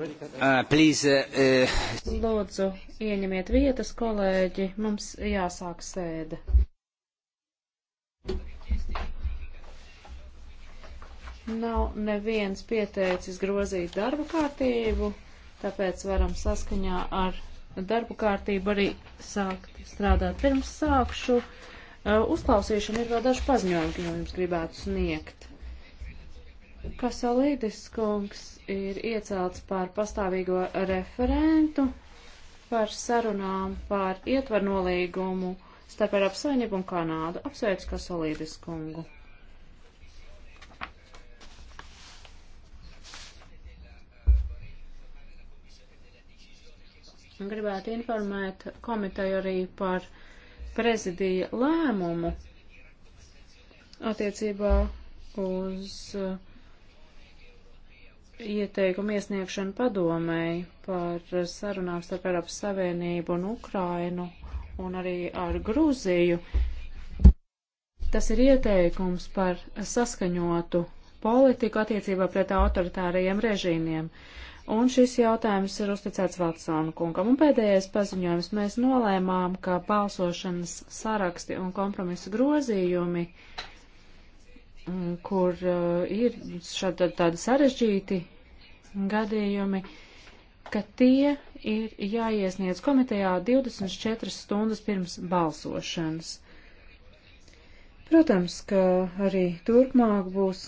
Uh, please, uh, uh... Lūdzu, ieņemiet vietas, kolēģi, mums jāsāk sēde. Nav neviens pieteicis grozīt darba kārtību, tāpēc varam saskaņā ar darba kārtību arī sākt strādāt. Pirms sākšu, uh, uzklausīšana ir vēl daži paziņojumi, ko jums gribētu sniegt. Kasalīdis kungs ir iecelts par pastāvīgo referentu par sarunām par ietvarnolīgumu starp Eiropas Savienību un Kanādu. Apsveicu Kasalīdis kungu. Gribētu informēt komiteju arī par prezidija lēmumu attiecībā uz uh, ieteikumu iesniegšanu padomēji par sarunām starp Eiropas Savienību un Ukrainu un arī ar Grūziju. Tas ir ieteikums par saskaņotu politiku attiecībā pret autoritārajiem režīmiem. Un šis jautājums ir uzticēts Vatsona kungam. Un pēdējais paziņojums mēs nolēmām, ka balsošanas saraksti un kompromisa grozījumi uh, Mm, kur uh, ir šāda, tādi sarežģīti gadījumi, ka tie ir jāiesniedz komitejā 24 stundas pirms balsošanas. Protams, ka arī turpmāk būs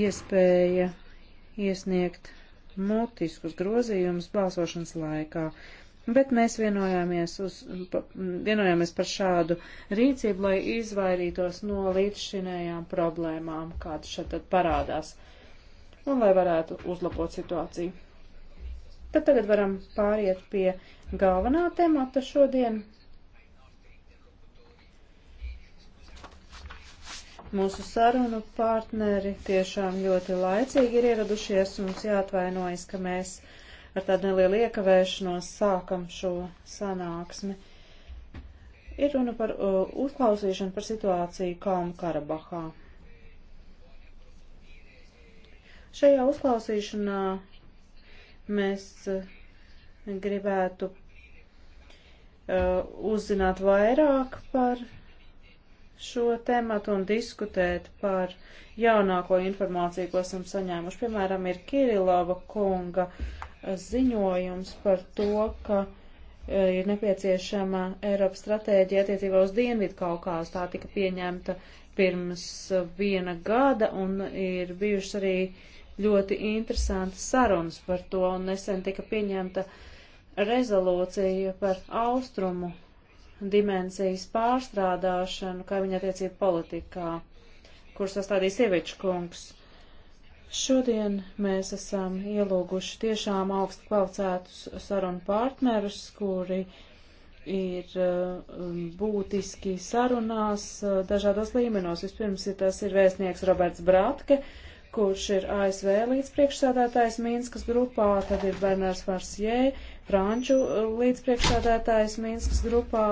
iespēja iesniegt mutiskus grozījumus balsošanas laikā bet mēs vienojāmies, uz, vienojāmies par šādu rīcību, lai izvairītos no līdzšinējām problēmām, kādas šeit tad parādās, un lai varētu uzlabot situāciju. Tad tagad varam pāriet pie galvenā temata šodien. Mūsu sarunu partneri tiešām ļoti laicīgi ir ieradušies, un mums jāatvainojas, ka mēs uh, ar tādu nelielu iekavēšanos sākam šo sanāksmi. Ir runa par uh, uzklausīšanu par situāciju Kalnu Karabahā. Šajā uzklausīšanā mēs uh, gribētu uh, uzzināt vairāk par šo tematu un diskutēt par jaunāko informāciju, ko esam saņēmuši. Piemēram, ir Kirilova kunga ziņojums par to, ka e, ir nepieciešama Eiropas stratēģija attiecībā uz Dienvidu Kaukāzu. Tā tika pieņemta pirms viena gada un ir bijušas arī ļoti interesantas sarunas par to un nesen tika pieņemta rezolūcija par austrumu dimensijas pārstrādāšanu kaimiņattiecību politikā, kur sastādīja sieviešu kungs. Uh, Šodien mēs esam ielūguši tiešām augstu kvalificētus sarunu partnerus, kuri ir um, būtiski sarunās uh, dažādos līmenos. Vispirms ir tas ir vēstnieks Roberts Bratke, kurš ir ASV līdzpriekšsādātājs Mīnskas grupā, tad ir Bernārs Varsjē, Franču uh, līdzpriekšsādātājs Mīnskas grupā,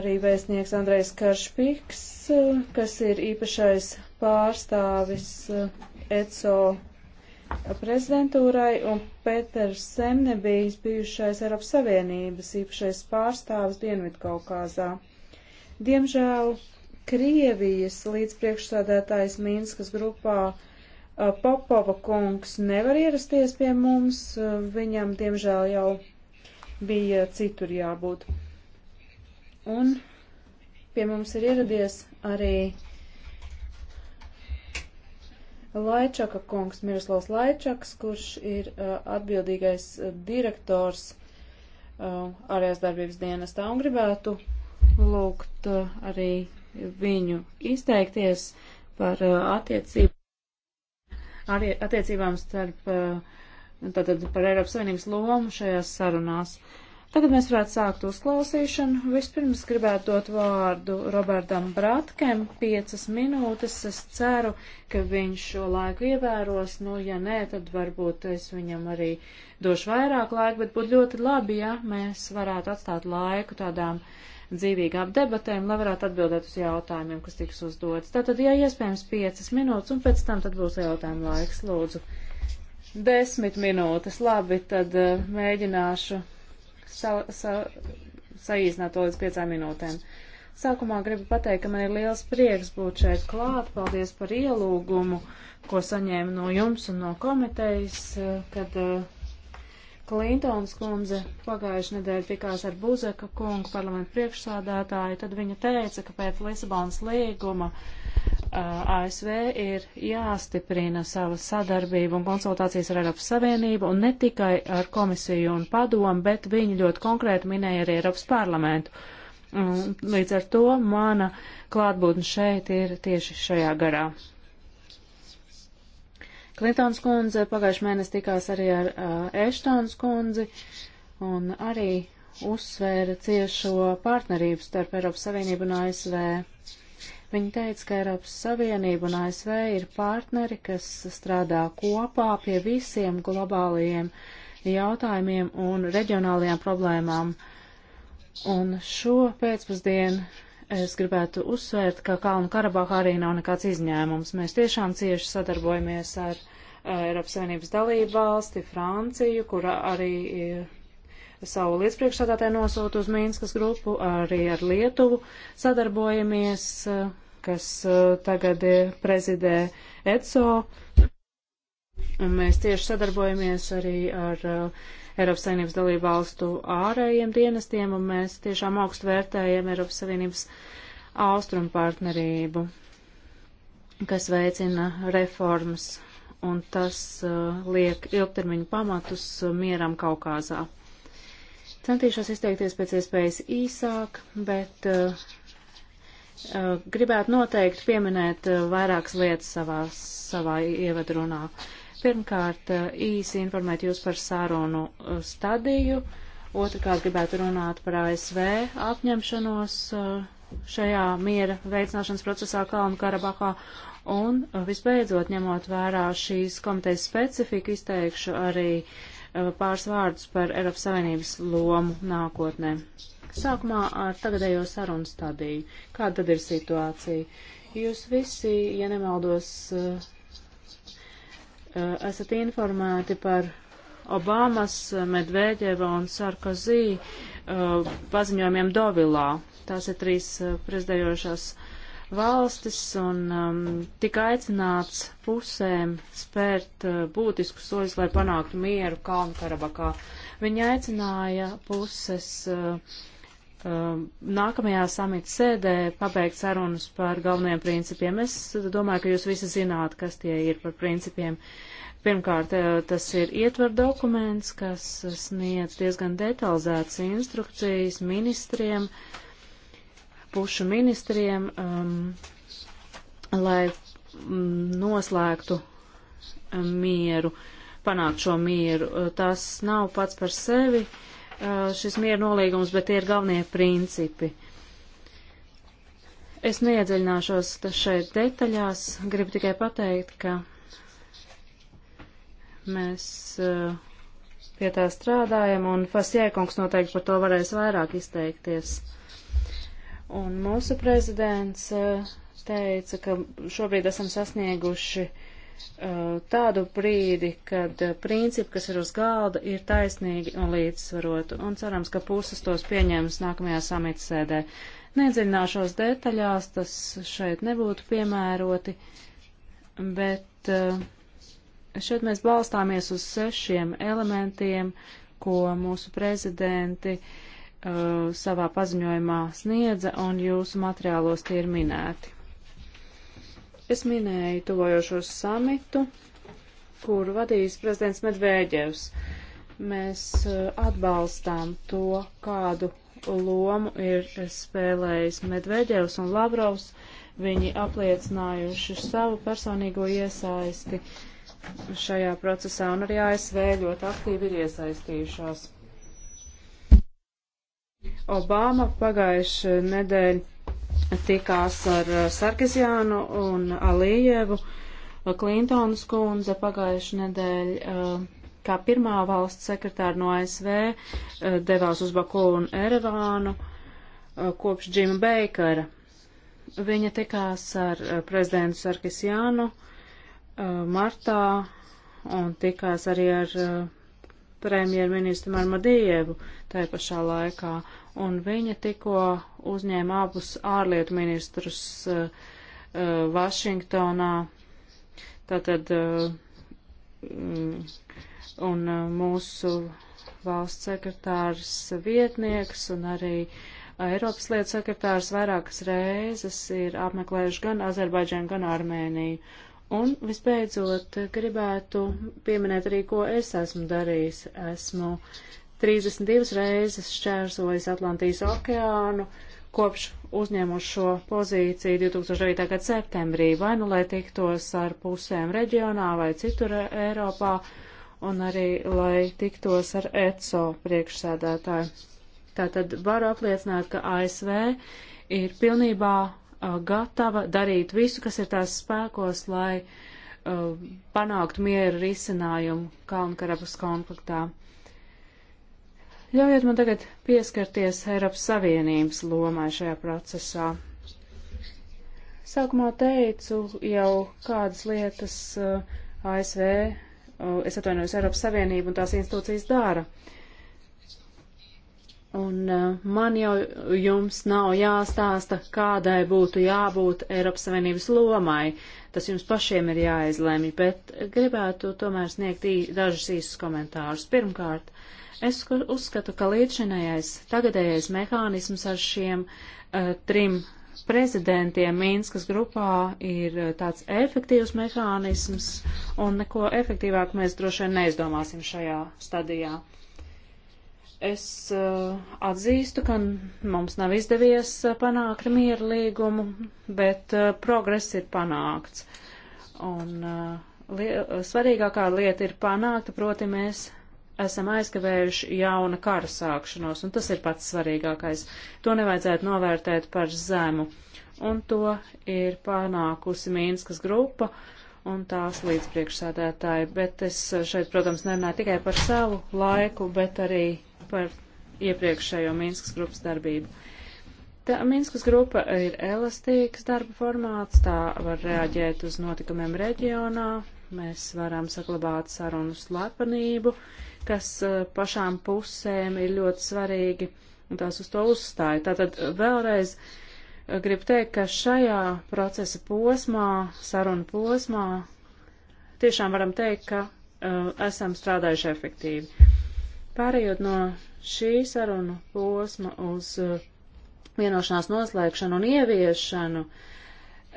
arī vēstnieks Andrejs Karšpiks, uh, kas ir īpašais pārstāvis eh, ECO prezidentūrai, un Pēters Semne bijis bijušais Eiropas Savienības īpašais pārstāvis Dienvidkaukāzā. Diemžēl Krievijas līdzpriekšsādētājs Minskas grupā eh, Popova kungs nevar ierasties pie mums, eh, viņam diemžēl jau bija citur jābūt. Un pie mums ir ieradies arī Laičaka kungs, Miroslavs Laičaks, kurš ir uh, atbildīgais uh, direktors uh, ārējās darbības dienestā un gribētu lūgt uh, arī viņu izteikties par uh, attiecību, arī attiecībām starp, uh, tātad par Eiropas Savienības lomu šajās sarunās. Uh, Tagad mēs varētu sākt uzklausīšanu. Vispirms gribētu dot vārdu Robertam Bratkem, piecas minūtes. Es ceru, ka viņš šo laiku ievēros. Nu, ja nē, tad varbūt es viņam arī došu vairāk laika, bet būtu ļoti labi, ja mēs varētu atstāt laiku tādām dzīvīgām debatēm, lai varētu atbildēt uz jautājumiem, kas tiks uzdots. Tātad, ja iespējams, piecas minūtes, un pēc tam tad būs jautājuma laiks, lūdzu. Desmit minūtes, labi, tad uh, mēģināšu sa, sa, saīsināt to līdz piecām minūtēm. Sākumā gribu pateikt, ka man ir liels prieks būt šeit klāt. Paldies par ielūgumu, ko saņēmu no jums un no komitejas, kad eh, Klintons kundze pagājuši nedēļu tikās ar Buzeka kungu, parlamentu priekšsādātāju. Tad viņa teica, ka pēc Lisabonas līguma uh, ASV ir jāstiprina sava sadarbība un konsultācijas ar Eiropas Savienību un ne tikai ar komisiju un padomu, bet viņi ļoti konkrēti minēja arī Eiropas parlamentu. Un, līdz ar to mana klātbūtne šeit ir tieši šajā garā. Klintons kundze pagājuši mēnesi tikās arī ar uh, Eštons kundzi un arī uzsvēra ciešo partnerību starp Eiropas Savienību un ASV. Viņa teica, ka Eiropas Savienība un ASV ir partneri, kas strādā kopā pie visiem globālajiem jautājumiem un reģionālajām problēmām. Un šo pēcpusdienu es gribētu uzsvērt, ka Kalnu Karabahā arī nav nekāds izņēmums. Mēs tiešām cieši sadarbojamies ar Eiropas Savienības dalību valsti, Franciju, kura arī e, savu līdzpriekšsādātāju nosūtu uz Mīnskas grupu, arī ar Lietuvu sadarbojamies. Uh, kas eh, tagad prezidē ECO. Un mēs tieši sadarbojamies arī ar eh, Eiropas Savienības dalību valstu ārējiem dienestiem, un mēs tiešām augstu vērtējam Eiropas Savienības austrumu partnerību, kas veicina reformas, un tas uh, liek ilgtermiņu pamatus mieram Kaukāzā. Centīšos izteikties pēc iespējas īsāk, bet uh, Gribētu noteikti pieminēt vairākas lietas savā, savā ievadrunā. Pirmkārt, īsi informēt jūs par sarunu stadiju. Otrakārt, gribētu runāt par ASV apņemšanos šajā miera veicināšanas procesā Kalnu Karabahā. Un visbeidzot, ņemot vērā šīs komitejas specifiku, izteikšu arī pāris vārdus par Eiropas Savienības lomu nākotnē. Sākumā ar tagadējo sarunu stadiju. Kāda tad ir situācija? Jūs visi, ja nemaldos, eh, eh, esat informēti par Obamas, Medvēģeva un Sarkozī eh, paziņojumiem Dovilā. Tās ir trīs prezidējošās valstis un um, tika aicināts pusēm spērt uh, būtisku soļus, lai panāktu mieru Kalnu Karabakā. Viņa aicināja puses uh, Um, nākamajā samita sēdē pabeigt sarunas par galvenajiem principiem. Es domāju, ka jūs visi zināt, kas tie ir par principiem. Pirmkārt, uh, tas ir ietver dokuments, kas sniedz diezgan detalizētas instrukcijas ministriem, pušu ministriem, um, lai mm, noslēgtu um, mieru, panākt šo mieru. Uh, tas nav pats par sevi. Uh, šis mieru nolīgums, bet tie ir galvenie principi. Es neiedziļināšos šeit detaļās, gribu tikai pateikt, ka mēs pie tā strādājam, un Fasjēkungs noteikti par to varēs vairāk izteikties. Un mūsu prezidents teica, ka šobrīd esam sasnieguši uh, Uh, tādu brīdi, kad uh, principi, kas ir uz galda, ir taisnīgi un līdzsvaroti, un cerams, ka puses tos pieņems nākamajā samita sēdē. Nedziļināšos detaļās, tas šeit nebūtu piemēroti, bet uh, šeit mēs balstāmies uz sešiem elementiem, ko mūsu prezidenti savā paziņojumā sniedza, un jūsu materiālos tie ir minēti. Es minēju tuvojošos samitu, kuru vadīs prezidents Medvēģevs. Mēs eh, atbalstām to, kādu lomu ir spēlējis Medvēģevs un Lavrovs. Viņi apliecinājuši savu personīgo iesaisti šajā procesā un arī ASV ļoti aktīvi ir iesaistījušās. Obama pagājuši nedēļu tikās ar eh, Sarkisjānu un Alijevu. Eh, Klintons kundze pagājuši nedēļ eh, kā pirmā valsts sekretāra no ASV devās uz Baku un Erevānu kopš Džima Beikara. Viņa tikās ar prezidentu Sarkisjānu martā un tikās arī ar premjerministru Marmadievu tajā pašā laikā un viņa tikko uzņēma abus ārlietu ministrus uh, Vašingtonā. Tātad, uh, un mūsu valsts sekretārs vietnieks un arī Eiropas lietu sekretārs vairākas reizes ir apmeklējuši gan Azerbaidžanu, gan Armēniju. Un visbeidzot, gribētu pieminēt arī, ko es esmu darījis. Esmu 32 reizes šķērsojis Atlantijas okeānu kopš uzņēmuši šo pozīciju 2009. gada septembrī, vai nu lai tiktos ar pusēm reģionā vai citur e- Eiropā, un arī lai tiktos ar ECO priekšsēdētāju. Tātad varu apliecināt, ka ASV ir pilnībā uh, gatava darīt visu, kas ir tās spēkos, lai uh, panāktu mieru risinājumu Kalnu Karabas konfliktā. Ļaujiet man tagad pieskarties Eiropas Savienības lomai šajā procesā. Sākumā teicu jau kādas lietas uh, ASV, uh, es atvainojos Eiropas Savienību un tās institūcijas dara. Un uh, man jau jums nav jāstāsta, kādai būtu jābūt Eiropas Savienības lomai. Tas jums pašiem ir jāizlemj, bet gribētu tomēr sniegt dažus īsus komentārus. Pirmkārt, uh, Es uzskatu, ka līdzinājais tagadējais mehānisms ar šiem uh, trim prezidentiem Mīnskas grupā ir eh, tāds efektīvs mehānisms, un neko efektīvāk mēs droši vien neizdomāsim šajā stadijā. Es uh, atzīstu, ka mums nav izdevies panākt mieru līgumu, bet uh, progress ir panākts. Un, uh, li svarīgākā lieta ir panākta, proti mēs esam aizkavējuši jauna kara sākšanos, un tas ir pats svarīgākais. To nevajadzētu novērtēt par zemu, un to ir panākusi Mīnskas grupa un tās līdzpriekšsādētāji, bet es šeit, protams, nerunāju tikai par savu laiku, bet arī par iepriekšējo Mīnskas grupas darbību. Tā, Minskas grupa ir elastīgs darba formāts, tā var reaģēt uz notikumiem reģionā, mēs varam saglabāt sarunu slepenību, uh, kas eh, pašām pusēm ir ļoti svarīgi un tās uz to uzstāja. Tātad eh, vēlreiz eh, gribu teikt, ka šajā procesa posmā, saruna posmā, tiešām varam teikt, ka uh, esam strādājuši efektīvi. Pārējot no šī saruna posma uz uh, vienošanās noslēgšanu un ieviešanu, uh,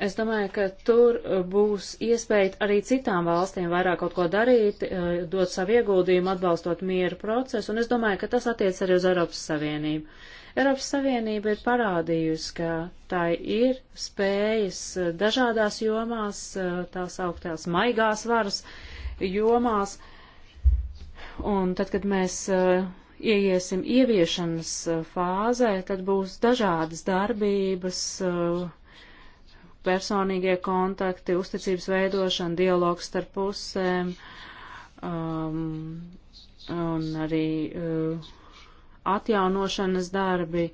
Es domāju, ka tur būs iespēja arī citām valstīm vairāk kaut ko darīt, eh, dot savu ieguldījumu, atbalstot mieru procesu, un es domāju, ka tas attiec arī uz Eiropas Savienību. Eiropas Savienība ir parādījusi, ka tā ir spējas dažādās jomās, eh, tās augtās maigās varas jomās, un tad, kad mēs eh, ieiesim ieviešanas fāzē, tad būs dažādas darbības, uh, personīgie kontakti, uzticības veidošana, dialogs starp pusēm um, un arī uh, atjaunošanas darbi.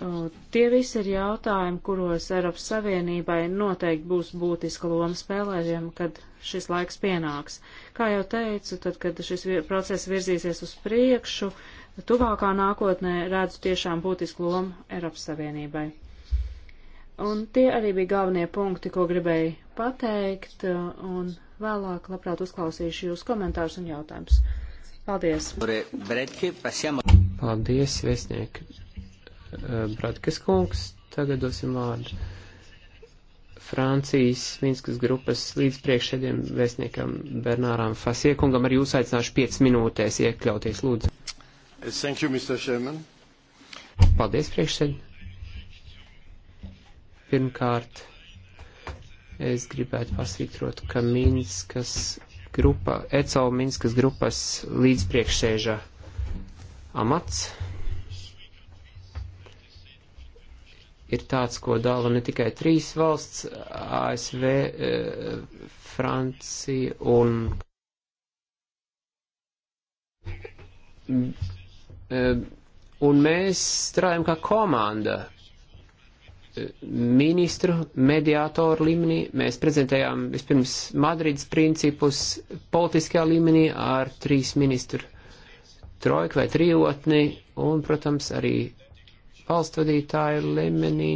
Uh, tie visi ir jautājumi, kuros Eiropas Savienībai noteikti būs būtiska loma spēlējama, kad šis laiks pienāks. Kā jau teicu, tad, kad šis process virzīsies uz priekšu, tuvākā nākotnē redzu tiešām būtisku lomu Eiropas Savienībai. Un tie arī bija galvenie punkti, ko gribēju pateikt, un vēlāk labprāt uzklausīšu jūs komentārus un jautājumus. Paldies! Paldies, vēstnieki! Eh, Bratkas kungs, tagad dosim vārdu Francijas Minskas grupas līdzpriekšēdiem vēstniekam Bernāram Fasiekungam. Ar jūs aicināšu 5 minūtēs iekļauties, lūdzu. Thank you, Mr. Chairman. Paldies, priekšsēdētāji. Pirmkārt, es gribētu pasvītrot, ka Minskas grupa, ECO Minskas grupas līdzpriekšsēža amats ir tāds, ko dala ne tikai trīs valsts - ASV, eh, Francija un. Eh, un mēs strādājam kā komanda ministru mediātoru līmenī. Mēs prezentējām vispirms Madrids principus politiskajā līmenī ar trīs ministru trojku vai trijotni un, protams, arī valstsvadītāju līmenī.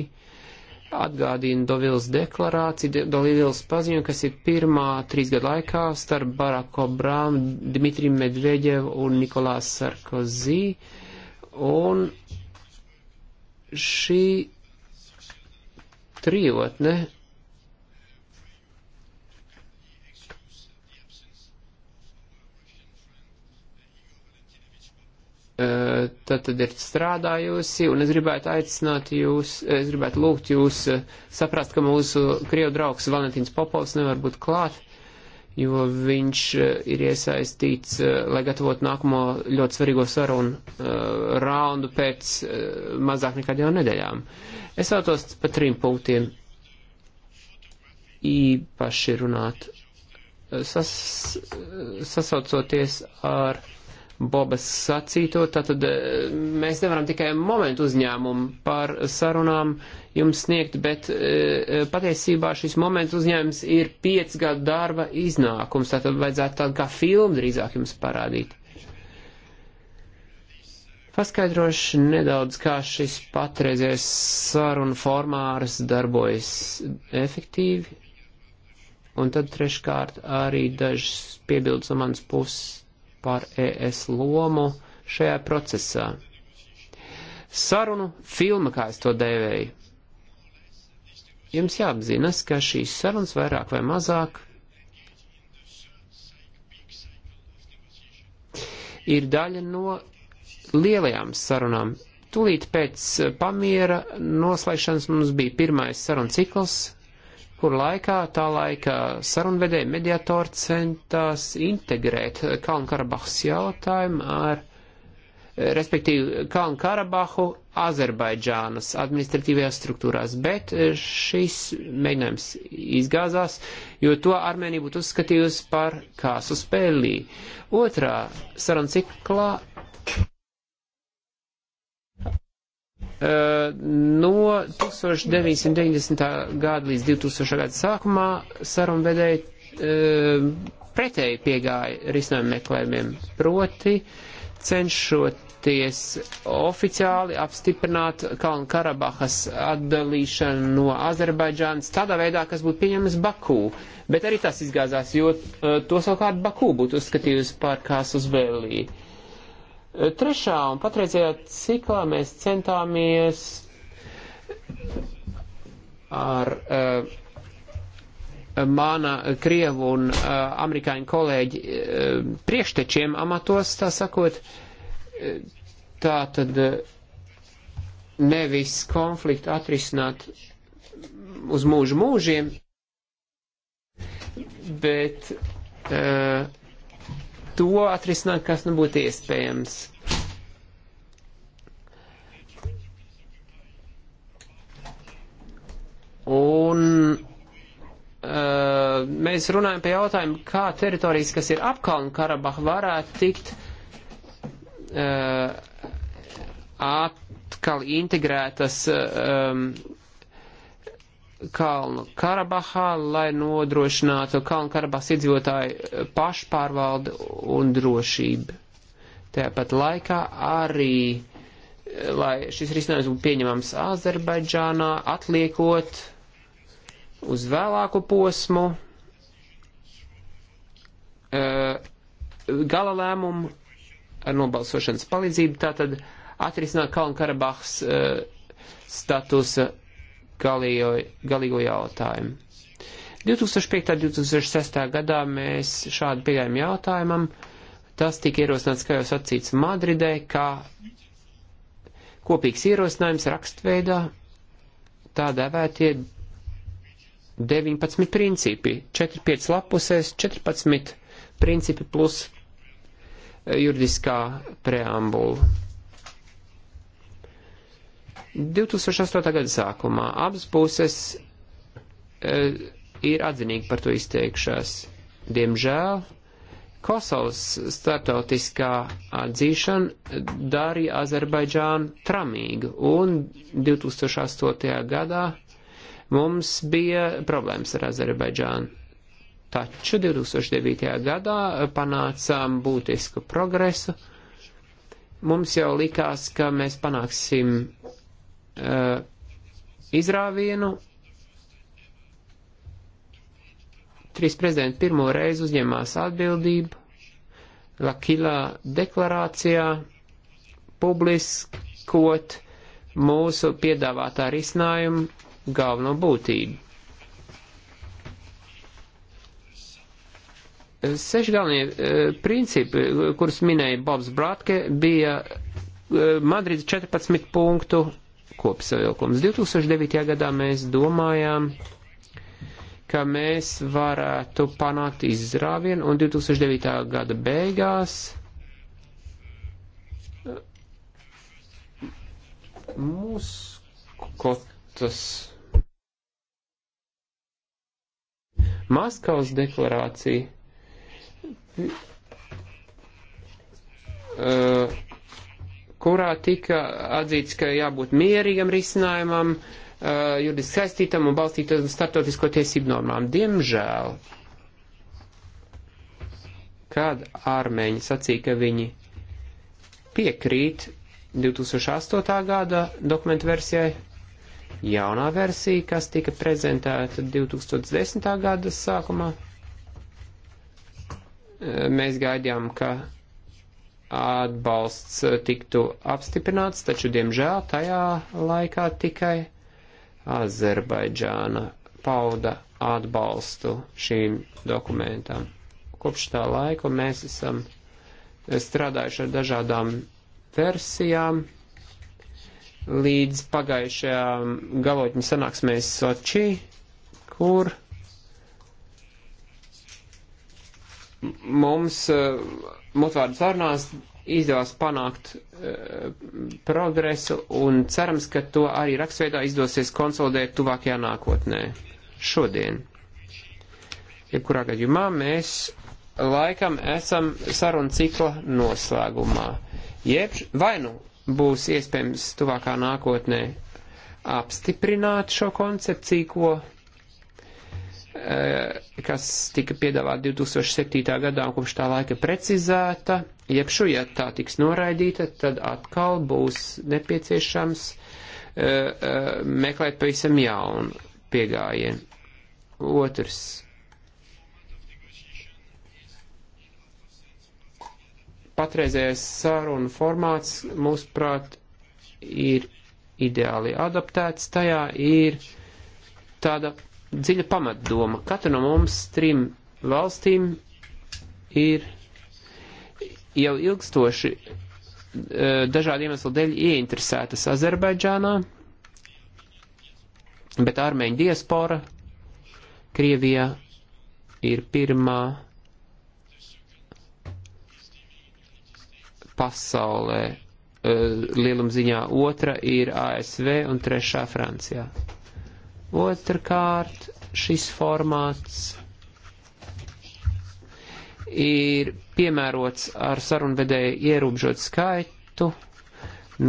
Atgādīju Dovils deklarāciju, Dovils paziņu, kas ir pirmā trīs gadu laikā starp Baraku Obrām, Dmitrim Medvedevu un Nikolās Sarkozī. Un šī trijotne tad, tad ir strādājusi, un es gribētu aicināt jūs, es gribētu lūgt jūs saprast, ka mūsu Krievu draugs Valentīns Popovs nevar būt klāt. Uh, jo viņš eh, ir iesaistīts, eh, lai gatavotu nākamo ļoti svarīgo sarunu uh, raundu pēc uh, mazāk nekā divām nedēļām. Es vēlos pa trim punktiem īpaši runāt, sas, sasaucoties ar uh, Bobas sacīto, tātad e, mēs nevaram tikai momentu uzņēmumu par sarunām jums sniegt, bet e, e, patiesībā šis momentu uzņēmums ir 5 gadu darba iznākums, tātad vajadzētu tādu kā filmu drīzāk jums parādīt. Paskaidrošu nedaudz, kā šis patreizējais sarunu formārs darbojas efektīvi, un tad treškārt arī dažas piebildes no manas puses par ES lomu šajā procesā. Sarunu filma, kā es to dēvēju. Jums jāapzinas, ka šīs sarunas vairāk vai mazāk ir daļa no lielajām sarunām. Tūlīt pēc pamiera noslēgšanas mums bija pirmais sarunu cikls, kur laikā tā laika sarunvedēja mediatori centās integrēt Kalnu-Karabahas jautājumu ar, respektīvi, Kalnu-Karabahu Azerbaidžānas administratīvajās struktūrās, bet šis mēģinājums izgāzās, jo to Armēnija būtu uzskatījusi par kāsu spēlī. Otrā saruna ciklā No 1990. gada līdz 2000. gada sākumā sarunvedēji eh, pretēji piegāja risinājumu meklējumiem, proti cenšoties oficiāli apstiprināt Kalnu Karabahas atdalīšanu no Azerbaidžānas tādā veidā, kas būtu pieņemams Bakū. Bet arī tas izgāzās, jo eh, to savukārt Bakū būtu uzskatījusi par kā uz vēlīju. Trešā un patreizajā ciklā mēs centāmies ar uh, mana Krievu un uh, amerikāņu kolēģi uh, priekštečiem amatos, tā sakot, uh, tā tad uh, nevis konfliktu atrisināt uz mūžu mūžiem, bet uh, to atrisināt, kas nu būtu iespējams. Un uh, mēs runājam pie jautājumu, kā teritorijas, kas ir apkalnu Karabahu, varētu tikt uh, atkal integrētas uh, um, Kalnu Karabahā, lai nodrošinātu Kalnu Karabahas iedzīvotāju eh, pašpārvaldu un drošību. Tāpat laikā arī, eh, lai šis risinājums būtu pieņemams Azerbaidžānā, atliekot uz vēlāku posmu eh, gala lēmumu ar nobalsošanas palīdzību, tātad atrisināt Kalnu Karabahas statusa galīgo, galīgo jautājumu. 2005. un 2006. gadā mēs šādu pieejam jautājumam. Tas tika ierosināts, kā jau sacīts, Madridē, kā kopīgs ierosinājums rakstveidā tā dēvētie 19 principi, 4-5 lapusēs, 14 principi plus juridiskā preambula. 2008. gada sākumā abas puses e, ir atzinīgi par to izteikšās. Diemžēl Kosovas startautiskā atzīšana darīja Azerbaidžānu tramīgu, un 2008. gadā mums bija problēmas ar Azerbaidžānu. Taču 2009. gadā panācām būtisku progresu. Mums jau likās, ka mēs panāksim uh, izrāvienu. Trīs prezidenti pirmo reizi uzņemās atbildību Lakilā deklarācijā publiskot mūsu piedāvātā risinājuma galveno būtību. Seši galvenie e, principi, kurus minēja Bobs Bratke, bija e, Madrids 14 punktu kopsavilkums. 2009. gadā mēs domājām, ka mēs varētu panākt izrāvienu, un 2009. gada beigās mūsu kotas Maskavas deklarācija. Uh, kurā tika atzīts, ka jābūt mierīgam risinājumam, uh, juridiski saistītam un balstītam uz startautisko tiesību normām. Diemžēl, kad ārmēņi sacīja, ka viņi piekrīt 2008. gada dokumentu versijai, jaunā versija, kas tika prezentēta 2010. gada sākumā, uh, mēs gaidījām, ka atbalsts eh, tiktu apstiprināts, taču, diemžēl, tajā laikā tikai Azerbaidžāna pauda atbalstu šīm dokumentām. Kopš tā laika mēs esam strādājuši ar dažādām versijām, līdz pagājušajām galotņu sanāksmēs Soči, kur mums eh, mutvārdu sarunās izdevās panākt eh, progresu un cerams, ka to arī rakstveidā izdosies konsolidēt tuvākajā nākotnē. Šodien. Jebkurā gadījumā mēs laikam esam sarunu cikla noslēgumā. Jeb vai nu būs iespējams tuvākā nākotnē apstiprināt šo koncepciju, ko Eh, kas tika piedāvāta 2007. gadā un kopš tā laika precizēta. Jebšu, ja tā tiks noraidīta, tad atkal būs nepieciešams eh, eh, meklēt pavisam jaunu pieejamību. Otrs. Patreizējais sarunu formāts, mūsuprāt, ir ideāli adaptēts. Tajā ir tāda dziļa pamatdoma. Katra no mums trim valstīm ir jau ilgstoši e, dažādu iemeslu dēļ ieinteresētas Azerbaidžānā, bet armēņu diaspora Krievijā ir pirmā pasaulē e, lielumziņā, otra ir ASV un trešā Francijā. Otrkārt, šis formāts ir piemērots ar sarunvedēju ierobežot skaitu,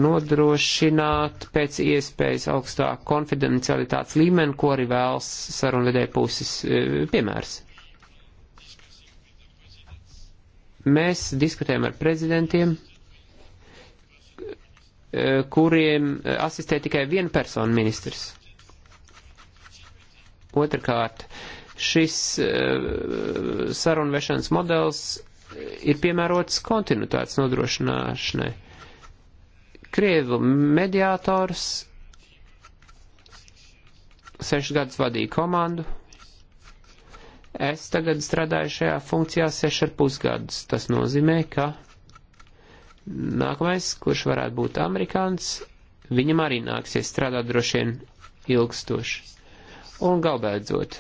nodrošināt pēc iespējas augstāku konfidencialitātes līmeni, ko arī vēlas sarunvedēju puses e, piemērs. Mēs diskutējam ar prezidentiem, e, kuriem asistē tikai viena persona ministrs Otrakārt, šis e, sarunvešanas modelis ir piemērots kontinuitātes nodrošināšanai. Krievu mediātors sešus gadus vadīja komandu. Es tagad strādāju šajā funkcijā seši ar pusgadus. Tas nozīmē, ka nākamais, kurš varētu būt amerikāns, viņam arī nāksies strādāt droši vien ilgstoši. Un galbēdzot,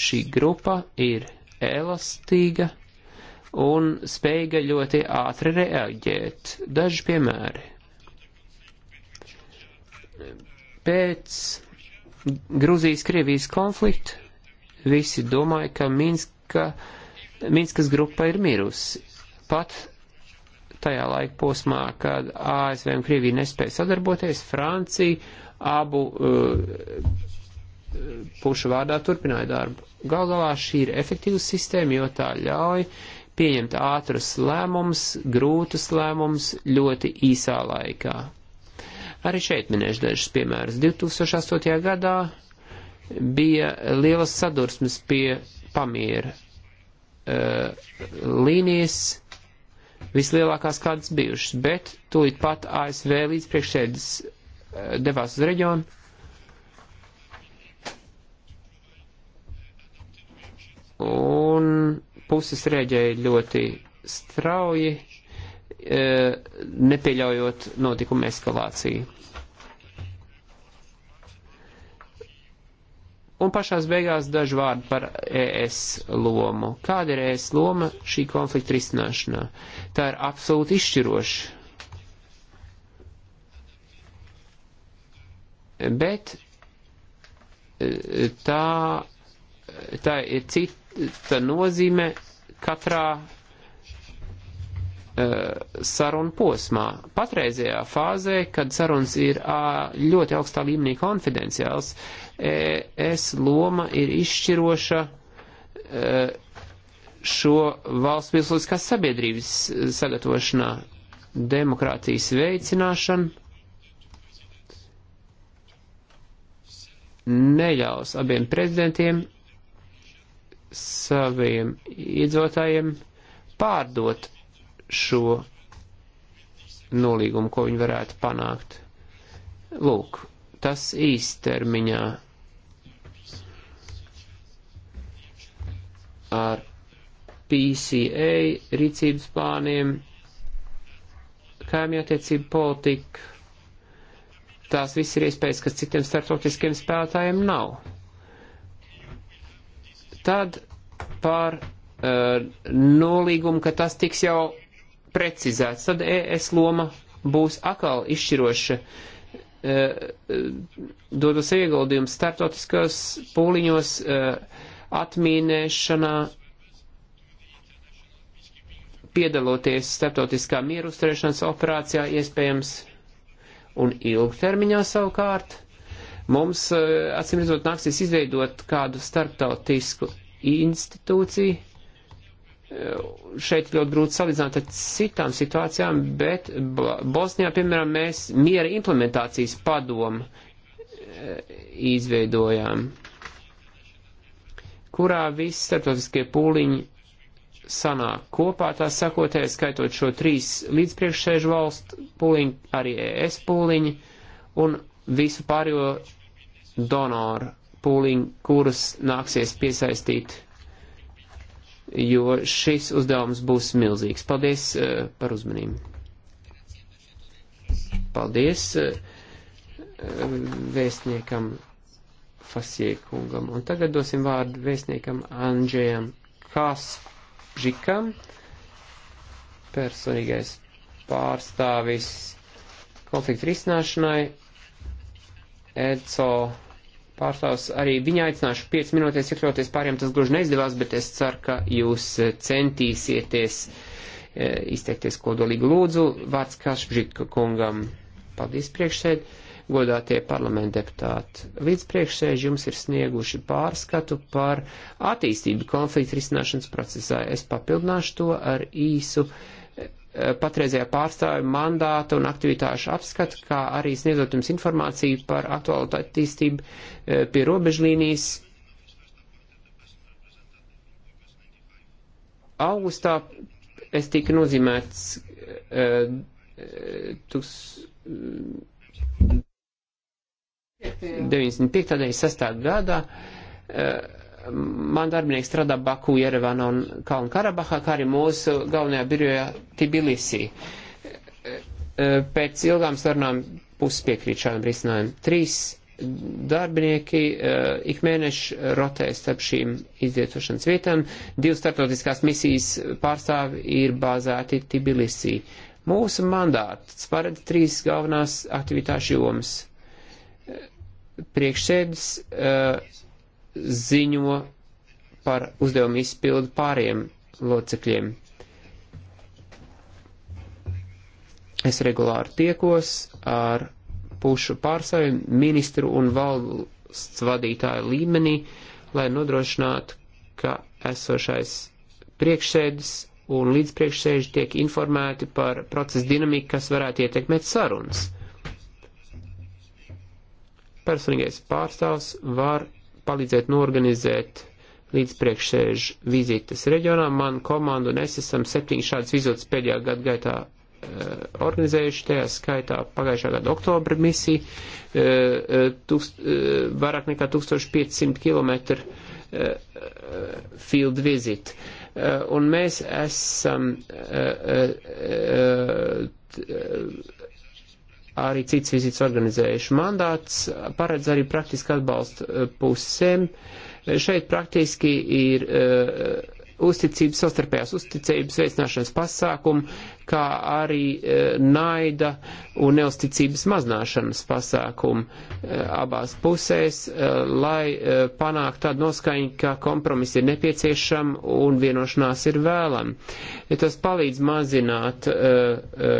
šī grupa ir elastīga un spējīga ļoti ātri reaģēt. Daži piemēri. Pēc Gruzijas-Krievijas konflikta visi domāja, ka Minska, Minskas grupa ir mirusi. Pat tajā laika posmā, kad ASV un Krievija nespēja sadarboties, Francija abu eh, pušu vārdā turpināja darbu. Gal galā šī ir efektīva sistēma, jo tā ļauj pieņemt ātrus lēmumus, grūtus lēmumus ļoti īsā laikā. Arī šeit minēšu dažus piemērus. 2008. gadā bija lielas sadursmes pie pamiera uh, līnijas, vislielākās kādas bijušas, bet tūlīt pat ASV līdzpriekšēdis Eh, devās uz reģionu. Un puses rēģēja ļoti strauji, eh, nepieļaujot notikuma eskalāciju. Un pašās beigās daži vārdi par ES lomu. Kāda ir ES loma šī konflikta risināšanā? Tā ir absolūti izšķiroša bet e, tā, tā ir cita nozīme katrā e, sarunu posmā. Patreizajā fāzē, kad sarunas ir ļoti augstā līmenī konfidenciāls, e, es loma ir izšķiroša šo valsts pilsoniskās sabiedrības sagatavošanā, demokrātijas veicināšana neļaus abiem prezidentiem saviem iedzotājiem pārdot šo nolīgumu, ko viņi varētu panākt. Lūk, tas īstermiņā ar PCA rīcības plāniem, kaimiņattiecību politiku, tās viss ir iespējas, kas citiem starptautiskiem spēlētājiem nav. Tad pār uh, eh, nolīgumu, ka tas tiks jau precizēts, tad ES loma būs atkal izšķiroša, uh, dodos ieguldījums starptautiskos pūliņos uh, atmīnēšanā, piedaloties starptautiskā mieru uzturēšanas operācijā, iespējams Un ilgtermiņā savukārt mums, e, acīm redzot, nāksies izveidot kādu starptautisku institūciju. E, šeit ļoti grūti salīdzināt ar citām situācijām, bet Bosnijā, piemēram, mēs miera implementācijas padomu e, izveidojām, kurā visi starptautiskie pūliņi sanāk kopā, tā sakoties, skaitot šo trīs līdzpriekšsēžu valstu pūliņu, arī ES pūliņu un visu pārējo donoru pūliņu, kurus nāksies piesaistīt, jo šis uzdevums būs milzīgs. Paldies uh, par uzmanību. Paldies uh, vēstniekam Fasiekungam. Un tagad dosim vārdu vēstniekam Andžējam Kasp Žikam, personīgais pārstāvis konfliktu risināšanai, ECO pārstāvs arī viņa aicināšu 5 minūtēs iekļauties pāriem, tas gluži neizdevās, bet es ceru, ka jūs eh, centīsieties eh, izteikties kodolīgi lūdzu. Vārds Kašbžika kungam. Paldies priekšsēdē godātie parlamenta deputāti. Līdz priekšsēži jums ir snieguši pārskatu par attīstību konflikta risināšanas procesā. Es papildināšu to ar īsu eh, patreizējā pārstāvja mandātu un aktivitāšu apskatu, kā arī sniedzot jums informāciju par aktuālu attīstību eh, pie robežlīnijas. Augustā es tiku nozīmēts uh, eh, tūks, uh, 95. 96. gadā eh, man darbinieki strādā Baku, Jerevanā un Kalnu Karabahā, kā arī mūsu galvenajā birojā Tbilisī. Eh, eh, pēc ilgām sarunām puses piekrīt šādam risinājumam. Trīs darbinieki uh, ik mēneši rotē starp šīm izvietošanas vietām. Divas startautiskās misijas pārstāvi ir bāzēti Tbilisī. Mūsu mandāts paredz trīs galvenās aktivitāšu jomas priekšsēdis uh, ziņo par uzdevumu izpildu pāriem locekļiem. Es regulāri tiekos ar pušu pārstāvju ministru un valsts vadītāju līmenī, lai nodrošinātu, ka esošais priekšsēdis un līdzpriekšsēži tiek informēti par procesu dinamiku, kas varētu ietekmēt sarunas. Uh, personīgais pārstāvs var palīdzēt norganizēt līdz priekšsēžu vizītes reģionā. Man komandu un es esam septiņas šādas vizītes pēdējā gada gaitā eh, organizējuši, tajā skaitā pagājušā gada oktobra misija, eh, eh, tūkst, vairāk nekā 1500 km field visit. Un mēs esam arī cits vizītes organizējuši. Mandāts paredz arī praktiski atbalstu eh, pusēm. Šeit praktiski ir uh, uzticības, savstarpējās uzticības veicināšanas pasākumu, kā arī e, naida un neusticības mazināšanas pasākumu e, abās pusēs, e, lai e, panāktu tādu noskaņu, ka kompromiss ir nepieciešama un vienošanās ir vēlam. Ja tas palīdz mazināt e, e,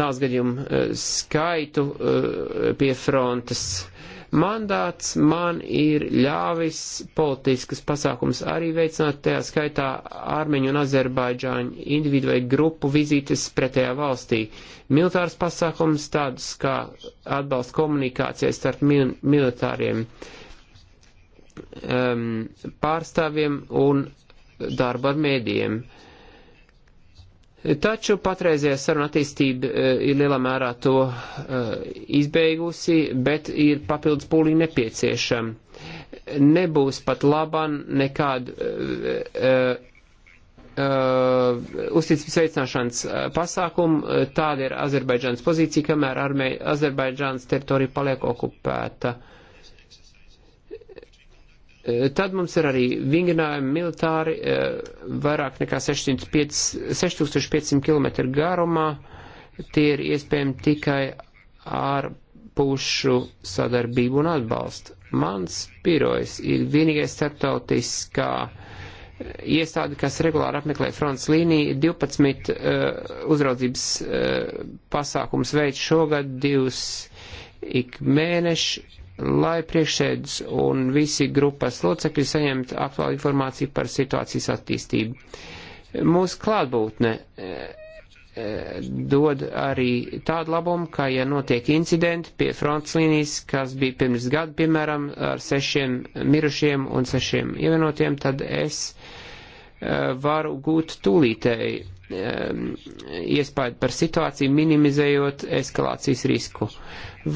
nāls gadījumu eh, skaitu eh, pie frontes. Mandāts man ir ļāvis politiskas pasākums arī veicināt, tajā skaitā Armeņu un Azerbaidžāņu individu vai grupu vizītes pretējā valstī. Militārs pasākums tādus kā atbalsts komunikācijai starp mil militāriem um, pārstāvjiem un darba ar mēdījiem. Uh, Taču patreizējā saruna attīstība e, ir lielā mērā to e, izbeigusi, bet ir papildus pūlī nepieciešama. Nebūs pat laban nekādu uh, uzticības veicināšanas pasākumu. Tāda ir Azerbaidžānas pozīcija, kamēr Armē, Azerbaidžānas teritorija paliek okupēta. Uh, Eh, tad mums ir arī vingrinājumi militāri eh, vairāk nekā 6500 km garumā. Tie ir iespējami tikai ar pušu sadarbību un atbalstu. Mans pirojs ir vienīgais starptautiskā eh, iestāde, kas regulāri apmeklē fronts līniju, 12 uh, uzraudzības uh, pasākums veids šogad, divus ik mēneši, lai priekšsēdus un visi grupas locekļi saņemtu aktuālu informāciju par situācijas attīstību. Mūsu klātbūtne eh, eh, dod arī tādu labumu, ka, ja notiek incidenti pie fronts līnijas, kas bija pirms gadu, piemēram, ar sešiem mirušiem un sešiem ievienotiem, tad es eh, varu gūt tūlītēji iespēju par situāciju, minimizējot eskalācijas risku.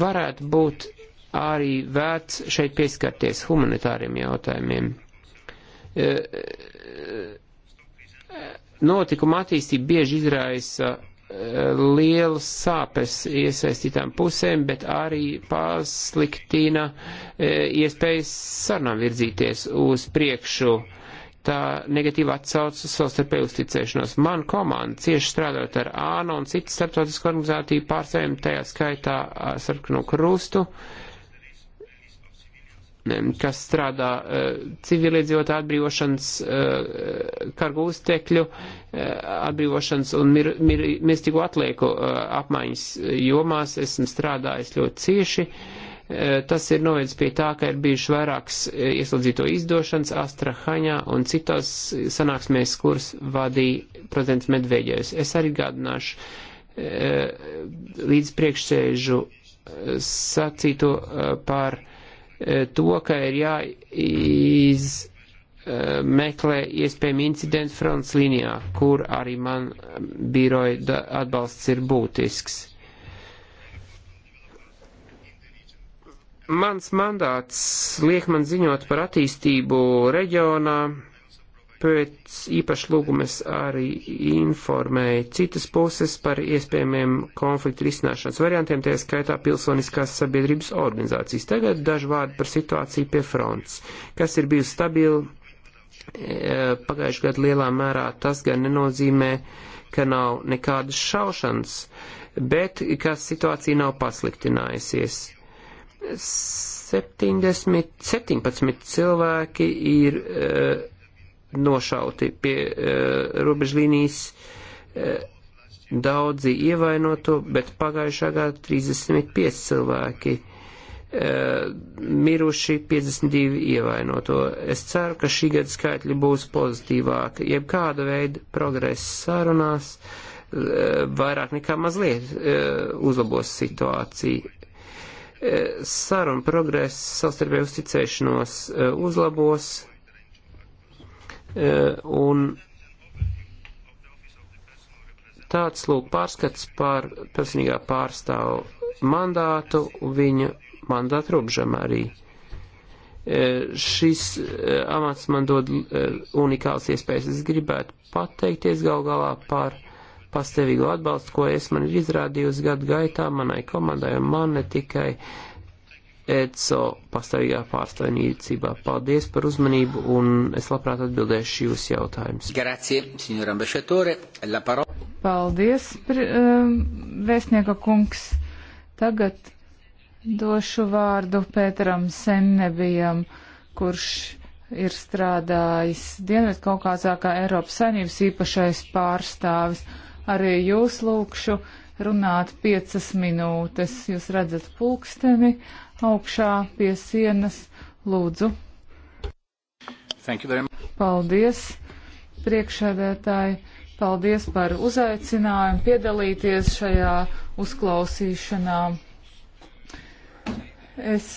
Varētu būt arī vērts šeit pieskarties humanitāriem jautājumiem. E, e, notikuma attīstība bieži izraisa e, liels sāpes iesaistītām pusēm, bet arī pasliktina iespējas sarunām virzīties uz priekšu. Tā negatīva atsauca uz savstarpēju uzticēšanos. Man komanda cieši strādājot ar ANO un citu starptautisku organizāciju pārstāvjiem, tajā skaitā sarkanu krustu, uh, kas strādā e, civiliedzīvotāju atbrīvošanas, e, kargūstekļu e, atbrīvošanas un mir, mir, mirstīgo atlieku apmaiņas jomās. Esmu strādājis ļoti cieši. Tas ir novedis pie tā, ka ir bijuši vairākas ieslodzīto izdošanas Astrahaņā un citās sanāksmēs, kuras vadīja prezidents Medveģevs. Es arī gādināšu līdz priekšsēžu sacīto par uh, Eh, to, ka ir jāizmeklē iespējami incidents fronts līnijā, kur arī man eh, biroja atbalsts ir būtisks. Mans mandāts liek man ziņot par attīstību reģionā, pēc īpaši lūgumas arī informēja citas puses par iespējamiem konfliktu risināšanas variantiem, tie skaitā pilsoniskās sabiedrības organizācijas. Tagad daži vārdi par situāciju pie fronts, kas ir bijusi stabila e, pagājušajā gadā lielā mērā. Tas gan nenozīmē, ka nav nekādas šaušanas, bet ka situācija nav pasliktinājusies. 70, 17 cilvēki ir uh, nošauti pie uh, robežlīnijas uh, daudzi ievainoto, bet pagājušā gada 35 cilvēki uh, miruši, 52 ievainoto. Es ceru, ka šī gada skaitļi būs pozitīvāki. Jebkāda veida progresa sarunās uh, vairāk nekā mazliet uh, uzlabos situāciju sarunu progress, savstarpēju uzticēšanos uzlabos, E, un tāds lūk pārskats par personīgā pārstāvu mandātu, viņa mandātu robežam arī. E, šis e, amats man dod unikāls iespējas. Es gribētu pateikties gal galā par pastāvīgo atbalstu, ko es man ir izrādījusi gadu gaitā manai komandai un man ne tikai uh, ECO pastāvīgā pārstāvniecībā. Paldies par uzmanību un es labprāt atbildēšu jūs jautājumus. Grazie, signor ambašatore. La parola. Paldies, ehm, vēstnieka kungs. Tagad došu vārdu Pēteram Sennebijam, kurš ir strādājis Dienvidu Kaukāzā kā Eiropas saimnības īpašais pārstāvis. Arī jūs lūkšu runāt piecas minūtes. Jūs redzat pulksteni augšā pie sienas. Lūdzu. Paldies, priekšēdētāji. Paldies par uzaicinājumu piedalīties šajā uzklausīšanā. Es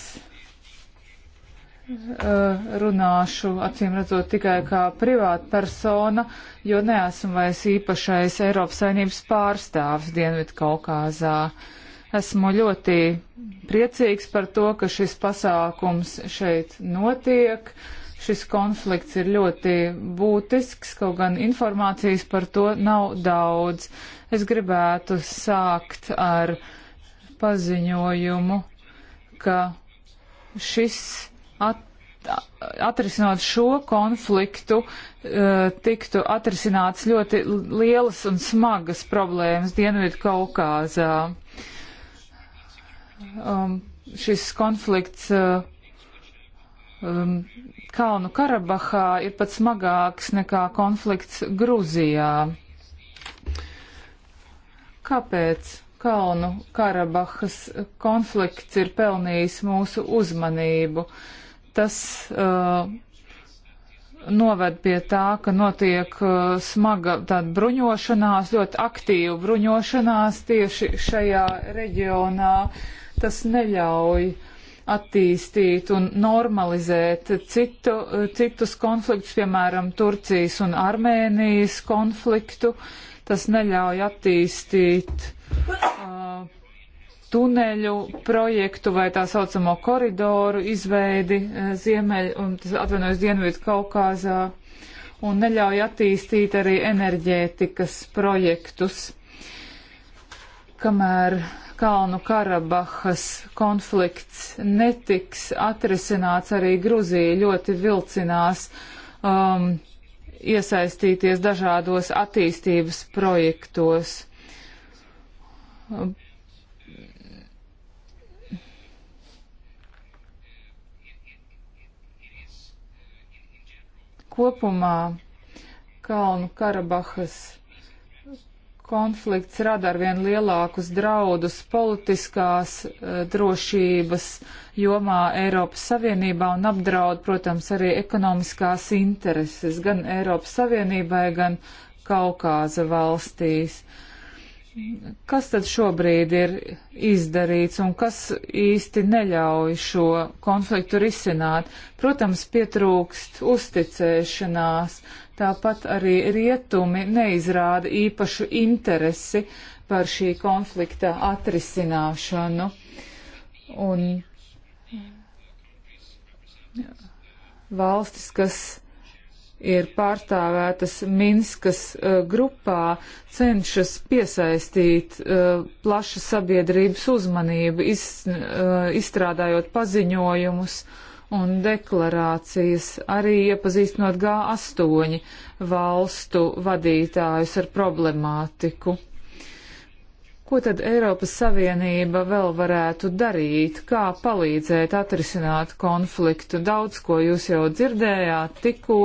uh, runāšu, acīm redzot, tikai kā privāta persona, jo neesmu vairs īpašais Eiropas saimnības pārstāvs Dienvidu Kaukāzā. Uh, Esmu ļoti priecīgs par to, ka šis pasākums šeit notiek. Šis konflikts ir ļoti būtisks, kaut gan informācijas par to nav daudz. Es gribētu sākt ar paziņojumu, ka šis at, atrisinot šo konfliktu, eh, tiktu atrisināts ļoti lielas un smagas problēmas Dienvidu Kaukāzā um, šis konflikts uh, um, Kalnu Karabahā ir pat smagāks nekā konflikts Gruzijā. Kāpēc Kalnu Karabahas konflikts ir pelnījis mūsu uzmanību? Tas uh, noved pie tā, ka notiek uh, smaga tāda bruņošanās, ļoti aktīva bruņošanās tieši šajā reģionā. Uh, Tas neļauj attīstīt un normalizēt citu, citus konfliktus, piemēram, Turcijas un Armēnijas konfliktu. Tas neļauj attīstīt uh, tuneļu projektu vai tā saucamo koridoru izveidi uh, ziemeļ un atvainojas dienvidu Kaukāzā un neļauj attīstīt arī enerģētikas projektus. Kamēr Kalnu Karabahas konflikts netiks atrisināts, arī Gruzija ļoti vilcinās um, iesaistīties dažādos attīstības projektos. Um, kopumā Kalnu Karabahas konflikts rada ar vien lielākus draudus politiskās eh, drošības jomā Eiropas Savienībā un apdraud, protams, arī ekonomiskās intereses gan Eiropas Savienībai, gan Kaukāza valstīs. Kas tad šobrīd ir izdarīts un kas īsti neļauj šo konfliktu risināt? Protams, pietrūkst uzticēšanās, Tāpat arī rietumi neizrāda īpašu interesi par šī konflikta atrisināšanu. Un valstis, kas ir pārstāvētas Minskas uh, grupā, cenšas piesaistīt uh, e, plašu sabiedrības uzmanību, iz, uh, izstrādājot paziņojumus uh, un deklarācijas, arī iepazīstinot G8 valstu vadītājus ar problemātiku. Ko tad Eiropas Savienība vēl varētu darīt, kā palīdzēt atrisināt konfliktu? Daudz ko jūs jau dzirdējāt tikko.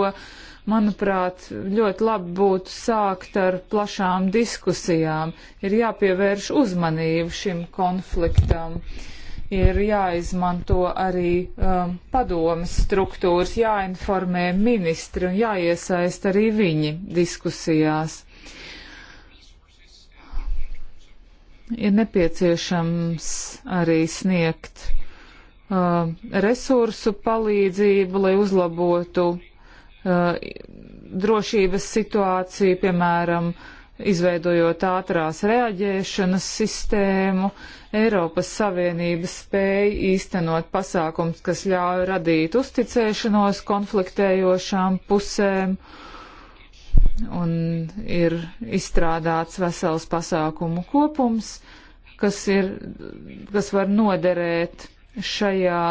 Manuprāt, ļoti labi būtu sākt ar plašām diskusijām. Ir jāpievērš uzmanību šim konfliktam. Uh, ir jāizmanto arī um, padomas struktūras, jāinformē ministri un jāiesaist arī viņi diskusijās. Ir nepieciešams arī sniegt um, resursu palīdzību, lai uzlabotu uh, drošības situāciju, piemēram, uh, izveidojot ātrās reaģēšanas sistēmu, Eiropas Savienība spēja īstenot pasākums, kas ļauj radīt uzticēšanos konfliktējošām pusēm, un ir izstrādāts vesels pasākumu kopums, kas, ir, kas var noderēt šajā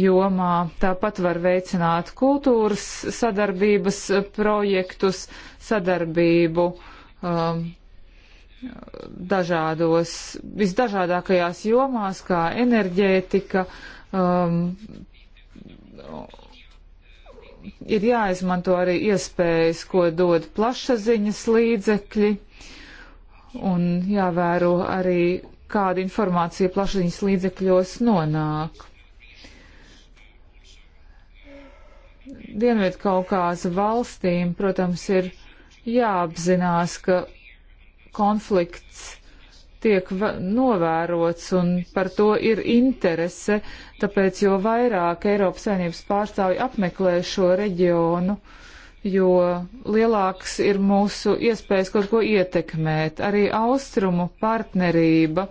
jomā. Tāpat var veicināt kultūras sadarbības projektus, sadarbību uh, um, dažādos, visdažādākajās jomās, kā enerģētika, um, ir jāizmanto arī iespējas, ko dod plašsaziņas līdzekļi, un jāvēro arī, kāda informācija plašsaziņas līdzekļos nonāk. Dienvidkaukāza valstīm, protams, ir jāapzinās, ka konflikts tiek novērots un par to ir interese, tāpēc jo vairāk Eiropas Savienības pārstāvji apmeklē šo reģionu, jo lielāks ir mūsu iespējas kaut ko ietekmēt. Arī austrumu partnerība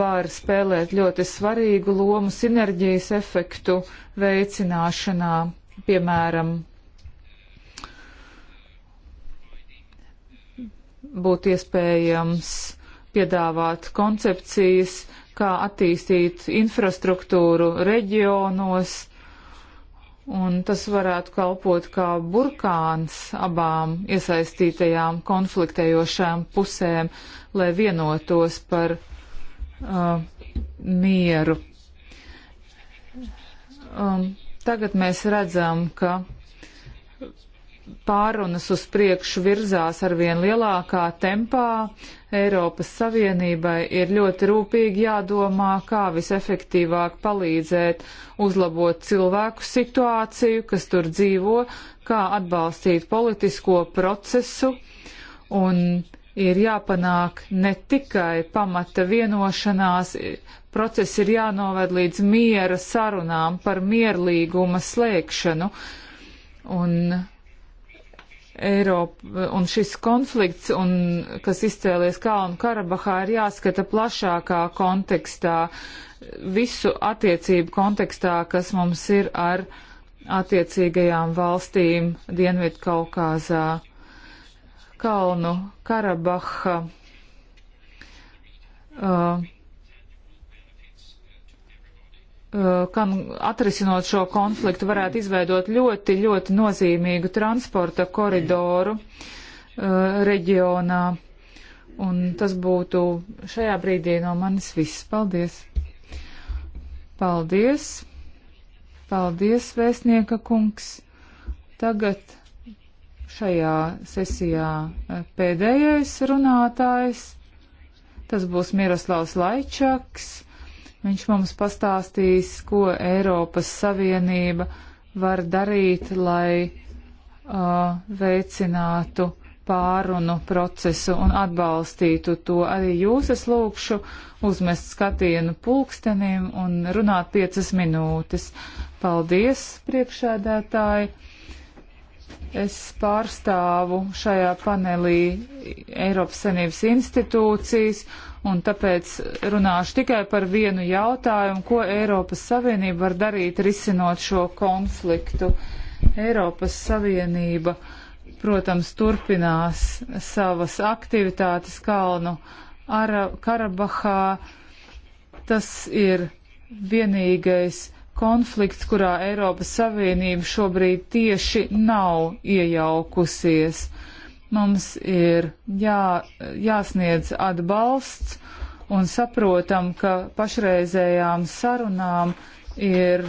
var spēlēt ļoti svarīgu lomu sinerģijas efektu veicināšanā, piemēram, būtu iespējams piedāvāt koncepcijas, kā attīstīt infrastruktūru reģionos, un tas varētu kalpot kā burkāns abām iesaistītajām konfliktējošām pusēm, lai vienotos par uh, mieru. Um, tagad mēs redzam, ka pārunas uz priekšu virzās ar vien lielākā tempā, Eiropas Savienībai ir ļoti rūpīgi jādomā, kā visefektīvāk palīdzēt uzlabot cilvēku situāciju, kas tur dzīvo, kā atbalstīt politisko procesu un ir jāpanāk ne tikai pamata vienošanās, process ir jānoved līdz miera sarunām par mierlīguma slēgšanu. Un Eiropa un šis konflikts, un, kas izcēlies Kalnu Karabahā, ir jāskata plašākā kontekstā, visu attiecību kontekstā, kas mums ir ar attiecīgajām valstīm Dienvidu Kaukāzā. Kalnu Karabaha uh, Uh, kam atrisinot šo konfliktu varētu izveidot ļoti, ļoti nozīmīgu transporta koridoru uh, reģionā. Un tas būtu šajā brīdī no manis viss. Paldies! Paldies! Paldies, vēstnieka kungs! Tagad šajā sesijā uh, pēdējais runātājs. Tas būs Miroslavs Laičaks Viņš mums pastāstīs, ko Eiropas Savienība var darīt, lai uh, veicinātu pārunu procesu un atbalstītu to. Arī jūs es lūkšu uzmest skatienu pulkstenim un runāt piecas minūtes. Paldies, priekšēdētāji! Es pārstāvu šajā panelī Eiropas Savienības institūcijas un tāpēc runāšu tikai par vienu jautājumu, ko Eiropas Savienība var darīt risinot šo konfliktu. Eiropas Savienība, protams, turpinās savas aktivitātes Kalnu Ara Karabahā. Tas ir vienīgais konflikts, kurā Eiropas Savienība šobrīd tieši nav iejaukusies. Mums ir jā, jāsniedz atbalsts un saprotam, ka pašreizējām sarunām ir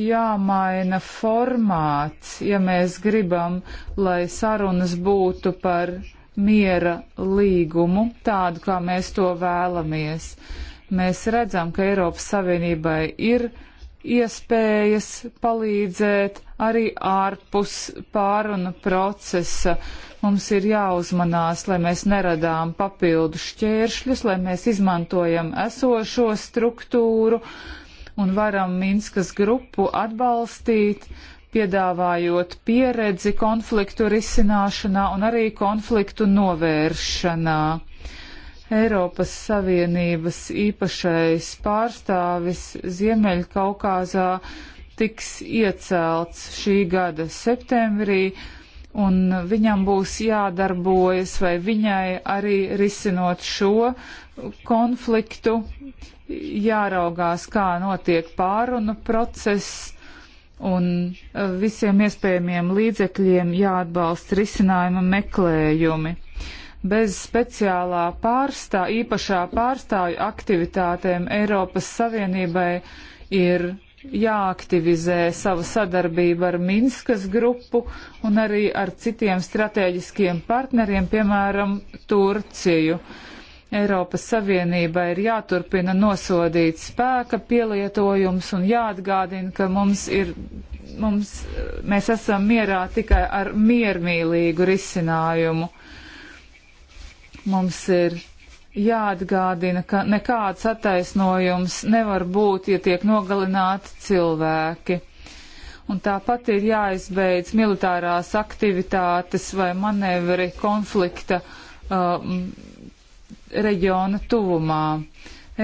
jāmaina formāts, ja mēs gribam, lai sarunas būtu par miera līgumu, tādu kā mēs to vēlamies. Mēs redzam, ka Eiropas Savienībai ir iespējas palīdzēt arī ārpus pārunu procesa. Mums ir jāuzmanās, lai mēs neradām papildu šķēršļus, lai mēs izmantojam esošo struktūru un varam Minskas grupu atbalstīt, piedāvājot pieredzi konfliktu risināšanā un arī konfliktu novēršanā. Eiropas Savienības īpašais pārstāvis Ziemeļkaukāzā tiks iecelts šī gada septembrī, un viņam būs jādarbojas vai viņai arī risinot šo konfliktu, jāraugās, kā notiek pārunu process, un visiem iespējamiem līdzekļiem jāatbalsta risinājuma meklējumi bez speciālā pārstā, īpašā pārstāju aktivitātēm Eiropas Savienībai ir jāaktivizē sava sadarbība ar Minskas grupu un arī ar citiem strateģiskiem partneriem, piemēram, Turciju. Eiropas Savienība ir jāturpina nosodīt spēka pielietojums un jāatgādina, ka mums ir, mums, mēs esam mierā tikai ar miermīlīgu risinājumu. Mums ir jāatgādina, ka nekāds attaisnojums nevar būt, ja tiek nogalināti cilvēki. Un tāpat ir jāizbeidz militārās aktivitātes vai manevri konflikta uh, reģiona tuvumā.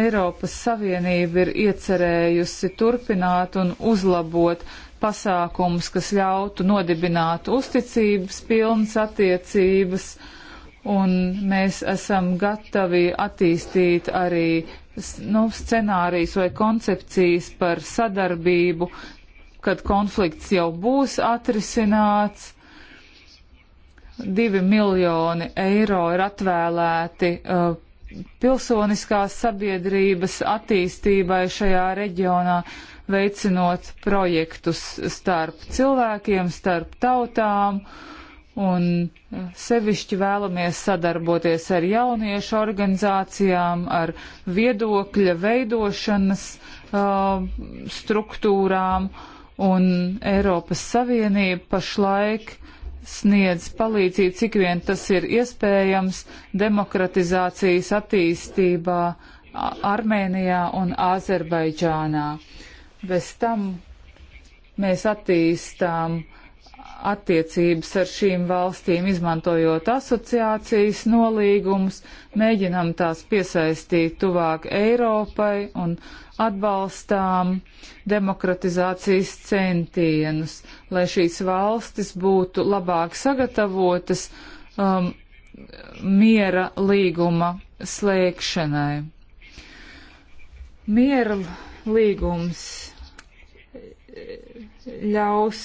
Eiropas Savienība ir iecerējusi turpināt un uzlabot pasākumus, kas ļautu nodibināt uzticības pilnas attiecības uh, un mēs esam gatavi attīstīt arī nu, scenārijus vai koncepcijas par sadarbību, kad konflikts jau būs atrisināts. Divi miljoni eiro ir atvēlēti uh, pilsoniskās sabiedrības attīstībai šajā reģionā, veicinot projektus starp cilvēkiem, starp tautām. Uh, un eh, sevišķi vēlamies sadarboties ar jauniešu organizācijām, ar viedokļa veidošanas uh, struktūrām, un Eiropas Savienība pašlaik sniedz palīdzību, cik vien tas ir iespējams, demokratizācijas attīstībā Armēnijā un Azerbaidžānā. Bez tam mēs attīstām uh, attiecības ar šīm valstīm, izmantojot asociācijas nolīgumus, mēģinam tās piesaistīt tuvāk Eiropai un atbalstām demokratizācijas centienus, lai šīs valstis būtu labāk sagatavotas um, miera līguma slēgšanai. Miera līgums ļaus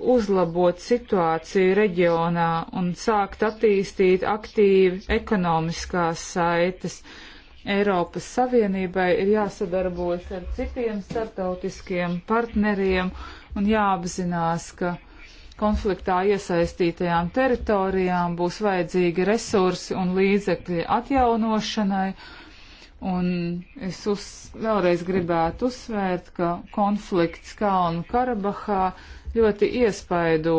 uzlabot situāciju reģionā un sākt attīstīt aktīvi ekonomiskās saites. Eiropas Savienībai ir jāsadarbojas ar citiem startautiskiem partneriem un jāapzinās, ka konfliktā iesaistītajām teritorijām būs vajadzīgi resursi un līdzekļi atjaunošanai. Un es uz, vēlreiz gribētu uzsvērt, ka konflikts Kalnu Karabahā ļoti iespaido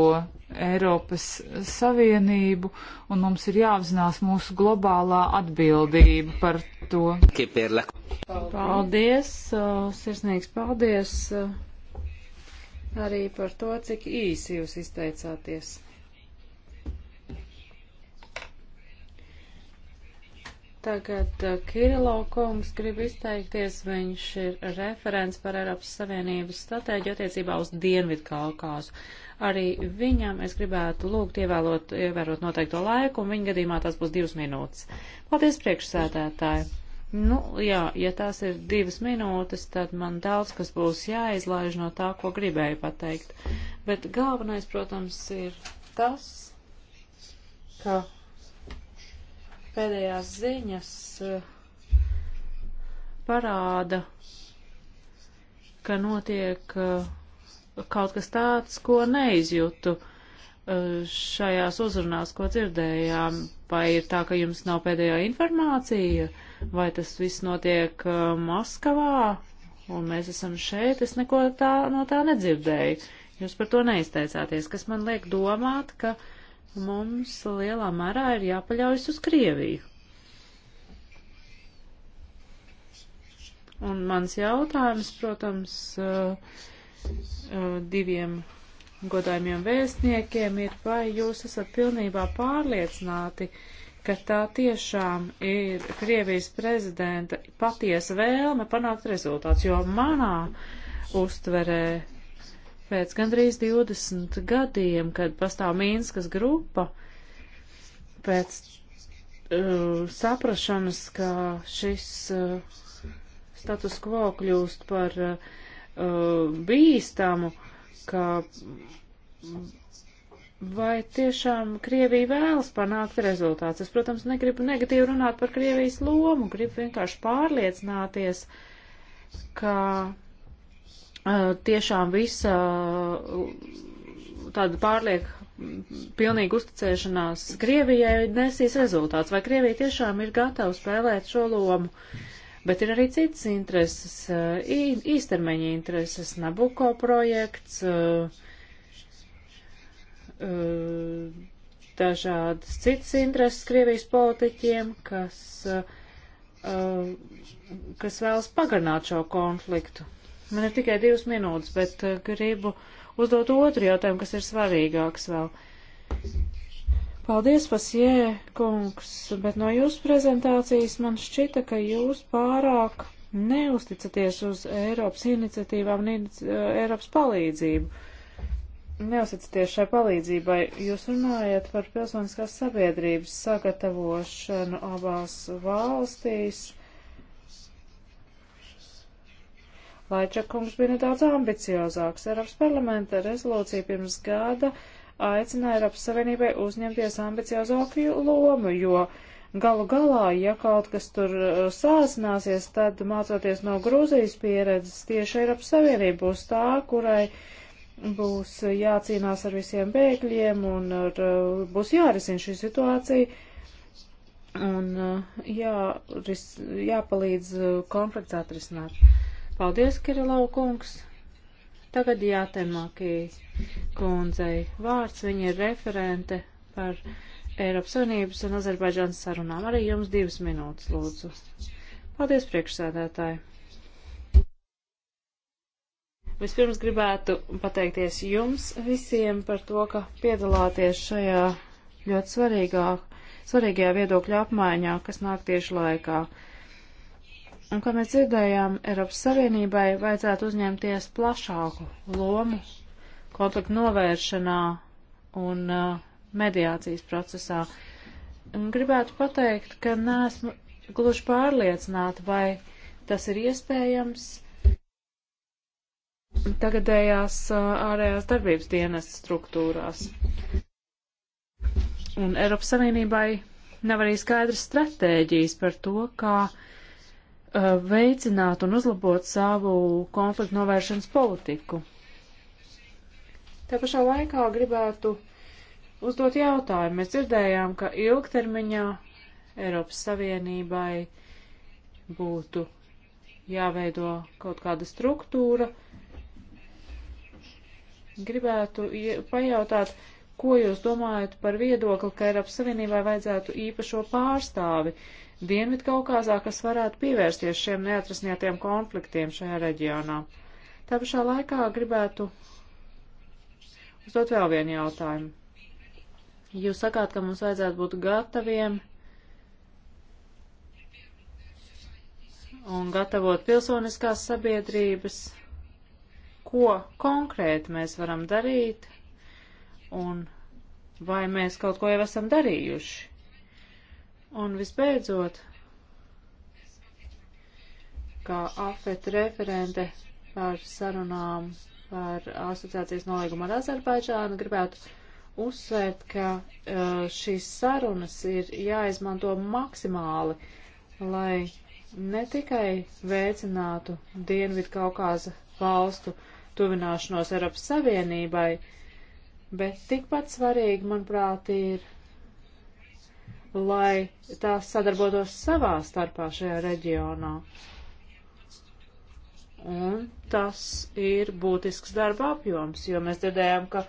Eiropas Savienību, un mums ir jāapzinās mūsu globālā atbildība par to. Paldies, uh, sirsnīgs paldies uh, arī par to, cik īsi jūs izteicāties. Tagad uh, Kirilo kungs grib izteikties, viņš ir referents par Eiropas Savienības stratēģiju attiecībā uz Dienvidu Kaukāzu. Arī viņam es gribētu lūgt ievēlot, ievērot noteikto laiku, un viņa gadījumā tās būs divas minūtes. Paldies priekšsēdētāji! Nu, jā, ja tās ir divas minūtes, tad man daudz kas būs jāizlaiž no tā, ko gribēju pateikt. Bet galvenais, protams, ir tas, ka Pēdējās ziņas eh, parāda, ka notiek eh, kaut kas tāds, ko neizjūtu eh, šajās uzrunās, ko dzirdējām. Vai ir tā, ka jums nav pēdējā informācija, vai tas viss notiek Maskavā, un mēs esam šeit, es neko tā, no tā nedzirdēju. Jūs par to neizteicāties, kas man liek domāt, ka uh, mums lielā mērā ir jāpaļaujas uz Krieviju. Un mans jautājums, protams, uh, uh, diviem godājumiem vēstniekiem ir, vai jūs esat pilnībā pārliecināti, ka tā tiešām ir Krievijas prezidenta patiesa vēlme panākt rezultāts, jo manā uztverē Pēc gandrīz 20 gadiem, kad pastāv Mīnskas grupa, pēc uh, saprašanas, ka šis uh, status quo kļūst par uh, uh bīstamu, ka vai tiešām Krievija vēlas panākt rezultāts. Es, protams, negribu negatīvi runāt par Krievijas lomu, gribu vienkārši pārliecināties, ka tiešām visa tāda pārlieka pilnīga uzticēšanās Krievijai nesīs rezultāts. Vai Krievija tiešām ir gatava spēlēt šo lomu? Bet ir arī citas intereses, īstermeņa intereses, Nabuko projekts, dažādas citas intereses Krievijas politiķiem, kas, kas vēlas pagarināt šo konfliktu. Man ir tikai divas minūtes, bet eh, gribu uzdot otru jautājumu, kas ir svarīgāks vēl. Paldies, Pasie, kungs, bet no jūsu prezentācijas man šķita, ka jūs pārāk neusticaties uz Eiropas iniciatīvām un eh, Eiropas palīdzību. Neusticaties šai palīdzībai. Jūs runājat par pilsoniskās sabiedrības sagatavošanu abās valstīs Laičakungs bija nedaudz ambiciozāks. Eiropas parlamenta rezolūcija pirms gada aicina Eiropas Savienībai uzņemties ambiciozāku lomu, jo galu galā, ja kaut kas tur uh, sāsināsies, tad mācoties no Grūzijas pieredzes, tieši Eiropas Savienība būs tā, kurai būs jācīnās ar visiem bēgļiem un ar, uh, būs jārisina šī situācija. Un uh, jā, ris, jāpalīdz konflikts atrisināt. Paldies, Kirilau kungs. Tagad jātemākī kundzei vārds. Viņa ir referente par Eiropas Savienības un Azerbaidžānas sarunām. Arī jums divas minūtes, lūdzu. Paldies, priekšsēdētāji. Vispirms gribētu pateikties jums visiem par to, ka piedalāties šajā ļoti svarīgā, svarīgajā viedokļa apmaiņā, kas nāk tieši laikā. Uh, Un, kā mēs dzirdējām, Eiropas Savienībai vajadzētu uzņemties plašāku lomu konfliktu novēršanā un uh, mediācijas procesā. Un gribētu pateikt, ka neesmu gluži pārliecināta, vai tas ir iespējams tagadējās uh, ārējās darbības dienas struktūrās. Un Eiropas Savienībai nav arī skaidras stratēģijas par to, kā Uh, veicināt un uzlabot savu konfliktu novēršanas politiku. Tā pašā laikā gribētu uzdot jautājumu. Mēs dzirdējām, ka ilgtermiņā Eiropas Savienībai būtu jāveido kaut kāda struktūra. Gribētu pajautāt, ko jūs domājat par viedokli, ka Eiropas Savienībai vajadzētu īpašo pārstāvi, Dienvidkaukāzā, kas varētu pievērsties šiem neatrasinātiem konfliktiem šajā reģionā. Tā pašā laikā gribētu uzdot vēl vienu jautājumu. Jūs sakāt, ka mums vajadzētu būt gataviem un gatavot pilsoniskās sabiedrības, ko konkrēti mēs varam darīt un vai mēs kaut ko jau esam darījuši. Un visbeidzot, kā AFET referente par sarunām par asociācijas nolīgumu ar Azerbaidžānu, gribētu uzsvērt, ka uh, šīs sarunas ir jāizmanto maksimāli, lai ne tikai veicinātu Dienvidu Kaukāza valstu tuvināšanos Eiropas Savienībai, bet tikpat svarīgi, manuprāt, ir lai tās sadarbotos savā starpā šajā reģionā. Un tas ir būtisks darba apjoms, jo mēs dzirdējām, ka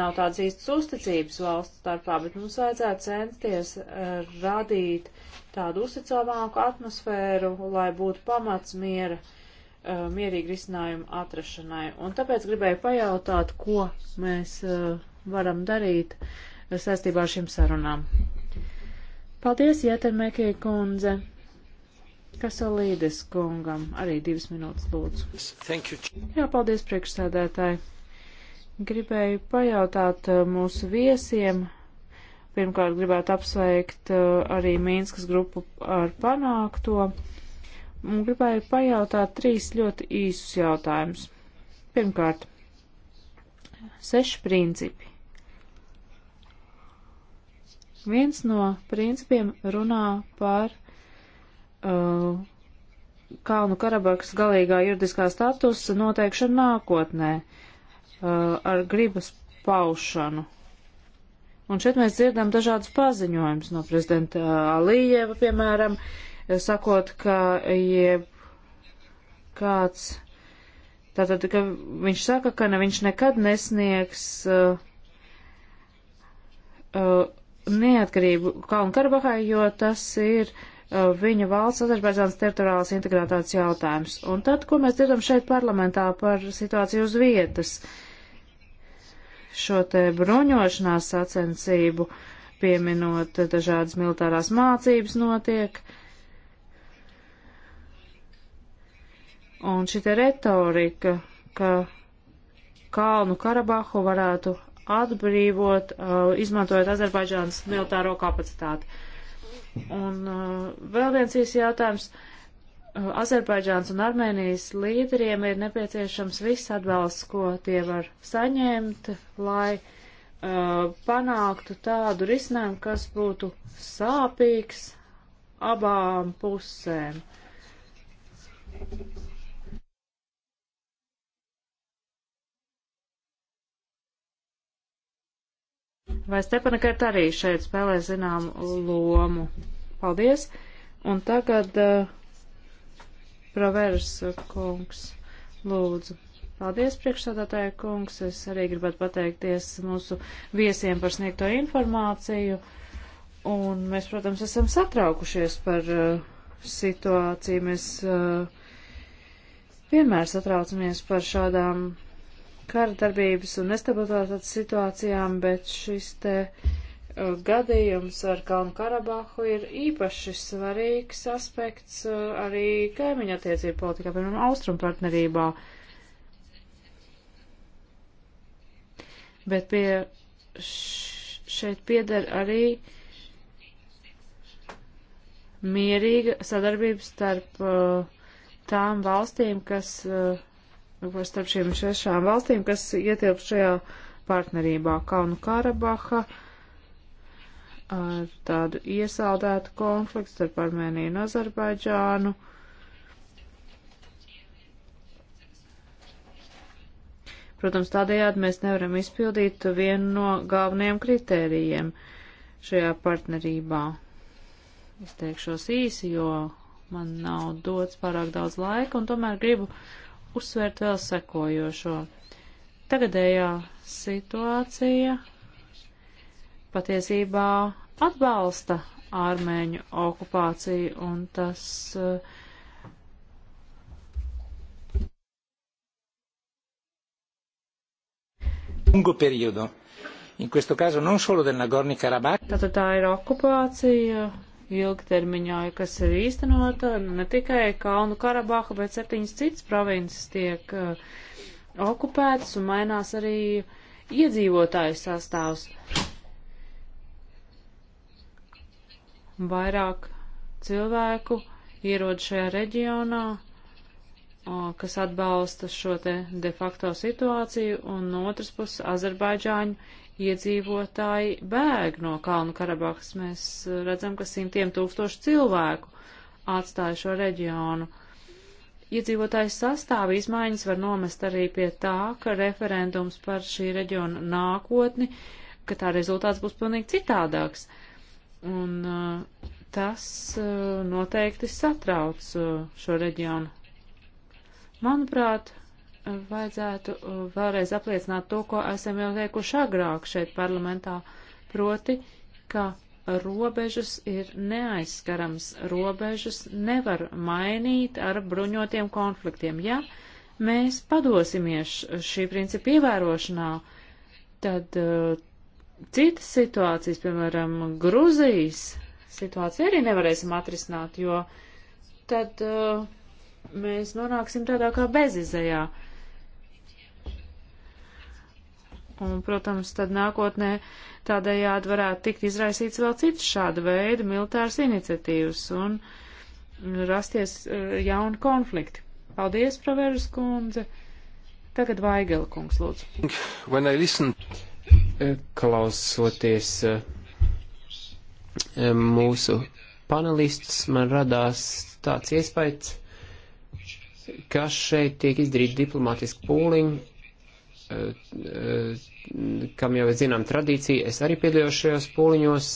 nav tādas īstas uzticības valsts starpā, bet mums vajadzētu censties eh, radīt tādu uzticamāku atmosfēru, lai būtu pamats miera eh, mierīgu risinājumu atrašanai. Un tāpēc gribēju pajautāt, ko mēs eh, varam darīt saistībā ar šīm sarunām. Paldies, Jātermēkie kundze. Kasolīdes kungam arī divas minūtes lūdzu. Thank you. Jā, paldies priekšsēdētāji. Gribēju pajautāt uh, mūsu viesiem. Pirmkārt, gribētu apsveikt uh, arī Mīnskas grupu ar panākto. Un gribēju pajautāt trīs ļoti īsus jautājumus. Pirmkārt, seši principi. Viens no principiem runā par uh, Kalnu Karabaks galīgā juridiskā statusa noteikšanu nākotnē uh, ar gribas paušanu. Un šeit mēs dzirdam dažādus paziņojumus no prezidenta Alijeva, piemēram, sakot, ka jeb kāds, tātad, ka viņš saka, ka ne, viņš nekad nesniegs uh, uh, neatkarību Kalnu-Karabahai, jo tas ir uh, viņa valsts Azerbaidžānas teritoriālās integrātāts jautājums. Un tad, ko mēs dzirdam šeit parlamentā par situāciju uz vietas, šo te bruņošanās sacensību, pieminot dažādas militārās mācības notiek, un šī retorika, ka Kalnu Karabahu varētu atbrīvot, uh, izmantojot Azerbaidžānas militāro kapacitāti. Un uh, vēl viens īsts jautājums. Uh, Azerbaidžāns un Armēnijas līderiem ir nepieciešams viss atbalsts, ko tie var saņemt, lai uh, panāktu tādu risinājumu, kas būtu sāpīgs abām pusēm. Vai Stepanakert arī šeit spēlē zinām lomu? Paldies! Un tagad uh, Proveras kungs, lūdzu. Paldies, priekšsādātāja kungs. Es arī gribētu pateikties mūsu viesiem par sniegto informāciju. Un mēs, protams, esam satraukušies par uh, situāciju. Mēs uh, vienmēr satraucamies par šādām kara darbības un nestabilitātes situācijām, bet šis te uh, gadījums ar Kalnu Karabahu ir īpaši svarīgs aspekts uh, arī kaimiņa attiecību politikā, piemēram, austrumu partnerībā. Bet pie šeit pieder arī mierīga sadarbība starp uh, tām valstīm, kas uh, starp šīm šešām valstīm, kas ietilpst šajā partnerībā - Kaunu Karabaha, ar tādu iesaldētu konfliktu starp Armēniju un Azerbaidžānu. Protams, tādējādi mēs nevaram izpildīt vienu no galvenajiem kritērijiem šajā partnerībā. Es teikšos īsi, jo man nav dots pārāk daudz laika, un tomēr gribu uh, uzsvērt vēl sekojošo. Tagadējā situācija patiesībā atbalsta ārmēņu okupāciju un tas uh, lungo periodo in questo caso non solo del Nagorno Karabakh. Tātad tā ir okupācija ilgtermiņā, kas ir īstenota ne tikai Kalnu Karabaha, bet septiņas citas provinces tiek uh, okupētas un mainās arī iedzīvotāju sastāvs. Vairāk cilvēku ierod šajā reģionā, uh, kas atbalsta šo te de facto situāciju, un no otras puses Azerbaidžāņu iedzīvotāji bēg no Kalnu Karabahas. Mēs eh, redzam, ka simtiem tūkstoši cilvēku atstāja šo reģionu. Iedzīvotāju sastāvu izmaiņas var nomest arī pie tā, ka referendums par šī reģiona nākotni, ka tā rezultāts būs pilnīgi citādāks. Un uh, tas uh, noteikti satrauc uh, šo reģionu. Manuprāt, vajadzētu uh, vēlreiz apliecināt to, ko esam jau teikuši agrāk šeit parlamentā, proti, ka robežas ir neaizskarams, robežas nevar mainīt ar bruņotiem konfliktiem. Ja mēs padosimies šī principa ievērošanā, tad uh, citas situācijas, piemēram, Gruzijas situācija arī nevarēsim atrisināt, jo tad uh, mēs nonāksim tādā kā bezizējā. Uh, Un, protams, tad nākotnē tādējādi varētu tikt izraisīts vēl citas šāda veida militāras iniciatīvas un rasties eh, jauni konflikti. Paldies, Praveras kundze. Tagad Vaigela kungs, lūdzu. Listen... Eh, klausoties eh, mūsu panelistus, man radās tāds iespējas, ka šeit tiek izdarīta diplomātiska pūliņa Eh, eh, kam jau ir zinām tradīcija, es arī piedalījos šajos pūliņos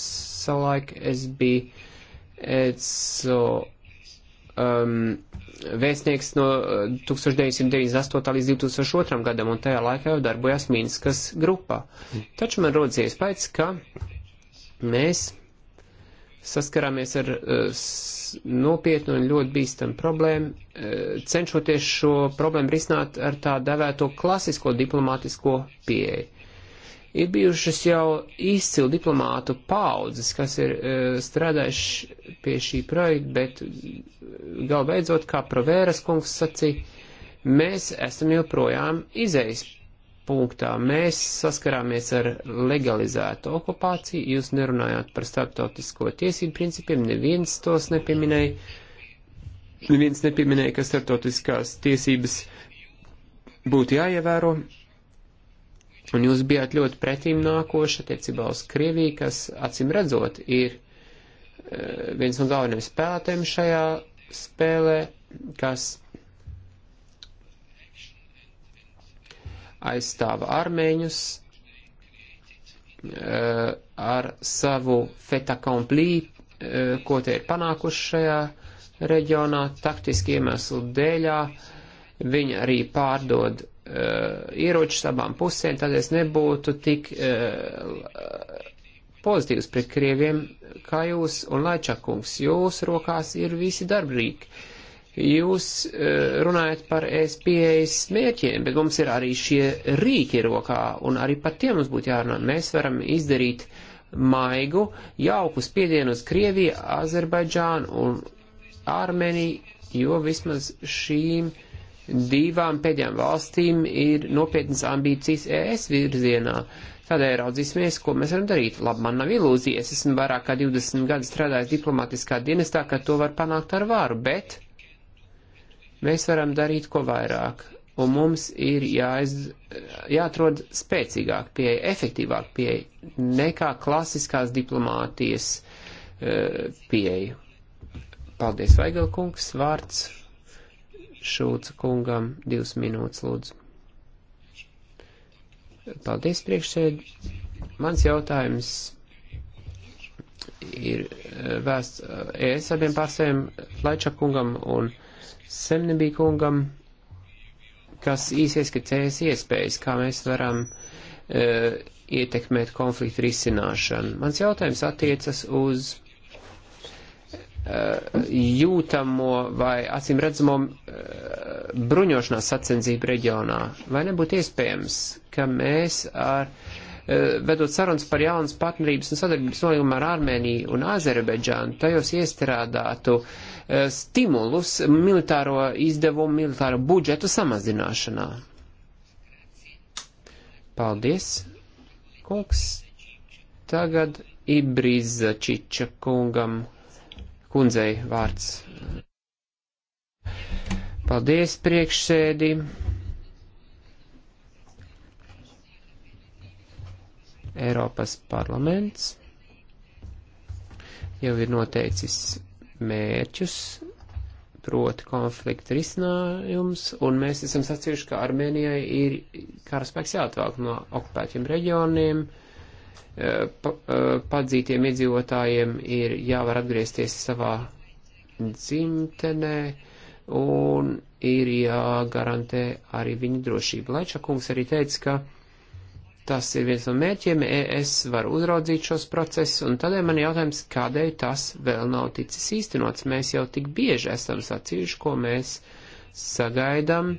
savulaik. Es biju ECO um, vēstnieks no 1998. Eh, līdz 2002. gadam, un tajā laikā jau darbojās Mīnskas grupā. Mm. Taču man rodas iespējas, ka mēs saskarāmies ar uh, nopietnu un ļoti bīstamu problēmu, uh, cenšoties šo problēmu risināt ar tā devēto klasisko diplomātisko pieeju. Ir bijušas jau izcili diplomātu paudzes, kas ir uh, strādājuši pie šī projekta, bet galbeidzot, kā Provēras kungs sacīja, mēs esam joprojām izejas punktā mēs saskarāmies ar legalizētu okupāciju, jūs nerunājāt par starptautisko tiesību principiem, neviens tos nepieminēja, neviens nepieminēja, ka starptautiskās tiesības būtu jāievēro, un jūs bijāt ļoti pretīm nākoši attiecībā uz Krieviju, kas acim redzot ir eh, viens no galvenajiem spēlētēm šajā spēlē, kas aizstāva armēņus eh, ar savu fetakomplī, eh, ko tie ir panākuši šajā reģionā, taktiski iemeslu dēļā. Viņi arī pārdod uh, ieročus abām pusēm, tad es nebūtu tik uh, pozitīvs pret krieviem kā jūs un Laičakungs. Jūsu rokās ir visi darbrīki. Uh, Jūs eh, runājat par es pieejas mērķiem, bet mums ir arī šie rīki rokā, un arī par tiem mums būtu jārunā. Mēs varam izdarīt maigu, jauku spiedienu uz Krieviju, Azerbaidžānu un Armēniju, jo vismaz šīm divām pēdējām valstīm ir nopietnas ambīcijas ES virzienā. Tādēļ raudzīsimies, ko mēs varam darīt. Labi, man nav ilūzijas, esmu vairāk kā 20 gadu strādājis diplomatiskā dienestā, ka to var panākt ar vāru, bet Mēs varam darīt ko vairāk, un mums ir jāiz, jāatrod spēcīgāk pieeja, efektīvāk pieeja nekā klasiskās diplomātijas uh, pieeja. Paldies, Vaigelkungs, vārds Šulca kungam, divas minūtes lūdzu. Paldies, priekšsēd. Mans jautājums ir e, vēsts e, es abiem pārsēm Laičakungam un Semnebī kungam, kas īsi ieskicējas iespējas, kā mēs varam uh, ietekmēt konfliktu risināšanu. Mans jautājums attiecas uz e, jūtamo vai acīm redzamo e, bruņošanās sacensību reģionā. Vai nebūtu iespējams, ka mēs ar uh, Eh, vedot sarunas par jaunas partnerības un sadarbības nolīgumu ar Armēniju un Azerbaidžānu, tajos iestrādātu eh, stimulus militāro izdevumu, militāro budžetu samazināšanā. Paldies, kungs. Tagad Ibriza Čiča kungam, kundzei vārds. Paldies, priekšsēdi. Eiropas parlaments jau ir noteicis mērķus, proti konflikta risinājums, un mēs esam sacījuši, ka Armēnijai ir karaspēks jāatvēlk no okupētiem reģioniem, eh, eh, padzītiem iedzīvotājiem ir jāvar atgriezties savā dzimtenē, un ir jāgarantē arī viņu drošība. Laičakungs arī teica, ka Tas ir viens no mērķiem, es varu uzraudzīt šos procesus, un tādēļ man ir jautājums, kādēļ tas vēl nav ticis īstenots. Mēs jau tik bieži esam sacījuši, ko mēs sagaidām,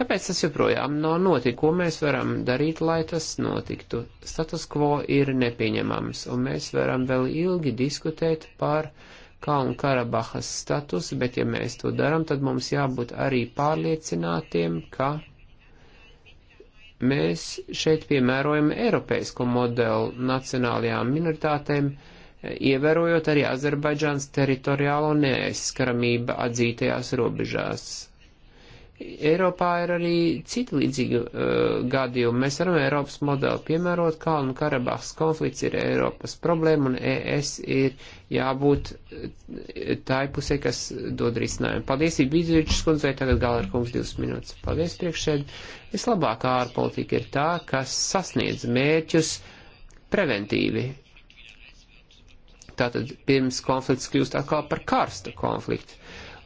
kāpēc tas joprojām nav noticis, ko mēs varam darīt, lai tas notiktu. Status quo ir nepieņemams, un mēs varam vēl ilgi diskutēt par Kalnu Karabahas statusu, bet ja mēs to darām, tad mums jābūt arī pārliecinātiem, ka Mēs šeit piemērojam eiropeisko modeli nacionālajām minoritātēm, ievērojot arī Azerbaidžāns teritoriālo neaizskaramību atzītajās robežās. Eiropā ir arī citi līdzīgi uh, gadījumi. Mēs varam Eiropas modeli piemērot, Kalnu Karabahas konflikts ir Eiropas problēma un ES ir jābūt eh, tai pusē, kas dod risinājumu. Paldies, Ibiziņš kundzei, tagad galā ir kungs divas minūtes. Paldies priekšēd. Vislabākā ārpolitika ir tā, kas sasniedz mērķus preventīvi. Tātad pirms konflikts kļūst atkal par karstu konfliktu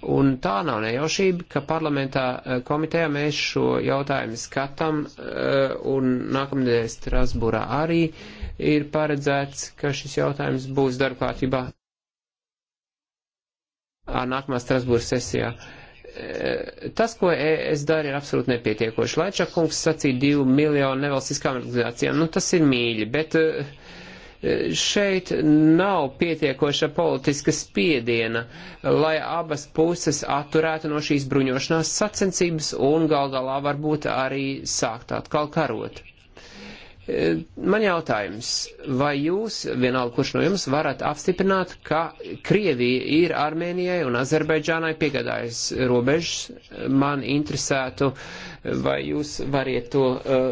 Un tā nav nejaušība, ka parlamentā eh, komitejā mēs šo jautājumu skatām, eh, un nākamnedēļ Strasburā arī ir paredzēts, ka šis jautājums būs darbkārtībā nākamā Strasbūras sesijā. Eh, tas, ko e, es daru, ir absolūti nepietiekoši. Laičakungs sacīja divu miljonu nevalstiskām organizācijām. Nu, tas ir mīļi, bet uh, Šeit nav pietiekoša politiska spiediena, lai abas puses atturētu no šīs bruņošanās sacensības un gal galā varbūt arī sākt atkal karot. E, man jautājums, vai jūs, vienalga kurš no jums, varat apstiprināt, ka Krievija ir Armēnijai un Azerbaidžānai piegādājis robežas? Man interesētu, vai jūs variet to uh,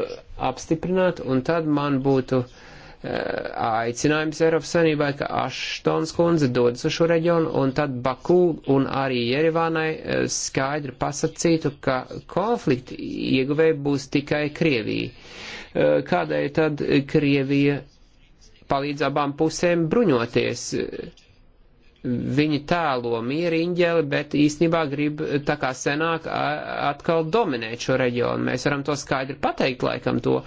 apstiprināt, un tad man būtu uh, Eh, aicinājums Eiropas Savienībai, ka Aštons kundze dodas uz šo reģionu un tad Baku un arī Jerevānai eh, skaidri pasacītu, ka konflikti ieguvēji būs tikai Krievija. Eh, kādēļ tad Krievija palīdz abām pusēm bruņoties? viņi tēlo mieru inģeli, bet īstenībā grib tā kā senāk atkal dominēt šo reģionu. Mēs varam to skaidri pateikt laikam to.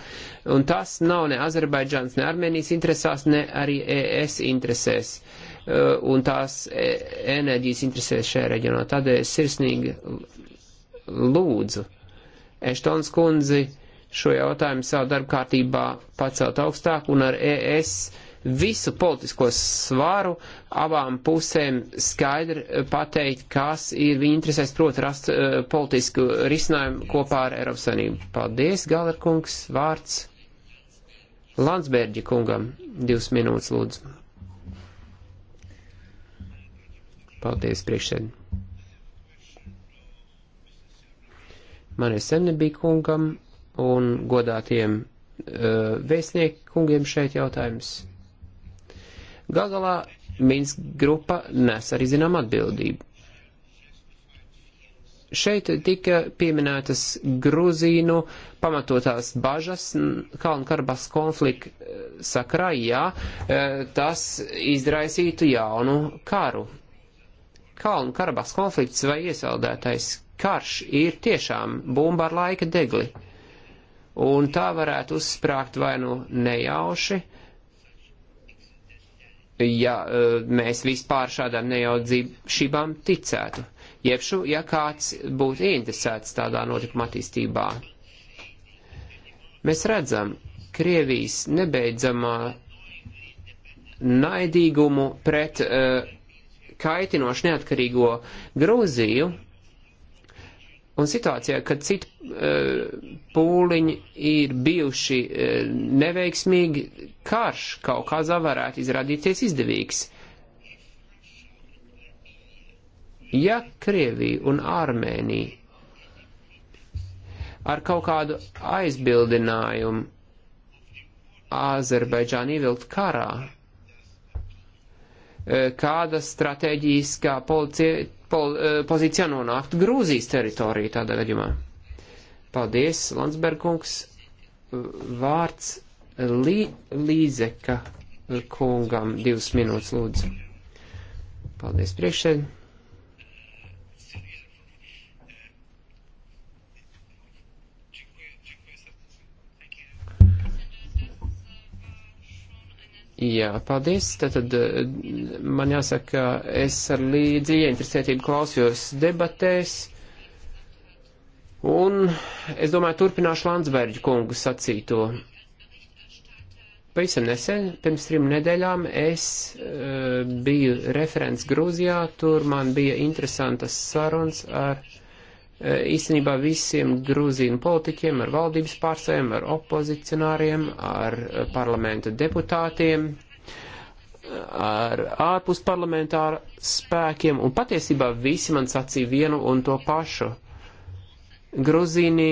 Un tas nav ne Azerbaidžāns, ne Armēnijas interesās, ne arī ES interesēs e, un tās e, enerģijas interesēs šajā reģionā. Tādēļ es sirsnīgi lūdzu Eštons kundzi šo jautājumu savu darbu kārtībā pacelt augstāk un ar ES visu politisko svaru abām pusēm skaidri pateikt, kas ir viņa interesēs, proti rast uh, politisku risinājumu kopā ar Eiropas Savienību. Paldies, Galerkungs, vārds Landsbērģi kungam, divas minūtes lūdzu. Paldies, priekšsēdētāji. man ir Semnebī kungam un godātiem uh, vēstnieku kungiem šeit jautājums. Gagalā Minsk grupa nes arī zinām atbildību. Šeit tika pieminētas Gruzīnu pamatotās bažas Kalnkarbas konflikta e, sakrā, jā, e, tas izraisītu jaunu karu. Kalnkarbas konflikts vai iesaldētais karš ir tiešām bumba ar laika degli. Un tā varētu uzsprāgt vai nu nejauši, uh, ja eh, mēs vispār šādām nejaudzībām ticētu. Jebšu, ja kāds būtu ieinteresēts tādā notikuma attīstībā. Mēs redzam Krievijas nebeidzamā naidīgumu pret uh, eh, kaitinošu neatkarīgo Grūziju, Un situācijā, kad citi uh, eh, pūliņi ir bijuši uh, neveiksmīgi, karš kaut kādā varētu izrādīties izdevīgs. Ja Krievija un Armēnija ar kaut kādu aizbildinājumu Azerbaidžānu ievilkt karā, eh, kāda stratēģiskā policija pol, eh, pozīcijā nonāktu Grūzijas teritorija tādā gadījumā. Paldies, Landsbergungs. Vārds lī, Līdzeka kungam divas minūtes lūdzu. Paldies priekšsēdētājiem. Jā, paldies. Tātad eh, man jāsaka, ka es ar līdzi ieinteresētību klausījos debatēs. Un es domāju, turpināšu Landsbergu kungu sacīto. Pavisam nesen, pirms trim nedēļām, es uh, biju referents Grūzijā, tur man bija interesantas sarunas ar uh, E, īstenībā visiem grūzīnu politiķiem, ar valdības pārstāvjiem, ar opozicionāriem, ar e, parlamenta deputātiem, ar ārpus parlamentāra spēkiem, un patiesībā visi man sacīja vienu un to pašu. Grūzīni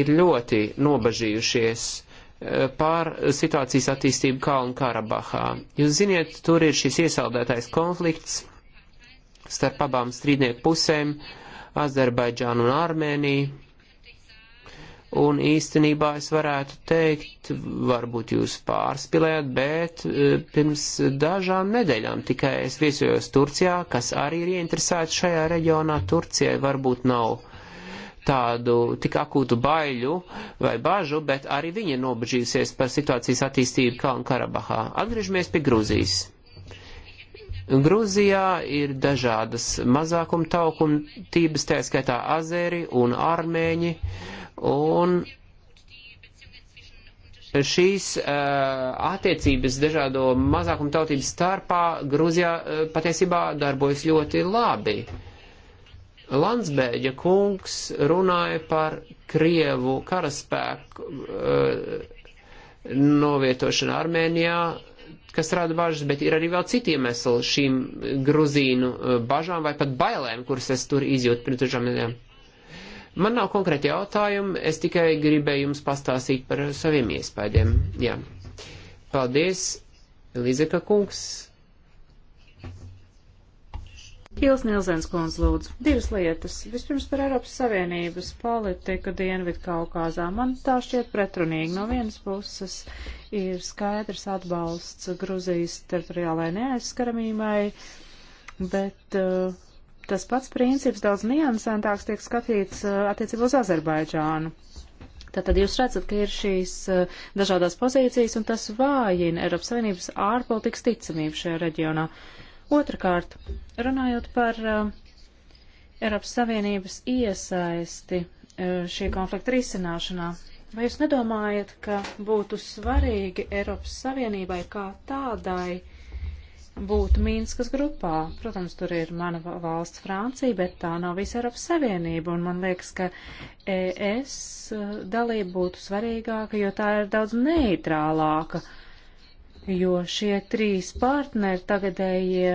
ir ļoti nobažījušies e, pār situācijas attīstību Kalnu Karabahā. Jūs ziniet, tur ir šis iesaldētais konflikts starp abām strīdnieku pusēm. Uh, Azerbaidžānu un Armēniju. Un īstenībā es varētu teikt, varbūt jūs pārspīlējat, bet e, pirms dažām nedēļām tikai es viesojos Turcijā, kas arī ir ieinteresēts šajā reģionā. Turcijai varbūt nav tādu tik akūtu baiļu vai bažu, bet arī viņa nobežījusies par situācijas attīstību Kalnu Karabahā. Atgriežamies pie Grūzijas. Gruzijā ir dažādas mazākuma taukumtības, tā skaitā azeri un armēņi, un šīs uh, attiecības dažādo mazākuma tautību starpā Gruzijā uh, patiesībā darbojas ļoti labi. Landsbēģa kungs runāja par Krievu karaspēku uh, novietošanu Armēnijā, uh, kas rada bažas, bet ir arī vēl citi iemesli šīm gruzīnu eh, bažām vai pat bailēm, kuras es tur izjūtu pirms dažām nedēļām. Man nav konkrēti jautājumi, es tikai gribēju jums pastāstīt par saviem iespējiem. Jā. Paldies, Elizeka kungs. Kils Nilzens kundz lūdzu. Divas lietas. Vispirms par Eiropas Savienības politiku Dienvidu Kaukāzā. Man tā šķiet pretrunīgi. No vienas puses ir skaidrs atbalsts Gruzijas teritoriālai neaizskaramībai, bet uh, tas pats princips daudz niansantāks tiek skatīts uh, attiecībā uz Azerbaidžānu. Tātad jūs redzat, ka ir šīs uh, dažādās pozīcijas, un tas vājina Eiropas Savienības ārpolitikas ticamību šajā reģionā. Uh, Otrakārt, runājot par uh, Eiropas Savienības iesaisti uh, šī konflikta risināšanā, vai jūs nedomājat, ka būtu svarīgi Eiropas Savienībai kā tādai būt Mīnskas grupā? Protams, tur ir mana valsts Francija, bet tā nav visa Eiropas Savienība, un man liekas, ka ES eh, dalība būtu svarīgāka, jo tā ir daudz neitrālāka. Uh, jo šie trīs partneri tagadējie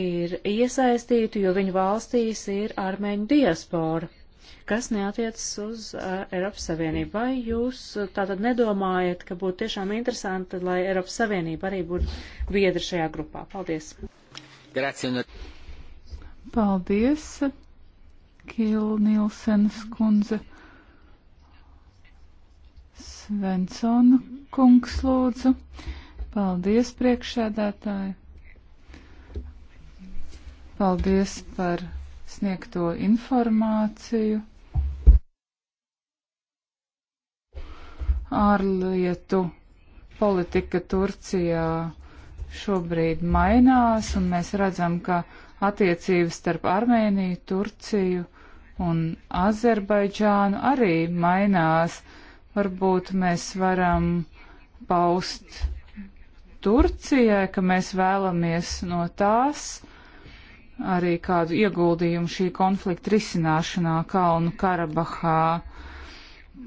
ir iesaistīti, jo viņu valstīs ir armēņu diaspora, kas neatiecas uz uh, Eiropas Savienību. Vai jūs uh, tātad nedomājat, ka būtu tiešām interesanti, lai Eiropas Savienība arī būtu biedri šajā grupā? Paldies! Grazie. Paldies, Kīla Nilsenas kundze. Svensona kungs lūdzu. Uh, Paldies, priekšsēdētāji! Paldies par sniegto informāciju. Ārlietu politika Turcijā šobrīd mainās, un mēs redzam, ka attiecības starp Armēniju, Turciju un Azerbaidžānu arī mainās. Varbūt mēs varam paust Turcijai, ka mēs vēlamies no tās arī kādu ieguldījumu šī konflikta risināšanā Kalnu Karabahā.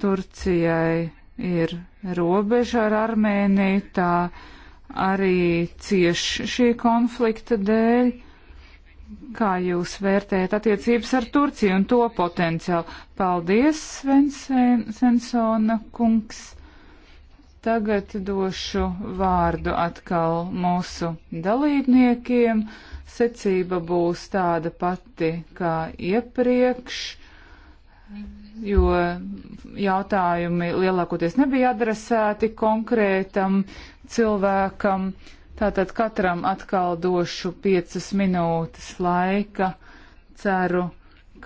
Turcijai ir robeža ar Armēniju, tā arī cieš šī konflikta dēļ. Kā jūs vērtējat attiecības ar Turciju un to potenciālu? Paldies, Svensona kungs. Tagad došu vārdu atkal mūsu dalībniekiem. Secība būs tāda pati kā iepriekš, jo jautājumi lielākoties nebija adresēti konkrētam cilvēkam. Tātad katram atkal došu piecas minūtes laika. Ceru,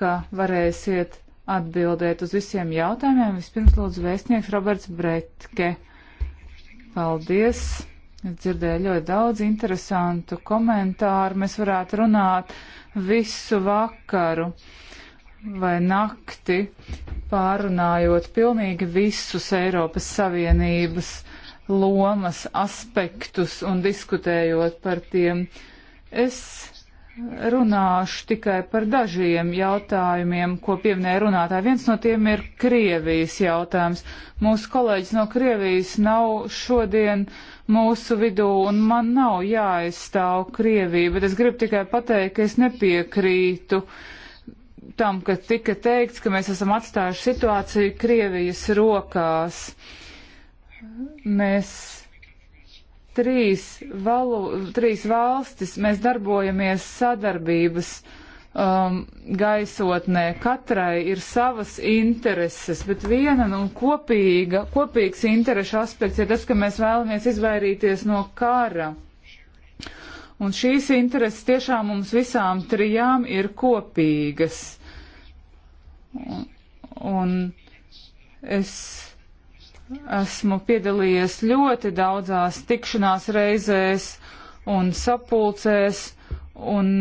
ka varēsiet atbildēt uz visiem jautājumiem. Vispirms lūdzu vēstnieks Roberts Bretke. Paldies! Es dzirdēju ļoti daudz interesantu komentāru. Mēs varētu runāt visu vakaru vai nakti, pārunājot pilnīgi visus Eiropas Savienības lomas aspektus un diskutējot par tiem. Es runāšu tikai par dažiem jautājumiem, ko pieminēja runātāji. Viens no tiem ir Krievijas jautājums. Mūsu kolēģis no Krievijas nav šodien mūsu vidū, un man nav jāaizstāv Krievija, bet es gribu tikai pateikt, ka es nepiekrītu tam, ka tika teikts, ka mēs esam atstājuši situāciju Krievijas rokās. Mēs trīs, valu, trīs valstis mēs darbojamies sadarbības um, gaisotnē. Katrai ir savas intereses, bet viena un nu, kopīga, kopīgs interešu aspekts ir tas, ka mēs vēlamies izvairīties no kara. Un šīs intereses tiešām mums visām trijām ir kopīgas. Un, un es Esmu piedalījies ļoti daudzās tikšanās reizēs un sapulcēs un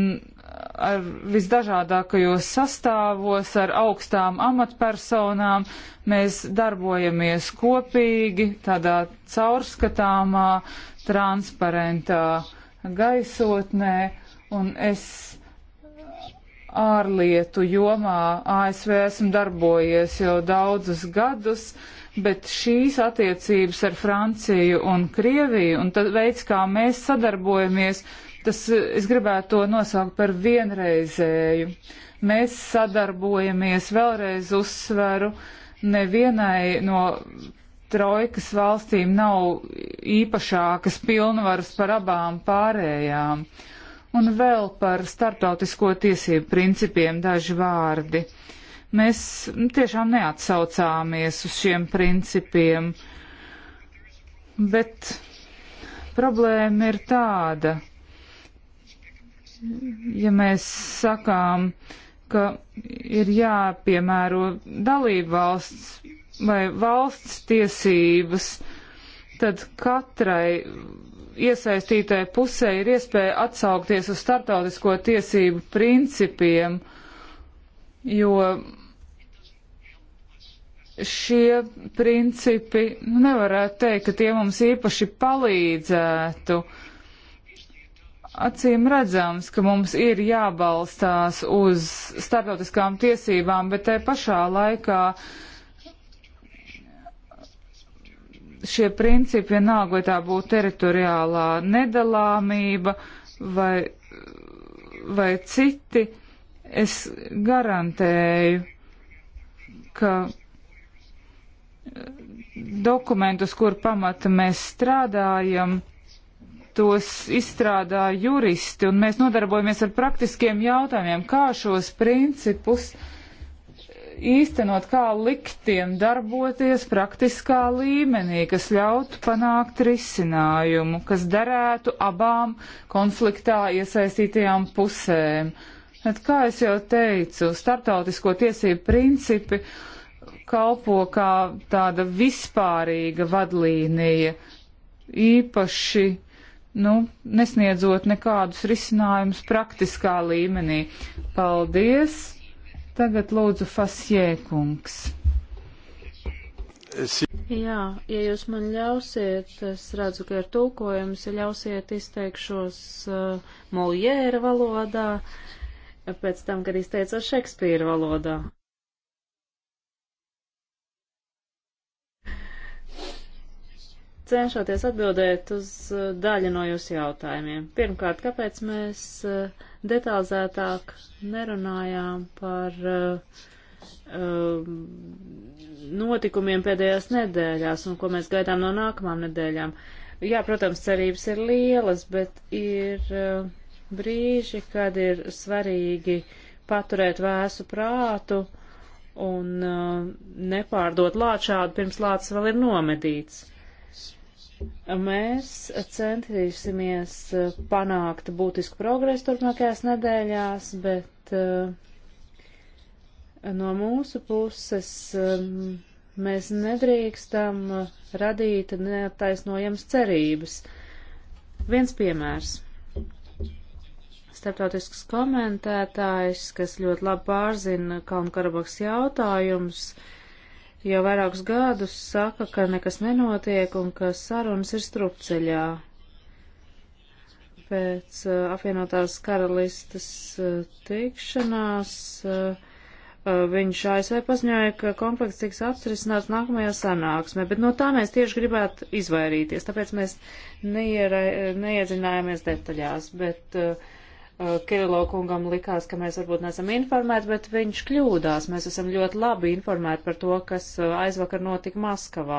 ar visdažādākajos sastāvos, ar augstām amatpersonām. Mēs darbojamies kopīgi, tādā caurskatāmā, transparentā gaisotnē, un es ārlietu jomā ASV esmu darbojies jau daudzus gadus. Uh, bet šīs attiecības ar Franciju un Krieviju un tad veids, kā mēs sadarbojamies, tas es gribētu to nosaukt par vienreizēju. Mēs sadarbojamies, vēlreiz uzsveru, nevienai no trojkas valstīm nav īpašākas pilnvaras par abām pārējām. Un vēl par starptautisko tiesību principiem daži vārdi. Uh, Mēs tiešām neatsaucāmies uz šiem principiem, bet problēma ir tāda, ja mēs sakām, ka ir jāpiemēro dalību valsts vai valsts tiesības, tad katrai iesaistītai pusē ir iespēja atsaukties uz startautisko tiesību principiem, jo šie principi, nu, nevarētu teikt, ka tie mums īpaši palīdzētu. Acīm redzams, ka mums ir jābalstās uz starptautiskām tiesībām, bet te pašā laikā šie principi, vienalga, vai tā būtu teritoriālā nedalāmība vai, vai citi, es garantēju, ka dokumentus, kur pamata mēs strādājam, tos izstrādā juristi, un mēs nodarbojamies ar praktiskiem jautājumiem, kā šos principus īstenot, kā liktiem darboties praktiskā līmenī, kas ļautu panākt risinājumu, kas derētu abām konfliktā iesaistītajām pusēm. Bet, kā es jau teicu, starptautisko tiesību principi uh, kalpo kā tāda vispārīga vadlīnija, īpaši, nu, nesniedzot nekādus risinājumus praktiskā līmenī. Paldies! Tagad lūdzu Fasjēkungs. Jā, ja jūs man ļausiet, es redzu, ka ir tūkojums, ja ļausiet izteikšos uh, Moljēra valodā, pēc tam, kad izteicos Šekspīra valodā. cenšoties atbildēt uz eh, daļu no jūsu jautājumiem. Pirmkārt, kāpēc mēs eh, detalizētāk nerunājām par eh, notikumiem pēdējās nedēļās un ko mēs gaidām no nākamām nedēļām? Jā, protams, cerības ir lielas, bet ir brīži, kad ir svarīgi paturēt vēsu prātu un nepārdot lāčādu pirms lācis vēl ir nomedīts. Mēs centīsimies eh, panākt būtisku progresu turpmākajās nedēļās, bet eh, no mūsu puses eh, mēs nedrīkstam radīt neattaisnojams cerības. Viens piemērs. Startautisks komentētājs, kas ļoti labi pārzina Kalnu Karabaks jautājumus, uh, jau vairākus gadus saka, ka nekas nenotiek un ka sarunas ir strupceļā. Pēc uh, apvienotās karalistas uh, tikšanās uh, uh, viņš ASV paziņoja, ka konflikts tiks atrisināts nākamajā sanāksmē, bet no tā mēs tieši gribētu izvairīties, tāpēc mēs neierai, neiezinājāmies detaļās, bet uh, Eh, Kirilo kungam likās, ka mēs varbūt nesam informēti, bet viņš kļūdās. Mēs esam ļoti labi informēti par to, kas eh, aizvakar notika Maskavā.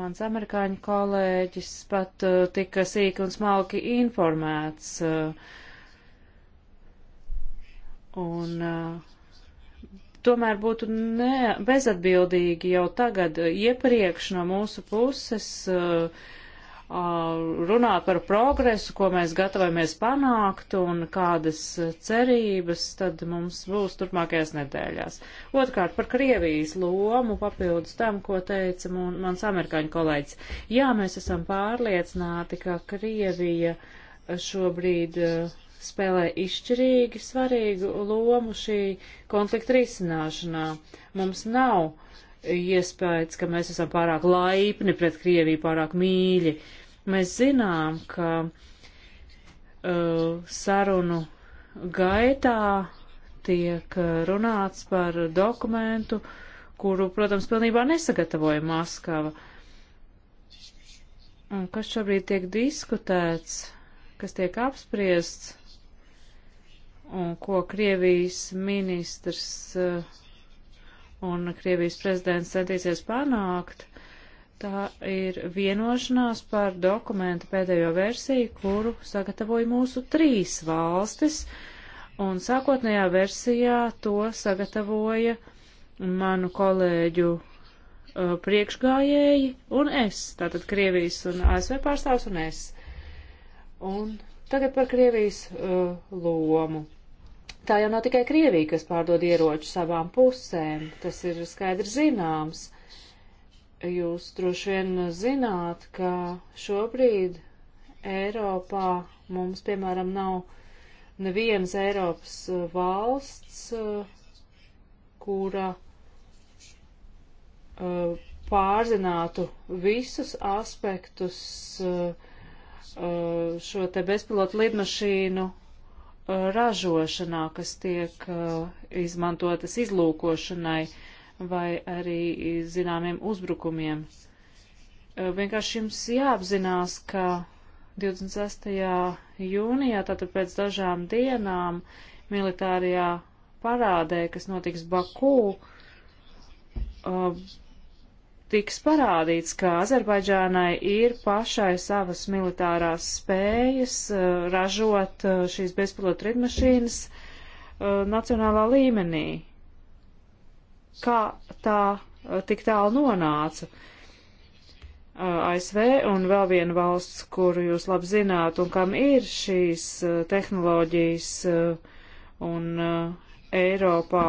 Mans amerikāņu kolēģis pat eh, tika sīki un smalki informēts. Un tomēr būtu ne, bezatbildīgi jau tagad iepriekš no mūsu puses uh, Uh, runā par progresu, ko mēs gatavojamies panākt un kādas cerības tad mums būs turpmākajās nedēļās. Otkārt par Krievijas lomu papildus tam, ko teica man, mans amerikāņu kolēģis. Jā, mēs esam pārliecināti, ka Krievija šobrīd uh, spēlē izšķirīgi svarīgu lomu šī konflikta risināšanā. Mums nav iespējas, ka mēs esam pārāk laipni pret Krieviju, pārāk mīļi. Uh, Mēs zinām, ka uh, sarunu gaitā tiek uh, runāts par dokumentu, kuru, protams, pilnībā nesagatavoja Maskava. Un kas šobrīd tiek diskutēts, kas tiek apspriests, un ko Krievijas ministrs uh, un Krievijas prezidents centīsies panākt, Tā ir vienošanās par dokumentu pēdējo versiju, kuru sagatavoja mūsu trīs valstis, un sākotnējā versijā to sagatavoja manu kolēģu uh, priekšgājēji un es, tātad Krievijas un ASV pārstāvs un es. Un tagad par Krievijas uh, lomu. Tā jau nav tikai Krievija, kas pārdod ieroču savām pusēm, tas ir skaidri zināms. Uh, jūs droši vien zināt, ka šobrīd Eiropā mums, piemēram, nav nevienas Eiropas eh, valsts, eh, kura eh, pārzinātu visus aspektus šo te bezpilotu lidmašīnu ražošanā, kas tiek izmantotas izlūkošanai. Uh, vai arī zināmiem uzbrukumiem. Vienkārši jums jāapzinās, ka 26. jūnijā, tātad pēc dažām dienām, militārajā parādē, kas notiks Bakū, tiks parādīts, ka Azerbaidžānai ir pašai savas militārās spējas ražot šīs bezpilota lidmašīnas nacionālā līmenī kā tā tik tālu nonāca. ASV un vēl viena valsts, kuru jūs labi zināt un kam ir šīs tehnoloģijas un Eiropā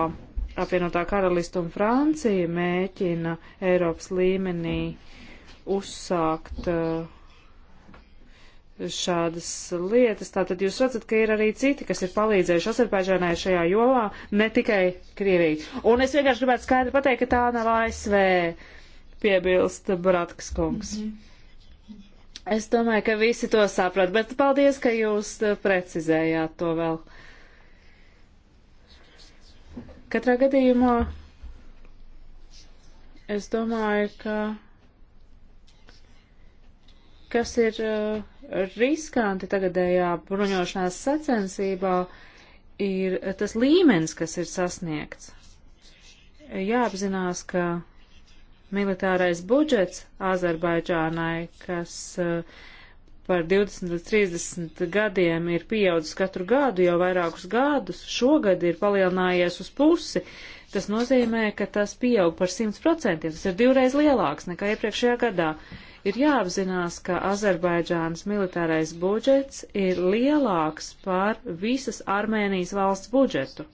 apvienotā karalista un Francija mēķina Eiropas līmenī uzsākt uh, šādas lietas. Tātad jūs redzat, ka ir arī citi, kas ir palīdzējuši Azerbaidžānai šajā jomā, ne tikai Krievija. Un es vienkārši gribētu skaidri pateikt, ka tā nav ASV, piebilst Bratkas kungs. Mm -hmm. Es domāju, ka visi to saprat, bet paldies, ka jūs precizējāt to vēl. Katrā gadījumā es domāju, ka kas ir eh, riskanti tagadējā bruņošanās sacensībā, ir tas līmenis, kas ir sasniegts. Jāapzinās, ka militārais budžets Azerbaidžānai, kas eh, par 20 līdz 30 gadiem ir pieaudzis katru gadu, jau vairākus gadus, šogad ir palielinājies uz pusi. Tas nozīmē, ka tas pieaug par 100%, tas ir divreiz lielāks nekā iepriekšējā gadā. Uh, Ir jāapzinās, ka Azerbaidžānas militārais budžets ir lielāks par visas Armēnijas valsts budžetu.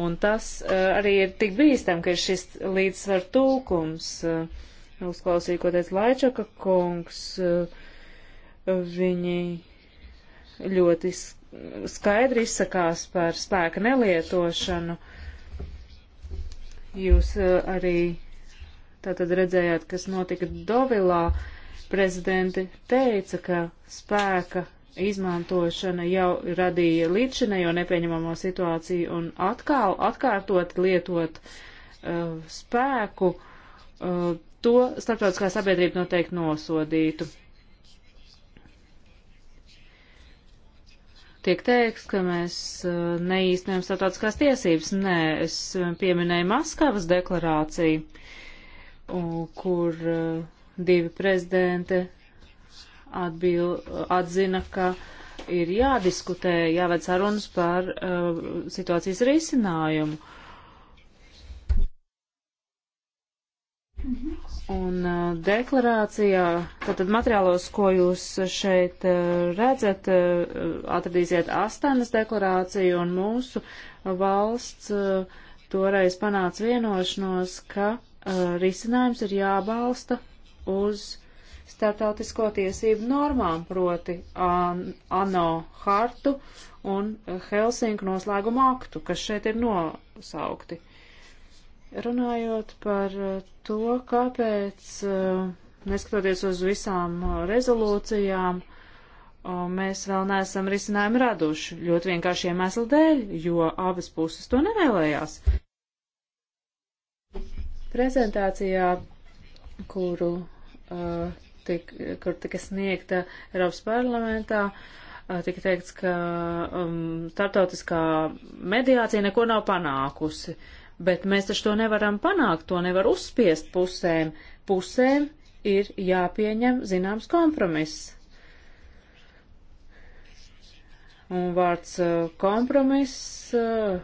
Un tas uh, arī ir tik bīstam, ka ir šis līdzsvar tūkums. Uh, uzklausīju, ko teica Laičaka kungs. Uh, viņi ļoti skaidri izsakās par spēka nelietošanu. Jūs arī Tātad redzējāt, kas notika Dovilā. Prezidenti teica, ka spēka izmantošana jau radīja līdzinējo nepieņemamo situāciju un atkal atkārtot lietot uh, spēku, uh, to starptautiskā sabiedrība noteikti nosodītu. tiek teiks, ka mēs uh, neīstenojam starptautiskās tiesības. Nē, es uh, pieminēju Maskavas deklarāciju kur e, divi prezidenti atbil, atzina, ka ir jādiskutē, jāved sarunas par uh, situācijas risinājumu. Un uh, deklarācijā, tātad materiālos, ko jūs šeit uh, redzat, uh, atradīsiet Astanas deklarāciju un mūsu valsts uh, toreiz panāca vienošanos, ka uh, risinājums ir jābalsta uz startautisko tiesību normām, proti ANO hartu un Helsinku noslēgumu aktu, kas šeit ir nosaukti. Runājot par to, kāpēc, neskatoties uz visām rezolūcijām, mēs vēl neesam risinājumu raduši ļoti vienkāršiem eslu dēļ, jo abas puses to nevēlējās. Prezentācijā, kuru, uh, tik, kur tika sniegta Eiropas parlamentā, uh, tika teikts, ka um, starptautiskā mediācija neko nav panākusi. Bet mēs taču to nevaram panākt, to nevar uzspiest pusēm. Pusēm ir jāpieņem zināms kompromiss. Un vārds uh, kompromiss. Uh,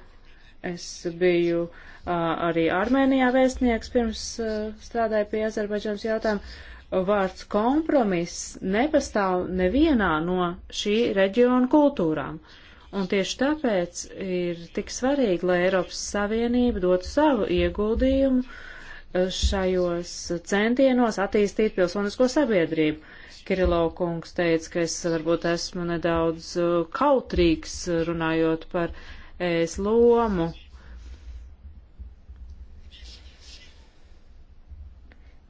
es biju uh, arī Armēnijā vēstnieks pirms strādāja pie Azerbaidžānas jautājumu. Vārds kompromiss nepastāv nevienā no šī reģiona kultūrām. Un tieši tāpēc ir tik svarīgi, lai Eiropas Savienība dotu savu ieguldījumu šajos centienos attīstīt pilsonisko sabiedrību. Kirilov kungs teica, ka es varbūt esmu nedaudz kautrīgs runājot par es lomu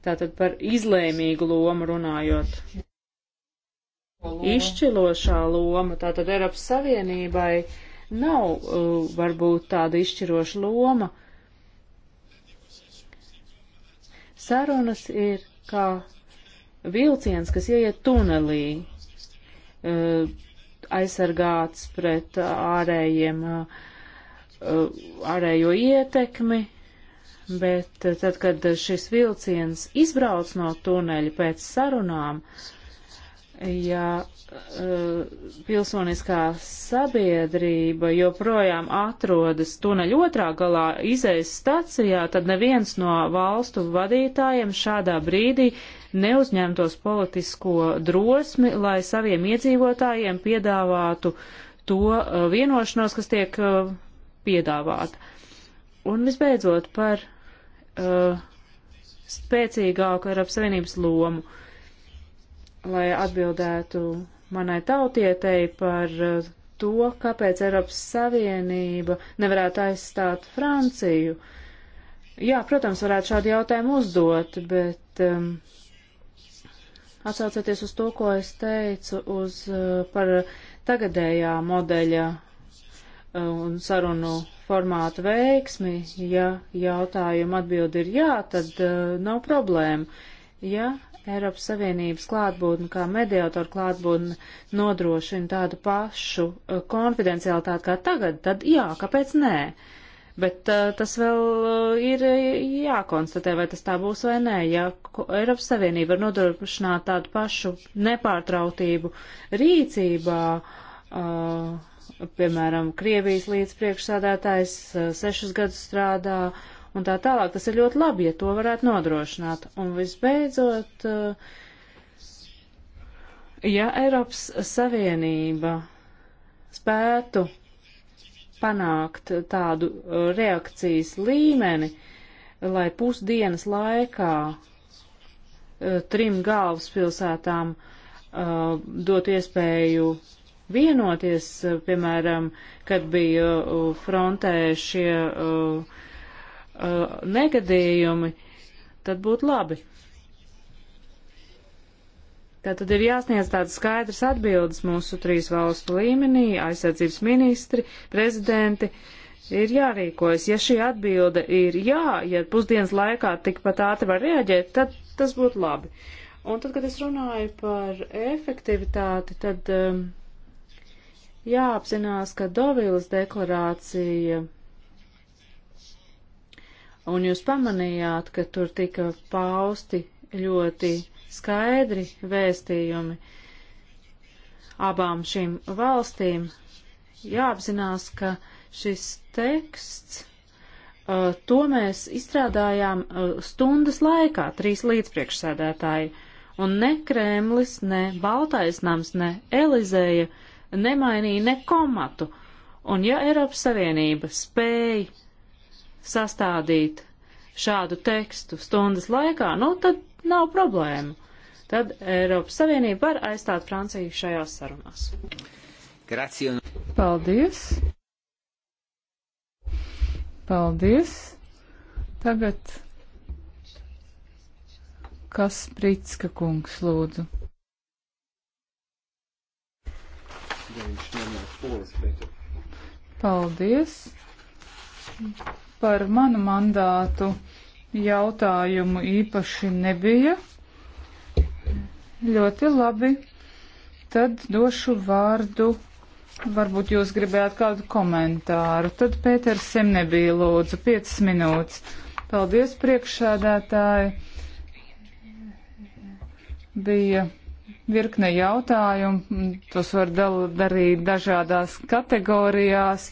Tātad par izlēmīgu lomu runājot. Loma. Izšķirošā loma, tātad Eiropas Savienībai nav uh, varbūt tāda izšķiroša loma. Sarunas ir kā vilciens, kas ieiet tunelī, uh, aizsargāts pret ārējiem, uh, ārējo ietekmi, bet eh, tad, kad šis vilciens izbrauc no tuneļa pēc sarunām, ja uh, pilsoniskā sabiedrība joprojām atrodas tuneļa otrā galā izējas stacijā, tad neviens no valstu vadītājiem šādā brīdī neuzņemtos politisko drosmi, lai saviem iedzīvotājiem piedāvātu to uh, vienošanos, kas tiek uh, piedāvāta. Un visbeidzot par uh, spēcīgāku Eiropas Savienības lomu, lai atbildētu manai tautietei par uh, to, kāpēc Eiropas Savienība nevarētu aizstāt Franciju. Jā, protams, varētu šādu jautājumu uzdot, bet um, atsaucoties uz to, ko es teicu, uz, uh, par tagadējā modeļa uh, un sarunu formātu veiksmi, ja jautājuma atbildi ir jā, tad uh, nav problēma. Ja Eiropas Savienības klātbūtne, kā mediātora klātbūtne, nodrošina tādu pašu uh, konfidencialitāti kā tagad, tad jā, kāpēc nē? Bet uh, tas vēl uh, ir jākonstatē, vai tas tā būs vai nē. Ja Eiropas Savienība var nodrošināt tādu pašu nepārtrautību rīcībā, uh, piemēram, Krievijas līdz priekšsādātājs eh, sešus gadus strādā un tā tālāk. Tas ir ļoti labi, ja to varētu nodrošināt. Un visbeidzot, eh, ja Eiropas Savienība spētu panākt tādu eh, reakcijas līmeni, lai pusdienas laikā trim galvaspilsētām dot iespēju vienoties, eh, piemēram, kad bija eh, frontē šie eh, negadījumi, tad būtu labi. Tātad ir jāsniedz tādas skaidras atbildes mūsu trīs valstu līmenī, aizsardzības ministri, prezidenti. Ir jārīkojas, ja šī atbilde ir jā, ja pusdienas laikā tikpat ātri var reaģēt, tad tas būtu labi. Un tad, kad es runāju par efektivitāti, tad um, jāapzinās, ka Dovīlas deklarācija, un jūs pamanījāt, ka tur tika pausti ļoti skaidri vēstījumi abām šīm valstīm, jāapzinās, ka šis teksts, uh, to mēs izstrādājām uh, stundas laikā, trīs līdzpriekšsēdētāji, un ne Kremlis, ne Baltais nams, ne Elizēja uh, nemainīja ne komatu. Un ja Eiropas Savienība spēja sastādīt šādu tekstu stundas laikā, nu tad nav problēmu. Tad Eiropas Savienība var aizstāt Franciju šajās sarunās. Grazie. Paldies. Paldies. Tagad kas Pritska kungs lūdzu. ja viņš nerunās poliski, bet. Paldies par manu mandātu jautājumu īpaši nebija. Ļoti labi. Tad došu vārdu. Varbūt jūs gribējāt kādu komentāru. Tad Pēters Sem nebija lūdzu 5 minūtes. Paldies priekšsēdētāji. Bija virkne jautājumu. Mm, tos var darīt dažādās kategorijās.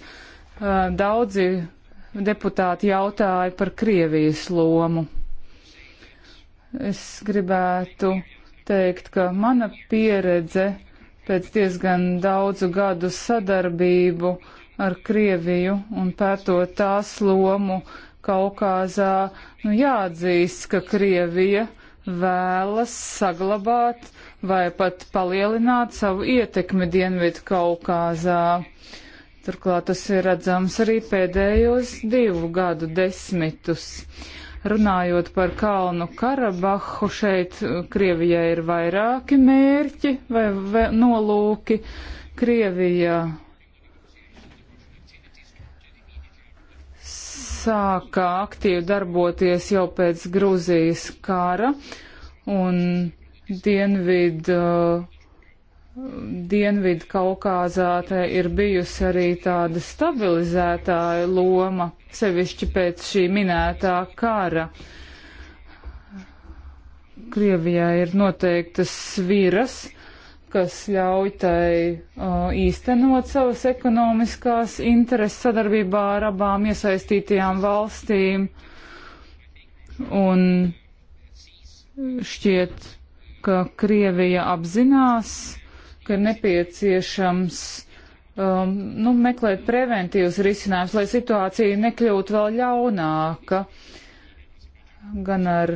Daudzi deputāti jautāja par Krievijas lomu. Es gribētu teikt, ka mana pieredze pēc diezgan daudzu gadu sadarbību ar Krieviju un pētot tās lomu Kaukāzā, nu jāatzīst, ka Krievija vēlas saglabāt vai pat palielināt savu ietekmi Dienvidu Kaukāzā. Turklāt tas ir redzams arī pēdējos divu gadu desmitus. Runājot par Kalnu Karabahu, šeit Krievijai ir vairāki mērķi vai, vai nolūki. Krievija sāka aktīvi darboties jau pēc Grūzijas kara, un dienvidu, dienvidu Kaukāzā tai ir bijusi arī tāda stabilizētāja loma, sevišķi pēc šī minētā kara. Krievijā ir noteiktas sviras, kas ļauj tai uh, īstenot savas ekonomiskās intereses sadarbībā ar abām iesaistītajām valstīm. Un šķiet, ka Krievija apzinās, ka ir nepieciešams um, nu, meklēt preventīvas risinājumus, lai situācija nekļūtu vēl ļaunāka. Gan ar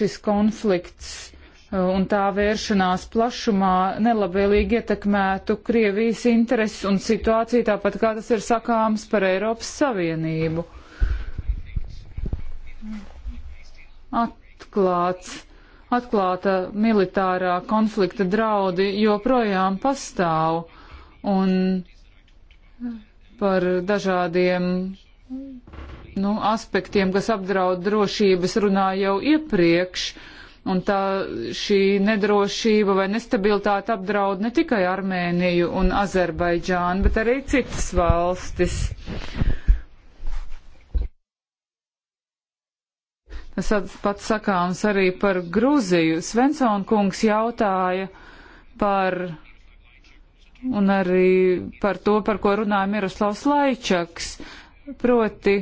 šis konflikts uh, un tā vēršanās plašumā nelabvēlīgi ietekmētu Krievijas intereses un situāciju, tāpat kā tas ir sakāms par Eiropas Savienību. atklāts. Atklāta militārā konflikta draudi joprojām pastāv un par dažādiem nu, aspektiem, kas apdraud drošības, runāja jau iepriekš. Un tā šī nedrošība vai nestabilitāte apdraud ne tikai Armēniju un Azerbaidžānu, bet arī citas valstis. pats sakāms arī par Gruziju. Svensona kungs jautāja par, un arī par to, par ko runāja Miroslavs Laičaks, proti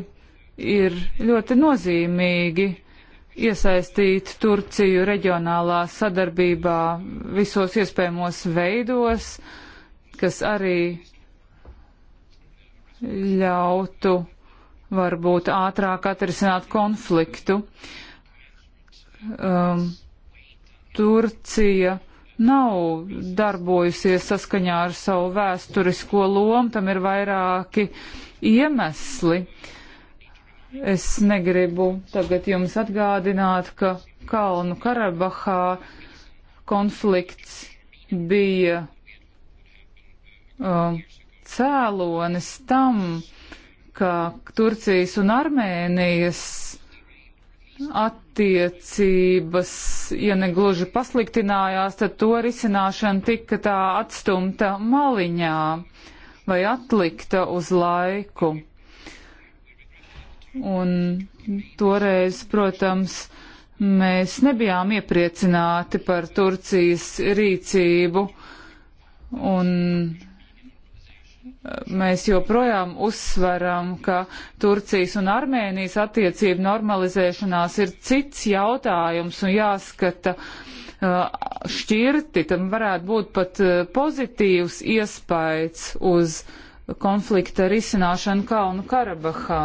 ir ļoti nozīmīgi iesaistīt Turciju reģionālā sadarbībā visos iespējamos veidos, kas arī ļautu varbūt ātrāk atrisināt konfliktu. Um, Turcija nav darbojusies saskaņā ar savu vēsturisko lomu, tam ir vairāki iemesli. Es negribu tagad jums atgādināt, ka Kalnu Karabahā konflikts bija um, cēlonis tam, uh, ka Turcijas un Armēnijas attiecības, ja negluži pasliktinājās, tad to risināšana tika tā atstumta maliņā vai atlikta uz laiku. Un toreiz, protams, mēs nebijām iepriecināti par Turcijas rīcību un mēs joprojām uzsveram, ka Turcijas un Armēnijas attiecību normalizēšanās ir cits jautājums un jāskata uh, šķirti, tam varētu būt pat uh, pozitīvs iespējas uz konflikta risināšanu Kalnu Karabahā.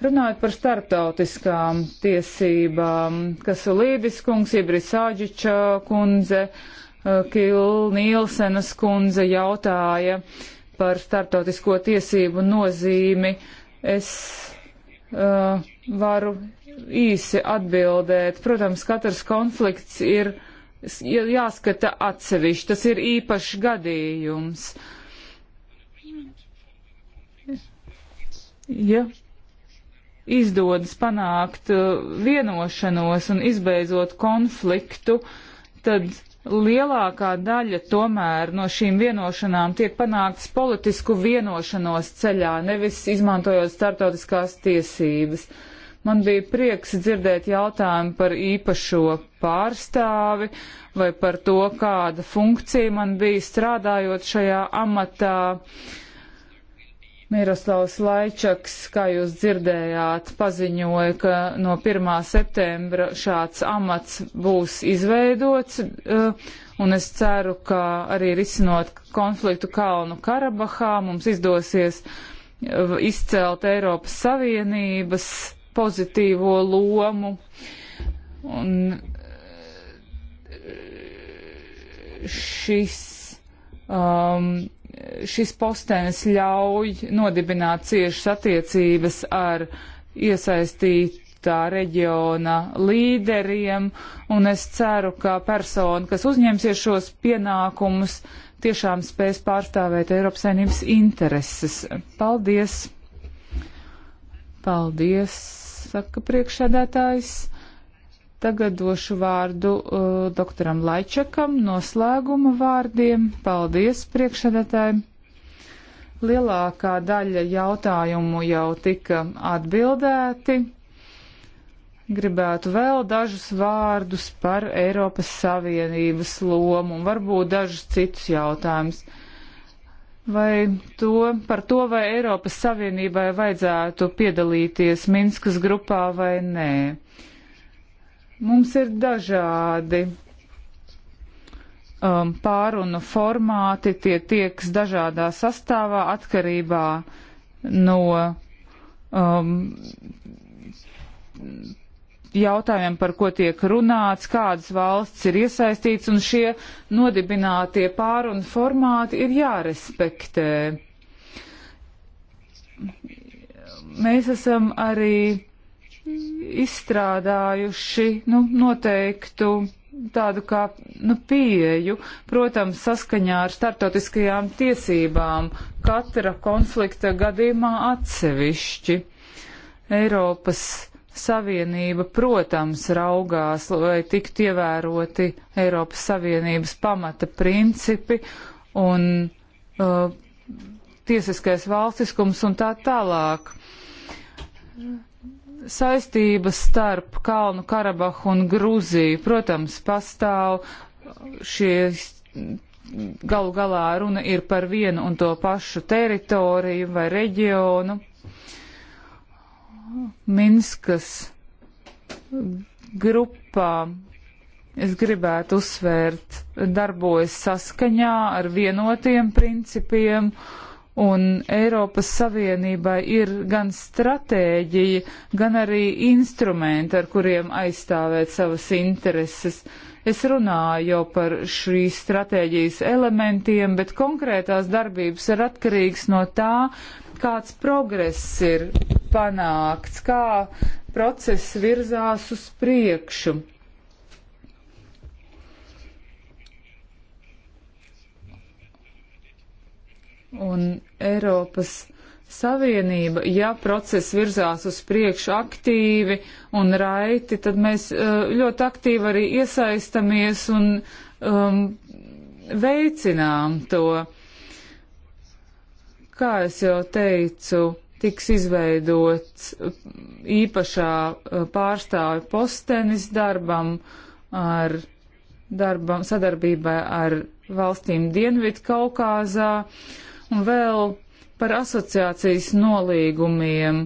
Runājot par starptautiskām tiesībām, kas Līdis kungs, Ibris Āģiča kundze, uh, Eh, Kil Nielsenas kundze jautāja par startautisko tiesību nozīmi. Es uh, varu īsi atbildēt. Protams, katrs konflikts ir jāskata atsevišķi. Tas ir īpašs gadījums. Ja izdodas panākt eh, vienošanos un izbeidzot konfliktu, tad lielākā daļa tomēr no šīm vienošanām tiek panāktas politisku vienošanos ceļā, nevis izmantojot startautiskās tiesības. Man bija prieks dzirdēt jautājumu par īpašo pārstāvi vai par to, kāda funkcija man bija strādājot šajā amatā. Uh, Miroslavs Laičaks, kā jūs dzirdējāt, paziņoja, ka no 1. septembra šāds amats būs izveidots, eh, un es ceru, ka arī risinot konfliktu Kalnu Karabahā mums izdosies eh, izcelt Eiropas Savienības pozitīvo lomu. Un eh, šis um, šis postenis ļauj nodibināt ciešas attiecības ar iesaistītā reģiona līderiem, un es ceru, ka persona, kas uzņemsies šos pienākumus, tiešām spēs pārstāvēt Eiropas saimnības intereses. Paldies! Paldies, saka priekšsēdētājs. Tagad došu vārdu uh, doktoram Laičakam noslēguma vārdiem. Paldies priekšsēdētājiem! Lielākā daļa jautājumu jau tika atbildēti. Gribētu vēl dažus vārdus par Eiropas Savienības lomu un varbūt dažus citus jautājumus. Vai to, par to, vai Eiropas Savienībai vajadzētu piedalīties Minskas grupā vai nē. Uh, Mums ir dažādi um, pārunu formāti, tie tieks dažādā sastāvā atkarībā no um, jautājumiem, par ko tiek runāts, kādas valsts ir iesaistīts, un šie nodibinātie pārunu formāti ir jārespektē. Mēs esam arī izstrādājuši nu, noteiktu tādu kā nu, pieeju, protams, saskaņā ar startautiskajām tiesībām katra konflikta gadījumā atsevišķi. Eiropas Savienība, protams, raugās, lai tiktu ievēroti Eiropas Savienības pamata principi un uh, tiesiskais valstiskums un tā tālāk saistības starp Kalnu Karabahu un Gruziju, protams, pastāv šie galu galā runa ir par vienu un to pašu teritoriju vai reģionu. Minskas grupā es gribētu uzsvērt, darbojas saskaņā ar vienotiem principiem. Uh, un Eiropas Savienībai ir gan stratēģija, gan arī instrumenti, ar kuriem aizstāvēt savas intereses. Es runāju jau par šīs stratēģijas elementiem, bet konkrētās darbības ir atkarīgs no tā, kāds progress ir panākts, kā process virzās uz priekšu. un Eiropas Savienība, ja process virzās uz priekšu aktīvi un raiti, tad mēs eh, ļoti aktīvi arī iesaistamies un um, veicinām to. Kā es jau teicu, tiks izveidots eh, īpašā eh, pārstāvi postenis darbam ar darbam sadarbībā ar valstīm Dienvidu Kaukāzā. Uh, Un vēl par asociācijas nolīgumiem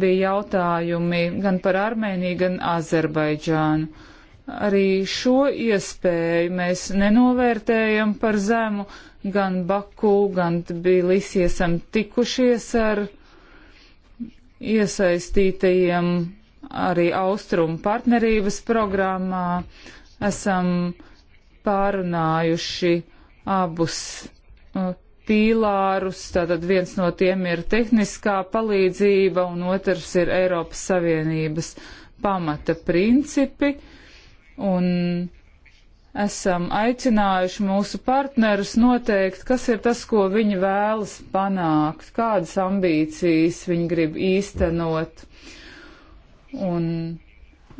bija jautājumi gan par Armēniju, gan Azerbaidžānu. Arī šo iespēju mēs nenovērtējam par zemu, gan Baku, gan Tbilisi esam tikušies ar iesaistītajiem arī austrumu partnerības programmā, esam pārunājuši abus uh, pīlārus, tātad viens no tiem ir tehniskā palīdzība un otrs ir Eiropas Savienības pamata principi. Un esam aicinājuši mūsu partnerus noteikt, kas ir tas, ko viņi vēlas panākt, kādas ambīcijas viņi grib īstenot. Un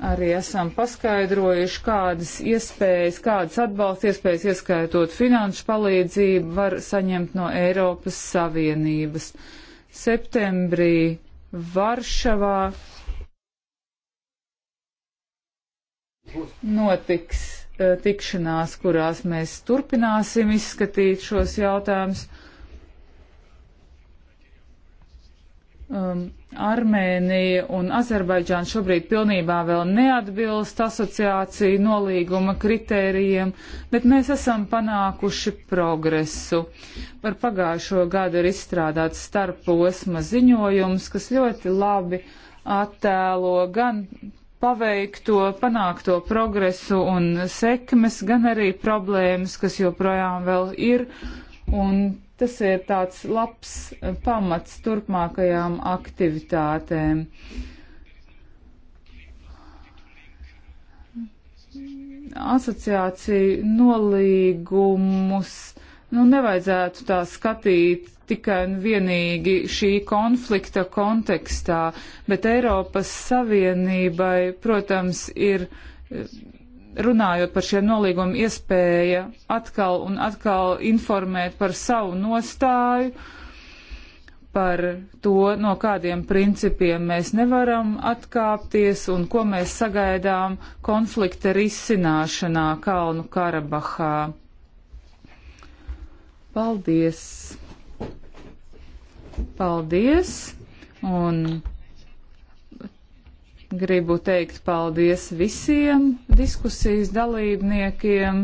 Arī esam paskaidrojuši, kādas iespējas, kādas atbalsta iespējas, ieskaitot finanšu palīdzību, var saņemt no Eiropas Savienības. Septembrī Varšavā notiks uh, tikšanās, kurās mēs turpināsim izskatīt šos jautājumus. Um, Armēnija un Azerbaidžāna šobrīd pilnībā vēl neatbilst asociāciju nolīguma kritērijiem, bet mēs esam panākuši progresu. Par pagājušo gadu ir izstrādāts starposma ziņojums, kas ļoti labi attēlo gan paveikto, panākto progresu un sekmes, gan arī problēmas, kas joprojām vēl ir. Un Tas ir tāds labs eh, pamats turpmākajām aktivitātēm. Asociāciju nolīgumus nu, nevajadzētu tā skatīt tikai un vienīgi šī konflikta kontekstā, bet Eiropas Savienībai, protams, ir eh, runājot par šiem nolīgumiem, iespēja atkal un atkal informēt par savu nostāju, par to, no kādiem principiem mēs nevaram atkāpties un ko mēs sagaidām konflikta risināšanā Kalnu Karabahā. Paldies! Paldies! Un Gribu teikt paldies visiem diskusijas dalībniekiem.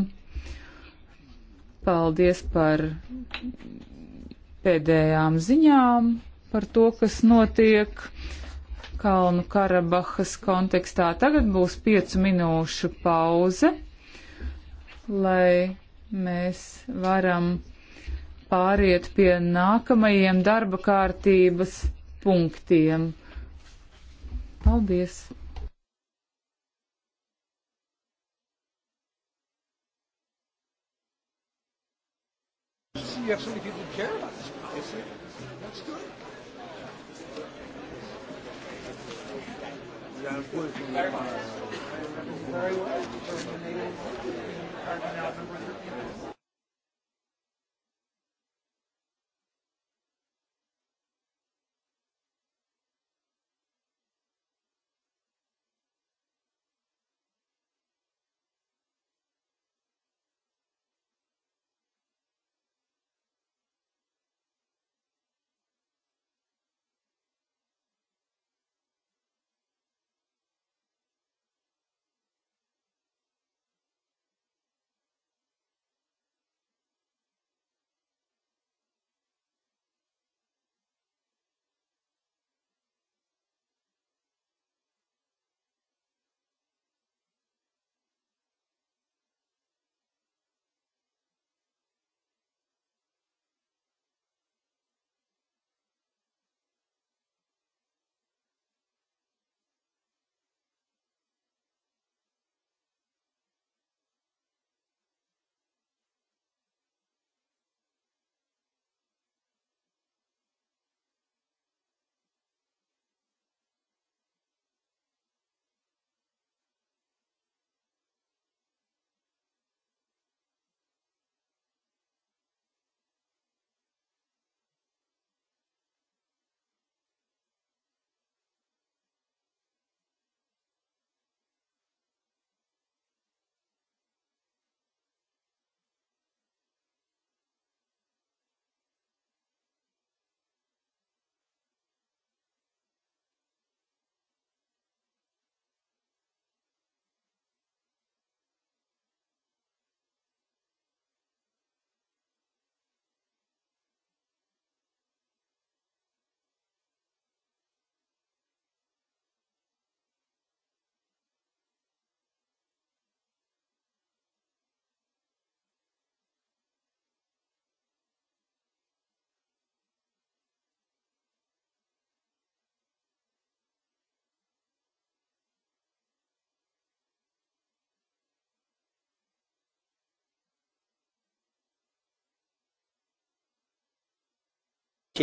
Paldies par pēdējām ziņām par to, kas notiek Kalnu Karabahas kontekstā. Tagad būs piecu minūšu pauze, lai mēs varam pāriet pie nākamajiem darba kārtības punktiem. Paldies! You absolutely didn't care about this policy. That's good. Very well. Terminated. Are now number 13.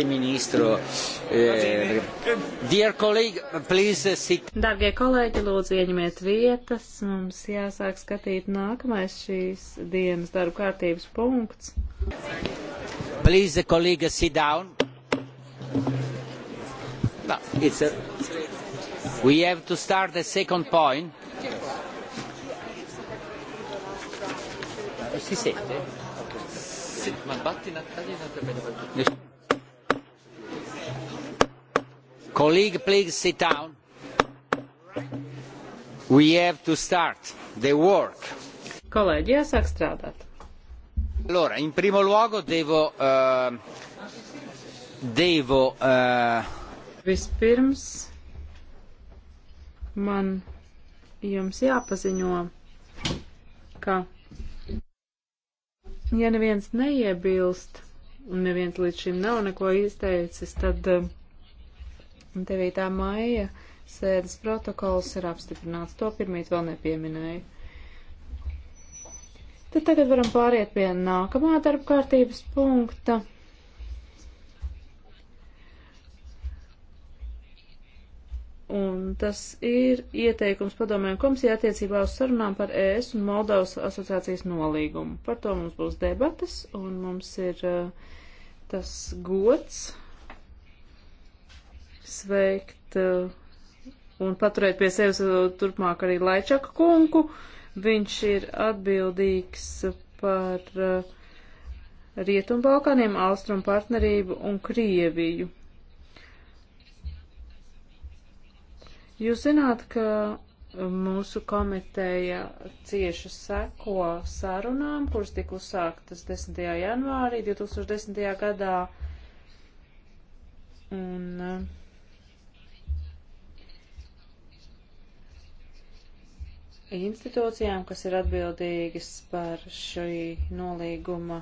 anche il ministro. Eh, dear colleague, please eh, sit. Dargie kolēģi, lūdzu ieņemiet vietas. Mums jāsāk skatīt nākamais šīs dienas darba kārtības punkts. Please, eh, colleague, sit down. No, it's a, we have to start the second point. Si sente? Sì, ma batti Natalia e Natalia. Colleague, please sit down. We have to start the work. Colleghi, jāsāk strādāt. Allora, in primo luogo devo, uh, devo uh, Vispirms man jums jāpaziņo, ka ja neviens neiebilst un neviens līdz šim nav neko izteicis, tad uh, 9. maija sēdes protokols ir apstiprināts. To pirmīt vēl nepieminēju. Tad tagad varam pāriet pie nākamā darba kārtības punkta. Un tas ir ieteikums padomēm komisijā attiecībā uz sarunām par ES un Moldovas asociācijas nolīgumu. Par to mums būs debatas un mums ir uh, tas gods sveikt uh, un paturēt pie sevis uh, turpmāk arī Laičaka kungu. Viņš ir atbildīgs par uh, Rietumbalkāniem, Austrumu partnerību un Krieviju. Jūs zināt, ka mūsu komiteja cieši seko sarunām, kuras tika uzsāktas 10. janvārī 2010. gadā. Un, uh, institūcijām, kas ir atbildīgas par šī nolīguma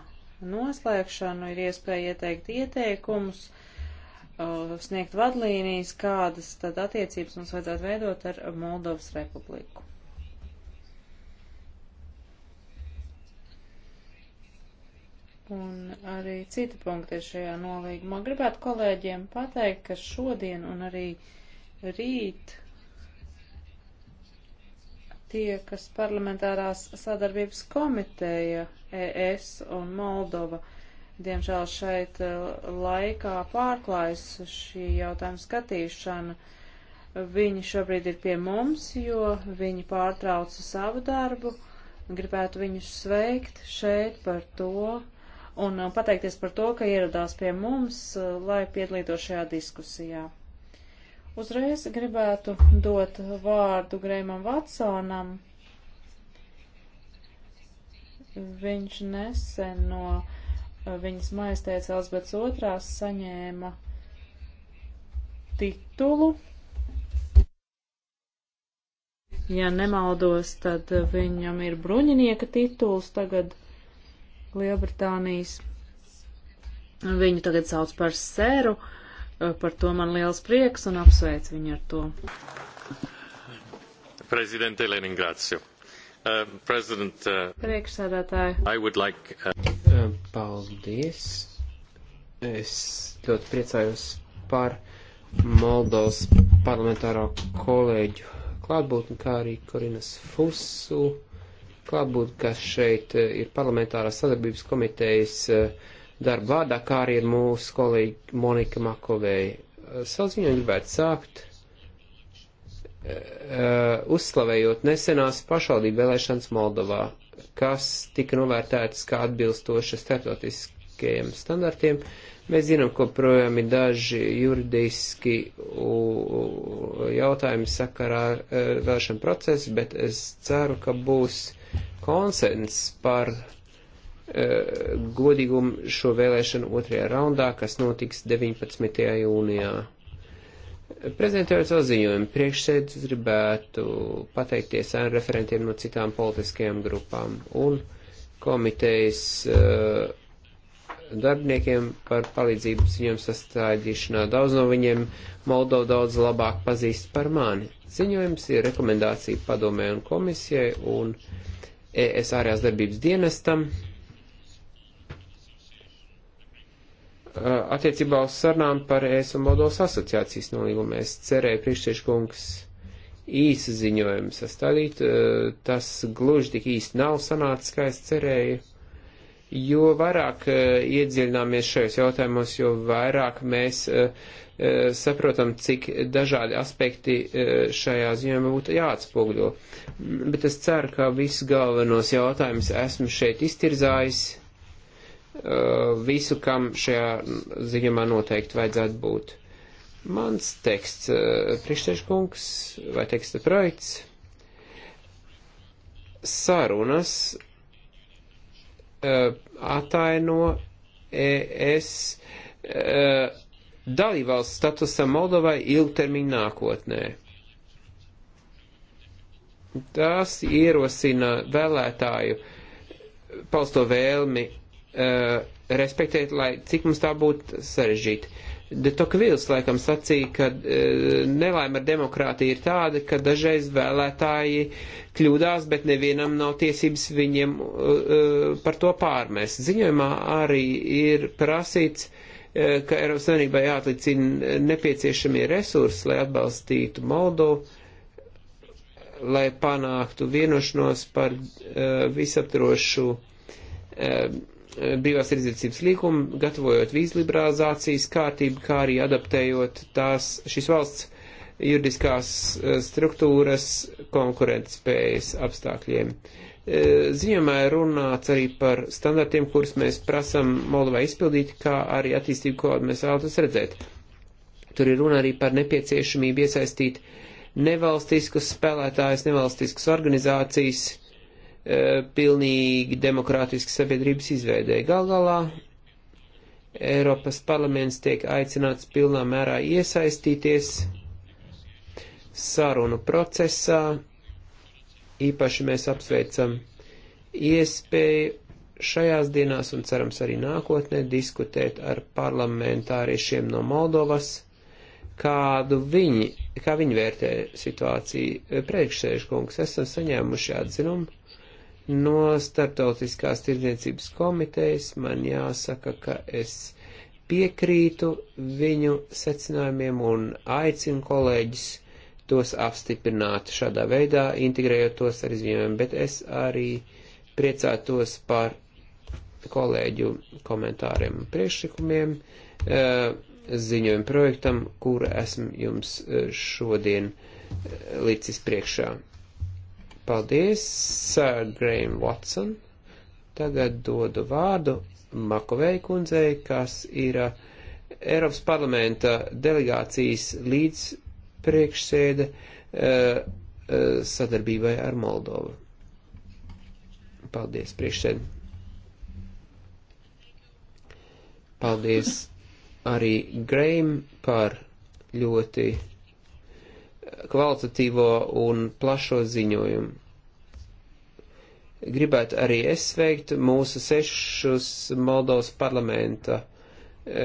noslēgšanu, ir iespēja ieteikt ieteikumus, uh, sniegt vadlīnijas, kādas tad attiecības mums vajadzētu veidot ar Moldovas republiku. Un arī citi punkti ir šajā nolīgumā. Gribētu kolēģiem pateikt, ka šodien un arī rīt tie, kas parlamentārās sadarbības komiteja ES un Moldova. Diemžēl šeit e, laikā pārklājas šī jautājuma skatīšana. Viņi šobrīd ir pie mums, jo viņi pārtrauca savu darbu. Gribētu viņus sveikt šeit par to un e, pateikties par to, ka ieradās pie mums, e, lai piedalītos šajā diskusijā. Uzreiz gribētu dot vārdu Grēmam Vatsonam. Viņš nesen no eh, viņas maistēts Elsbets otrās saņēma titulu. Ja nemaldos, tad viņam ir bruņinieka tituls tagad Lielbritānijas. Viņu tagad sauc par seru. Uh, Eh, par to man liels prieks un apsveic viņu ar to. Prezidente Leningrāciju. Uh, eh, President, uh, Priekšsēdētāji. I would like. Uh... Paldies. Es ļoti priecājos par Moldovas parlamentāro kolēģu klātbūtni, kā arī Korinas Fusu klātbūtni, kas šeit ir parlamentārās sadarbības komitejas uh, darba vārdā, kā arī ir mūsu kolēģi Monika Makovēja. Eh, Saziņoju gribētu sākt, uh, uzslavējot nesenās pašvaldību vēlēšanas Moldovā, kas tika novērtētas kā atbilstošas starptautiskajiem standartiem. Mēs zinām, ka projām ir daži juridiski jautājumi sakarā eh, vēlēšana procesu, bet es ceru, ka būs konsens par Eh, godīgumu šo vēlēšanu otrajā raundā, kas notiks 19. jūnijā. Prezentējot savu ziņojumu, priekšsēdus gribētu pateikties ar referentiem no citām politiskajām grupām un komitejas eh, darbiniekiem par palīdzību ziņojumu sastādīšanā. Daudz no viņiem Moldova daudz labāk pazīst par mani. Ziņojums ir rekomendācija padomē un komisijai un ES ārējās darbības dienestam attiecībā uz sarunām par ES un Moldovas asociācijas nolīgumu. Es cerēju, priekšsēžkungs īsa ziņojuma sastādīt, tas gluži tik īsti nav sanācis, kā es cerēju. Jo vairāk iedziļināmies šajos jautājumos, jo vairāk mēs saprotam, cik dažādi aspekti šajā ziņojumā būtu jāatspūgļo. Bet es ceru, ka visus galvenos jautājumus esmu šeit iztirzājis Uh, visu, kam šajā ziņamā noteikti vajadzētu būt. Mans teksts, uh, priekšsēžkungs vai teksta projekts, sarunas uh, ataino ES dalībvalsts statusam Moldovai ilgtermiņa nākotnē. Tās ierosina vēlētāju palsto vēlmi Eh, respektēt, lai cik mums tā būtu sarežģīti. De Tokvils laikam sacīja, ka e, nelaime ar demokrātiju ir tāda, ka dažreiz vēlētāji kļūdās, bet nevienam nav tiesības viņiem e, par to pārmest. Ziņojumā arī ir prasīts, e, ka Eiropas Savienībai jāatlicina nepieciešamie resursi, lai atbalstītu Moldovu, lai panāktu vienošanos par e, visaptrošu. E, Eh, brīvās tirdzniecības līkumu, gatavojot vīzliberalizācijas kārtību, kā arī adaptējot tās šīs valsts juridiskās eh, struktūras konkurētspējas apstākļiem. Eh, ziņojumā ir runāts arī par standartiem, kurus mēs prasam Moldovai izpildīt, kā arī attīstību, ko mēs vēlamies redzēt. Tur ir runa arī par nepieciešamību iesaistīt nevalstiskus spēlētājus, nevalstiskas organizācijas, uh, E, pilnīgi demokrātiski sabiedrības izveidē. Gal galā Eiropas parlaments tiek aicināts pilnā mērā iesaistīties sarunu procesā. Īpaši mēs apsveicam iespēju šajās dienās un cerams arī nākotnē diskutēt ar parlamentāriešiem no Moldovas, kādu viņi, kā viņi vērtē situāciju. Priekšsēžkungs, esam saņēmuši atzinumu No starptautiskās tirdzniecības komitejas man jāsaka, ka es piekrītu viņu secinājumiem un aicinu kolēģis tos apstiprināt šādā veidā, integrējot tos ar izņēmumiem, bet es arī priecātos par kolēģu komentāriem un priekšlikumiem eh, ziņojumu projektam, kuru esmu jums eh, šodien eh, licis priekšā. Paldies, Sir Graham Watson. Tagad dodu vārdu Makovei kundzei, kas ir uh, Eiropas parlamenta delegācijas līdz priekšsēde uh, uh, sadarbībai ar Moldovu. Paldies, priekšsēde. Paldies arī Graham par ļoti kvalitatīvo un plašo ziņojumu. Gribētu arī es sveikt mūsu sešus Moldovas parlamenta e,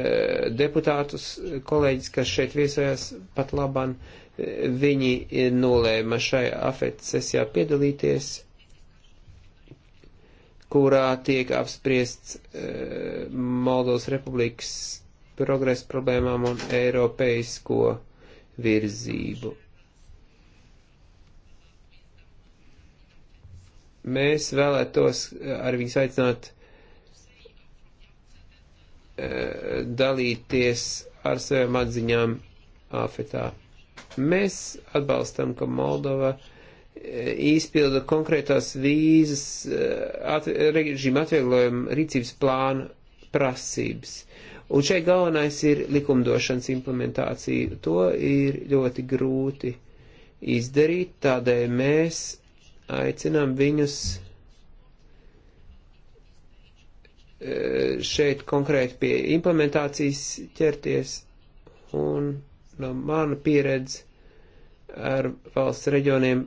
deputātus, kolēģis, kas šeit viesojās pat labam, e, viņi nolēma šai afet sesijā piedalīties, kurā tiek apspriests e, Moldovas republikas progresa problēmām un eiropeisko virzību. Mēs vēlētos eh, ar viņus aicināt eh, dalīties ar savām atziņām Āfetā. Mēs atbalstam, ka Moldova eh, izpilda konkrētās vīzas at, režīma atvieglojuma rīcības plāna prasības. Un šeit galvenais ir likumdošanas implementācija. To ir ļoti grūti izdarīt, tādēļ mēs aicinām viņus e, šeit konkrēti pie implementācijas ķerties, un no mana pieredze ar valsts reģioniem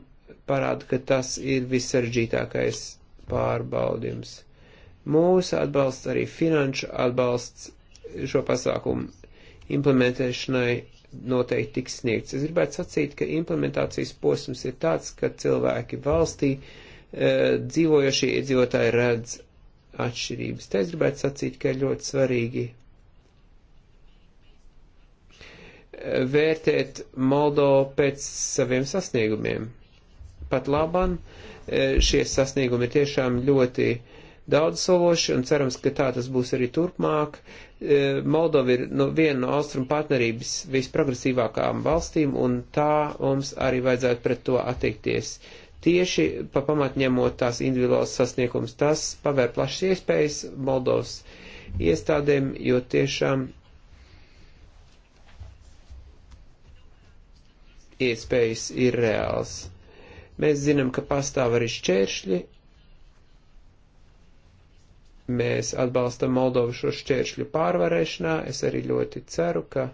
parāda, ka tas ir vissaržģītākais pārbaudījums. Mūsu atbalsts arī finanšu atbalsts šo pasākumu implementēšanai noteikti tiks sniegts. Es gribētu sacīt, ka implementācijas posms ir tāds, ka cilvēki valstī e, dzīvojošie iedzīvotāji redz atšķirības. Te es gribētu sacīt, ka ir ļoti svarīgi eh, vērtēt Moldo pēc saviem sasniegumiem. Pat labam e, šie sasniegumi ir tiešām ļoti uh, daudz sološi un cerams, ka tā tas būs arī turpmāk. E, Moldova ir no nu, viena no austrumu partnerības visprogresīvākām valstīm un tā mums arī vajadzētu pret to attiekties. Tieši pa pamatņemot tās individuālas sasniegums, tas pavēr plašas iespējas Moldovas iestādēm, jo tiešām iespējas ir reāls. Mēs zinām, ka pastāv arī šķēršļi, mēs atbalstam Moldovu šo šķēršļu pārvarēšanā. Es arī ļoti ceru, ka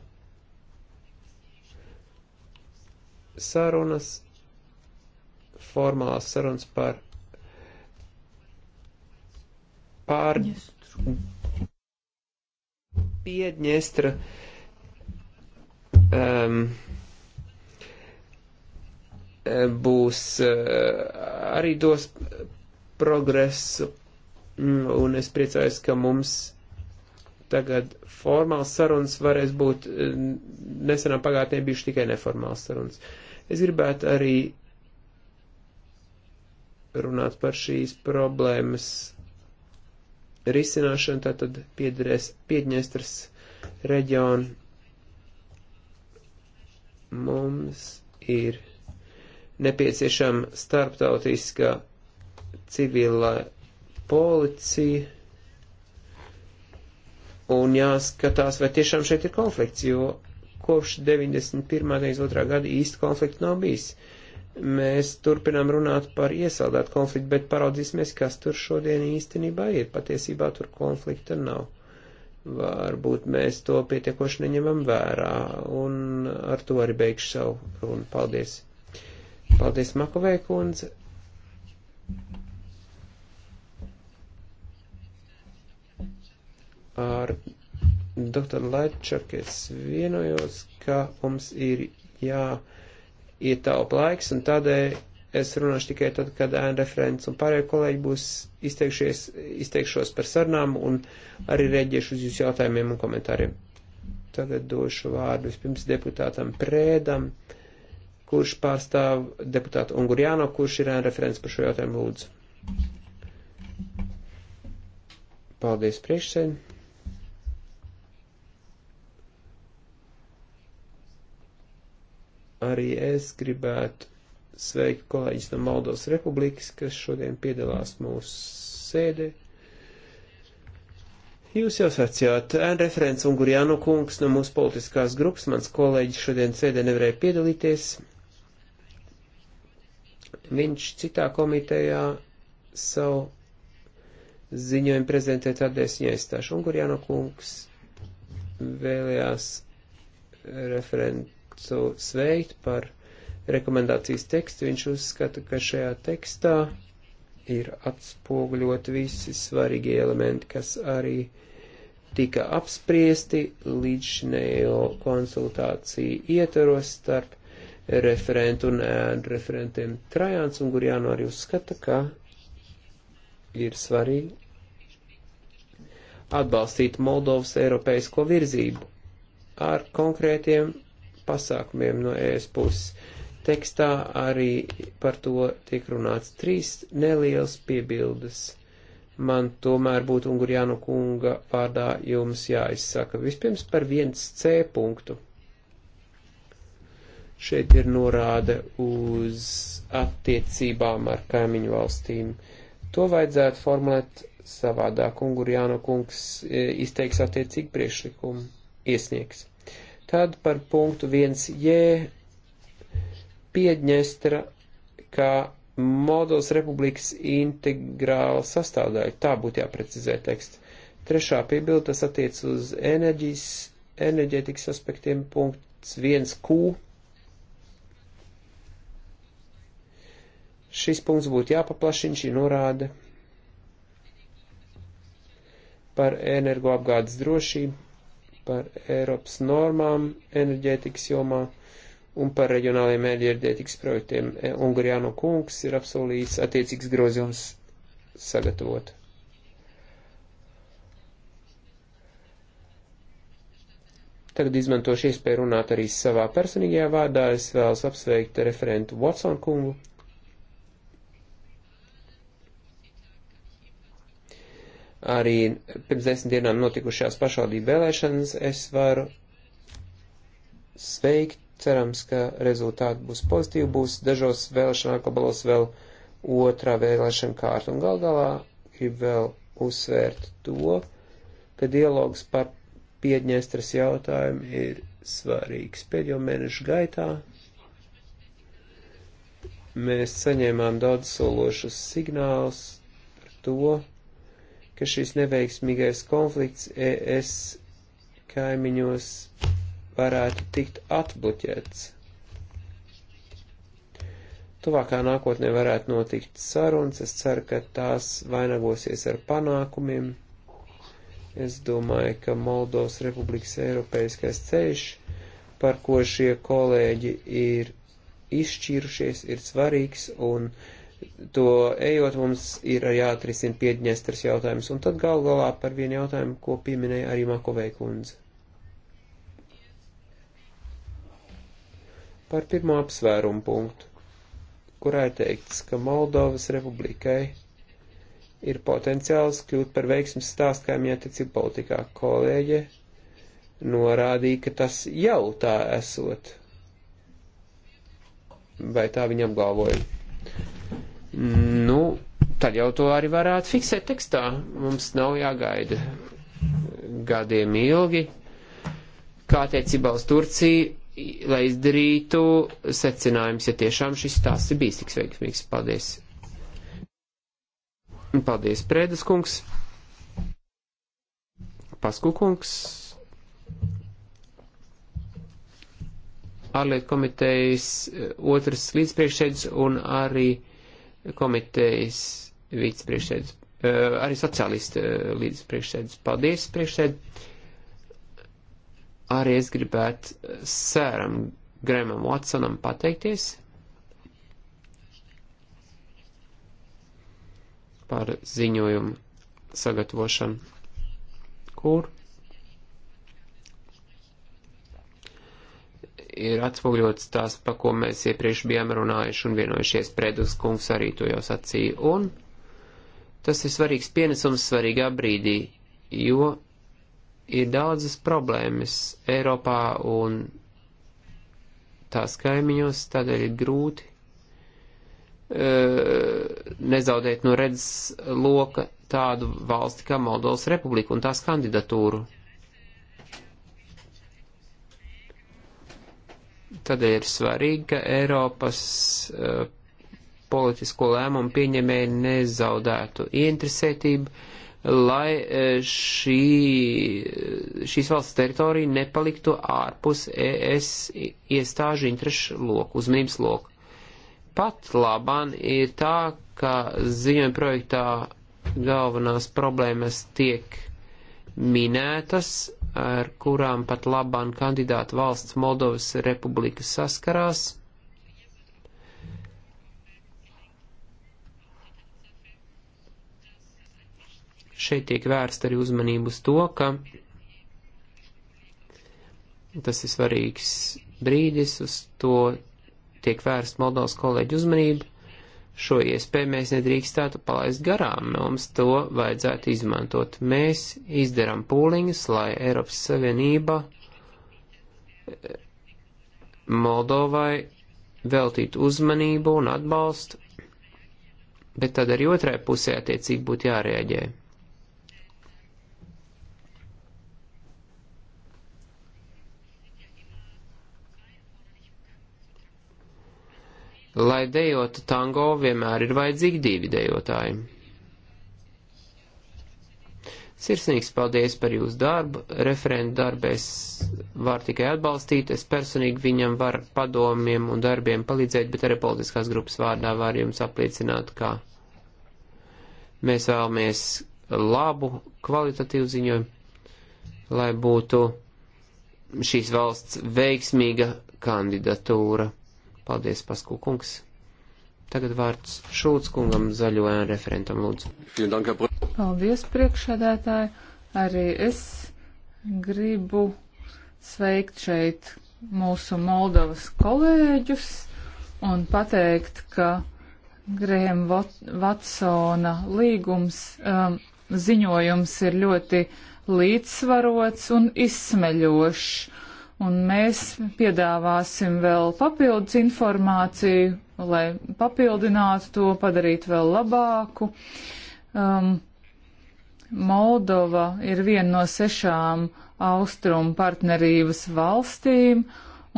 sarunas, formālās sarunas par pār Piedņestra um, uh, būs uh, arī dos progresu un es priecājos, ka mums tagad formāls sarunas varēs būt eh, nesenā pagātnē bijuši tikai neformāls sarunas. Es gribētu arī runāt par šīs problēmas risināšanu, tātad piederēs Piedņestras reģionu. Mums ir nepieciešama starptautiska civila policija un jāskatās, vai tiešām šeit ir konflikts, jo kopš 91. un 92. gada īsti konflikta nav bijis. Mēs turpinām runāt par iesaldētu konfliktu, bet paraudzīsimies, kas tur šodien īstenībā ir. Patiesībā tur konflikta nav. Varbūt mēs to pietiekoši neņemam vērā, un ar to arī beigšu savu runu. Paldies! Paldies, Makovē kundze! ar doktoru Lečaku es vienojos, ka mums ir jāietaupa laiks, un tādēļ es runāšu tikai tad, kad ēna referents un pārējie kolēģi būs izteikšies, izteikšos par sarunām un arī rēģiešu uz jūsu jautājumiem un komentāriem. Tagad došu vārdu vispirms deputātam Prēdam, kurš pārstāv deputātu Ungurjāno, kurš ir ēna referents par šo jautājumu lūdzu. Paldies priekšsēdētājiem. Arī es gribētu sveikt kolēģis no Moldovas Republikas, kas šodien piedalās mūsu sēdē. Jūs jau sacījāt, referents Ungurjānu kungs no mūsu politiskās grupas, mans kolēģis šodien sēdē nevarēja piedalīties. Viņš citā komitejā savu ziņojumu prezentē, tādēļ es viņai stāšu. Ungurjānu kungs vēlējās referentu gribētu sveikt par rekomendācijas tekstu. Viņš uzskata, ka šajā tekstā ir atspoguļot visi svarīgie elementi, kas arī tika apspriesti līdzinējo konsultāciju ietvaros starp referentu un ēdu referentiem Trajāns un Gurjāno arī uzskata, ka ir svarīgi atbalstīt Moldovas eiropeisko virzību ar konkrētiem pasākumiem no ES puses. Tekstā arī par to tiek runāts trīs nelielas piebildes. Man tomēr būtu Ungurjānu kunga vārdā jums jāizsaka vispirms par 1C punktu. Šeit ir norāde uz attiecībām ar kaimiņu valstīm. To vajadzētu formulēt savādāk. Ungurjānu kungs e, izteiks attiecīgi priekšlikumu, iesniegs. Tad par punktu 1J Piedņestra kā Moldovas republikas integrāla sastāvdaļa. Tā būtu jāprecizē teksts. Trešā piebilda, tas attiec uz enerģijas, enerģētikas aspektiem, punkts 1Q. Šis punkts būtu jāpaplašina, šī norāde par energoapgādes drošību par Eiropas normām enerģētikas jomā un par reģionāliem enerģētikas projektiem. E, Ungariano kungs ir apsolījis attiecīgs grozījums sagatavot. Tagad izmantošu iespēju runāt arī savā personīgajā vārdā. Es vēlos apsveikt referentu Watson kungu arī pirms desmit dienām notikušās pašvaldību vēlēšanas, es varu sveikt, cerams, ka rezultāti būs pozitīvi, būs dažos vēlēšana apgabalos vēl otrā vēlēšana kārta, un gal galā gribu vēl uzsvērt to, ka dialogs par Piedņestras jautājumu ir svarīgs. Pēdējo mēnešu gaitā mēs saņēmām daudz sološus signālus par to, ka šis neveiksmīgais konflikts ES kaimiņos varētu tikt atbloķēts. Tuvākā nākotnē varētu notikt sarunas, es ceru, ka tās vainagosies ar panākumiem. Es domāju, ka Moldovas Republikas Eiropeiskais ceļš, par ko šie kolēģi ir izšķīrušies, ir svarīgs un uh, to ejot mums ir jāatrisina piedņestras jautājums, un tad gal galā par vienu jautājumu, ko pieminēja arī Makovei kundze. Par pirmo apsvērumu punktu, kurā ir teikts, ka Moldovas republikai ir potenciāls kļūt par veiksmes stāstu kaimiņattiecību politikā. Kolēģe norādīja, ka tas jau tā esot. Vai tā viņa apgalvoja? nu, tad jau to arī varētu fiksēt tekstā. Mums nav jāgaida gadiem ilgi, kā attiecībā uz Turciju, lai izdarītu secinājums, ja tiešām šis stāsts ir bijis tik veiksmīgs. Paldies! Paldies, Prēdas kungs! Pasku kungs! ārlietu komitejas eh, otrs līdzpriekšēdis un arī komitejas vicepriekšsēdus, eh, arī sociālistu eh, līdzpriekšsēdus. Paldies, priekšsēdus! Arī es gribētu eh, sēram Grēmam Watsonam pateikties par ziņojumu sagatavošanu. Kur? ir atspoguļots tās, pa ko mēs iepriekš bijām runājuši un vienojušies, Predus kungs arī to jau sacīja, un tas ir svarīgs pienesums svarīgā brīdī, jo ir daudzas problēmas Eiropā un tās kaimiņos, tādēļ ir grūti e, nezaudēt no redzes loka tādu valsti kā Moldovas republiku un tās kandidatūru. Tādēļ ir svarīgi, ka Eiropas uh, politisko lēmumu pieņemēji nezaudētu interesētību, lai uh, šī, šīs valsts teritorija nepaliktu ārpus ES iestāžu interešu loku, uzmanības loku. Pat labāk ir tā, ka ziņojuma projektā galvenās problēmas tiek minētas, ar kurām pat labāk kandidāta valsts Moldovas republika saskarās. Šeit tiek vērsta arī uzmanību uz to, ka tas ir svarīgs brīdis, uz to tiek vērsta Moldovas kolēģi uzmanība. Šo iespēju mēs nedrīkstātu palaist garām, mums to vajadzētu izmantot. Mēs izdarām pūliņus, lai Eiropas Savienība eh, Moldovai veltītu uzmanību un atbalstu, bet tad arī otrai pusē attiecīgi būtu jārēģē. Lai dejotu tango, vienmēr ir vajadzīgi divi dejotāji. Sirsnīgs paldies par jūsu darbu. Referentu darbu es varu tikai atbalstīt. Es personīgi viņam varu padomiem un darbiem palīdzēt, bet arī politiskās grupas vārdā varu jums apliecināt, ka mēs vēlamies labu kvalitatīvu ziņojumu, lai būtu šīs valsts veiksmīga kandidatūra. Paldies, Pasku kungs. Tagad vārds Šulc kungam zaļojām referentam lūdzu. Paldies, priekšsēdētāji. Arī es gribu sveikt šeit mūsu Moldovas kolēģus un pateikt, ka Grēm Vatsona līgums um, ziņojums ir ļoti līdzsvarots un izsmeļošs un mēs piedāvāsim vēl papildus informāciju, lai papildinātu to, padarītu vēl labāku. Um, Moldova ir viena no sešām austrumu partnerības valstīm,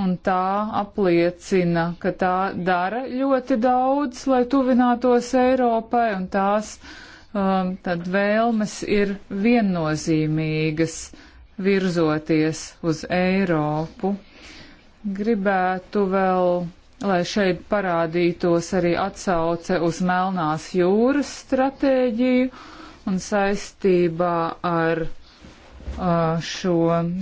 un tā apliecina, ka tā dara ļoti daudz, lai tuvinātos Eiropai, un tās um, tad vēlmes ir viennozīmīgas virzoties uz Eiropu. Gribētu vēl, lai šeit parādītos arī atsauce uz Melnās jūras stratēģiju un saistībā ar uh, šo,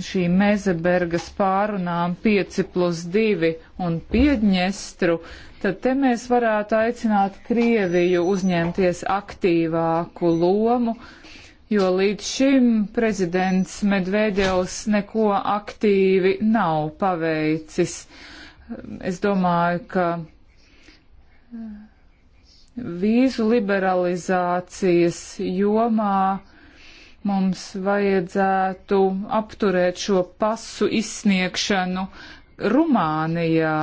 šī Mezebergas pārunām 5 plus 2 un Piedņestru, tad te mēs varētu aicināt Krieviju uzņemties aktīvāku lomu jo līdz šim prezidents Medvedevs neko aktīvi nav paveicis. Es domāju, ka eh, vīzu liberalizācijas jomā mums vajadzētu apturēt šo pasu izsniegšanu Rumānijā,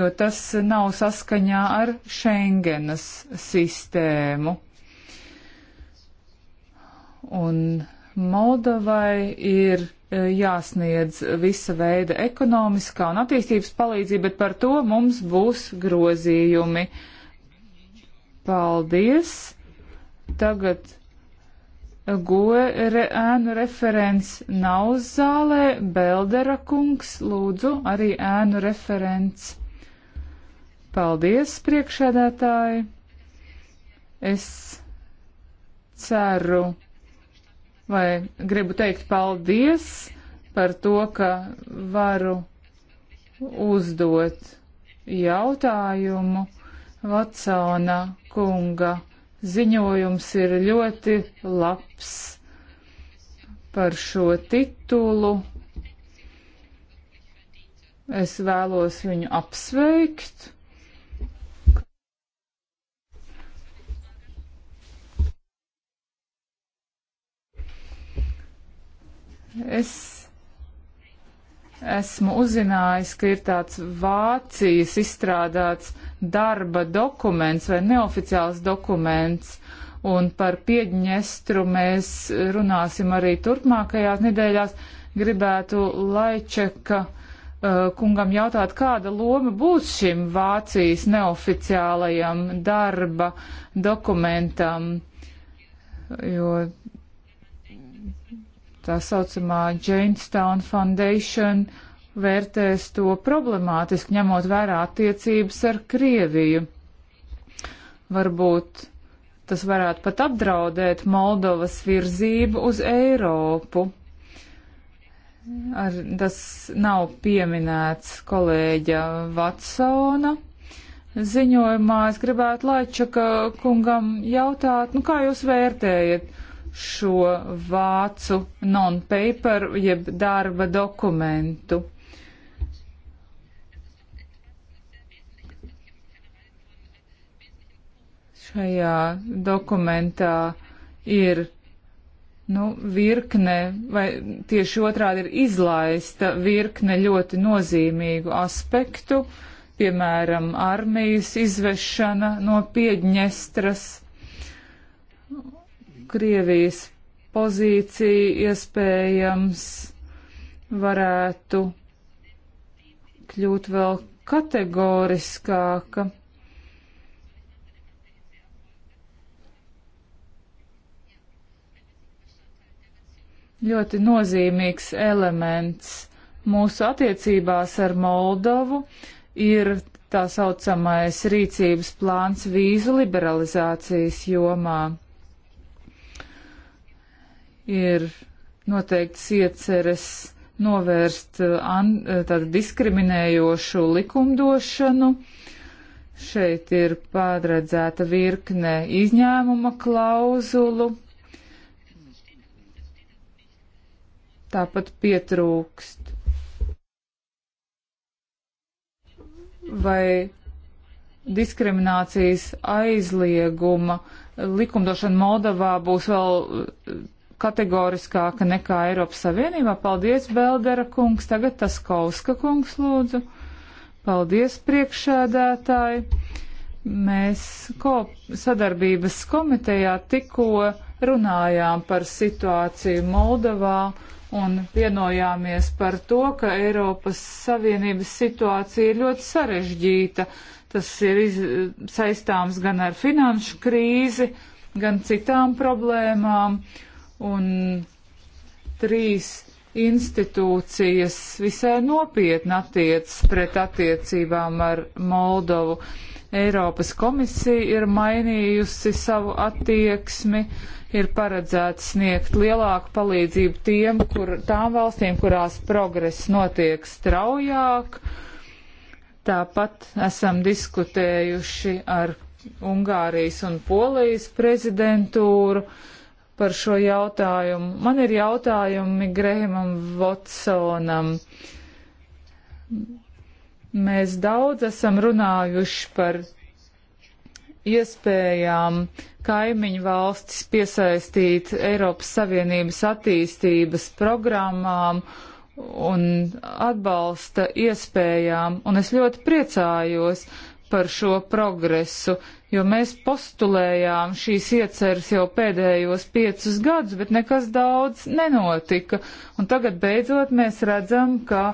jo tas nav saskaņā ar Schengenas sistēmu un Moldovai ir e, jāsniedz visa veida ekonomiskā un attīstības palīdzība, bet par to mums būs grozījumi. Paldies! Tagad goe re, ēnu referents nav zālē, Beldera kungs, lūdzu, arī ēnu referents. Paldies, priekšēdētāji! Es ceru vai gribu teikt paldies par to, ka varu uzdot jautājumu. Vatsona kunga ziņojums ir ļoti labs par šo titulu. Es vēlos viņu apsveikt Es esmu uzzinājis, ka ir tāds Vācijas izstrādāts darba dokuments vai neoficiāls dokuments, un par Piedņestru mēs runāsim arī turpmākajās nedēļās. Gribētu Laičeka uh, kungam jautāt, kāda loma būs šim Vācijas neoficiālajam darba dokumentam, jo tā saucamā Jamestown Foundation vērtēs to problemātiski, ņemot vērā attiecības ar Krieviju. Varbūt tas varētu pat apdraudēt Moldovas virzību uz Eiropu. Ar, tas nav pieminēts kolēģa Vatsona ziņojumā. Es gribētu Laičaka kungam jautāt, nu kā jūs vērtējat? šo vācu non-paper jeb darba dokumentu. Šajā dokumentā ir nu, virkne, vai tieši otrādi ir izlaista virkne ļoti nozīmīgu aspektu, piemēram, armijas izvešana no Piedņestras Krievijas pozīcija iespējams varētu kļūt vēl kategoriskāka. Ļoti nozīmīgs elements mūsu attiecībās ar Moldovu ir tā saucamais rīcības plāns vīzu liberalizācijas jomā ir noteikts ieceres novērst uh, uh, tādu diskriminējošu likumdošanu. Šeit ir pārredzēta virkne izņēmuma klauzulu. Tāpat pietrūkst. Vai diskriminācijas aizlieguma likumdošana Moldavā būs vēl uh, kategoriskāka nekā Eiropas Savienībā. Paldies, Beldera kungs, tagad tas Kauska kungs lūdzu. Paldies, priekšēdētāji. Mēs ko, sadarbības komitejā tikko runājām par situāciju Moldovā un vienojāmies par to, ka Eiropas Savienības situācija ir ļoti sarežģīta. Tas ir iz, saistāms gan ar finanšu krīzi, gan citām problēmām. Uh, un trīs institūcijas visai nopietni attiec pret attiecībām ar Moldovu. Eiropas komisija ir mainījusi savu attieksmi, ir paredzēts sniegt lielāku palīdzību tiem, kur, tām valstīm, kurās progress notiek straujāk. Tāpat esam diskutējuši ar Ungārijas un Polijas prezidentūru. Uh, par šo jautājumu. Man ir jautājumi Grēmam Votsonam. Mēs daudz esam runājuši par iespējām kaimiņu valstis piesaistīt Eiropas Savienības attīstības programmām un atbalsta iespējām, un es ļoti priecājos, par šo progresu, jo mēs postulējām šīs ieceres jau pēdējos piecus gadus, bet nekas daudz nenotika. Un tagad beidzot mēs redzam, ka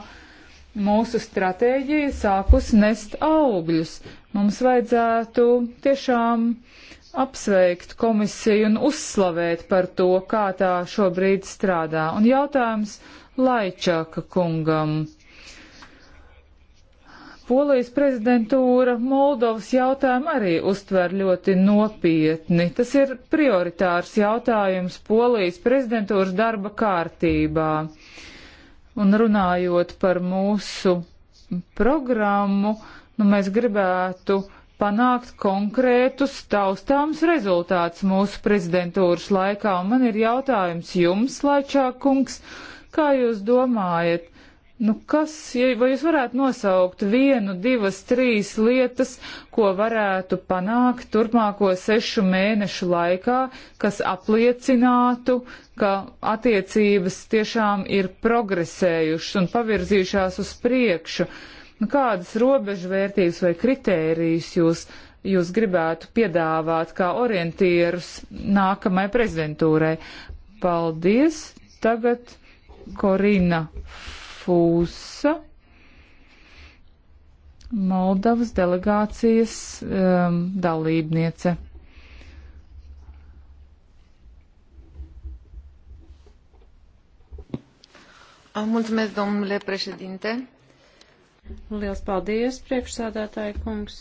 mūsu stratēģija sākus nest augļus. Mums vajadzētu tiešām apsveikt komisiju un uzslavēt par to, kā tā šobrīd strādā. Un jautājums Laičāka kungam Polijas prezidentūra Moldovas jautājumu arī uztver ļoti nopietni. Tas ir prioritārs jautājums Polijas prezidentūras darba kārtībā. Un runājot par mūsu programmu, nu, mēs gribētu panākt konkrētus taustāms rezultāts mūsu prezidentūras laikā. Un man ir jautājums jums, Laičā kungs, kā jūs domājat, Nu kas, ja, vai jūs varētu nosaukt vienu, divas, trīs lietas, ko varētu panākt turpmāko sešu mēnešu laikā, kas apliecinātu, ka attiecības tiešām ir progresējušas un pavirzījušās uz priekšu? Nu, kādas robežvērtības vai kritērijas jūs, jūs gribētu piedāvāt kā orientierus nākamai prezidentūrai? Paldies! Tagad Korina Fūsa, Moldavas delegācijas um, dalībniece. Mulțumesc, domnule președinte. Liels paldies, priekšsādātāja kungs.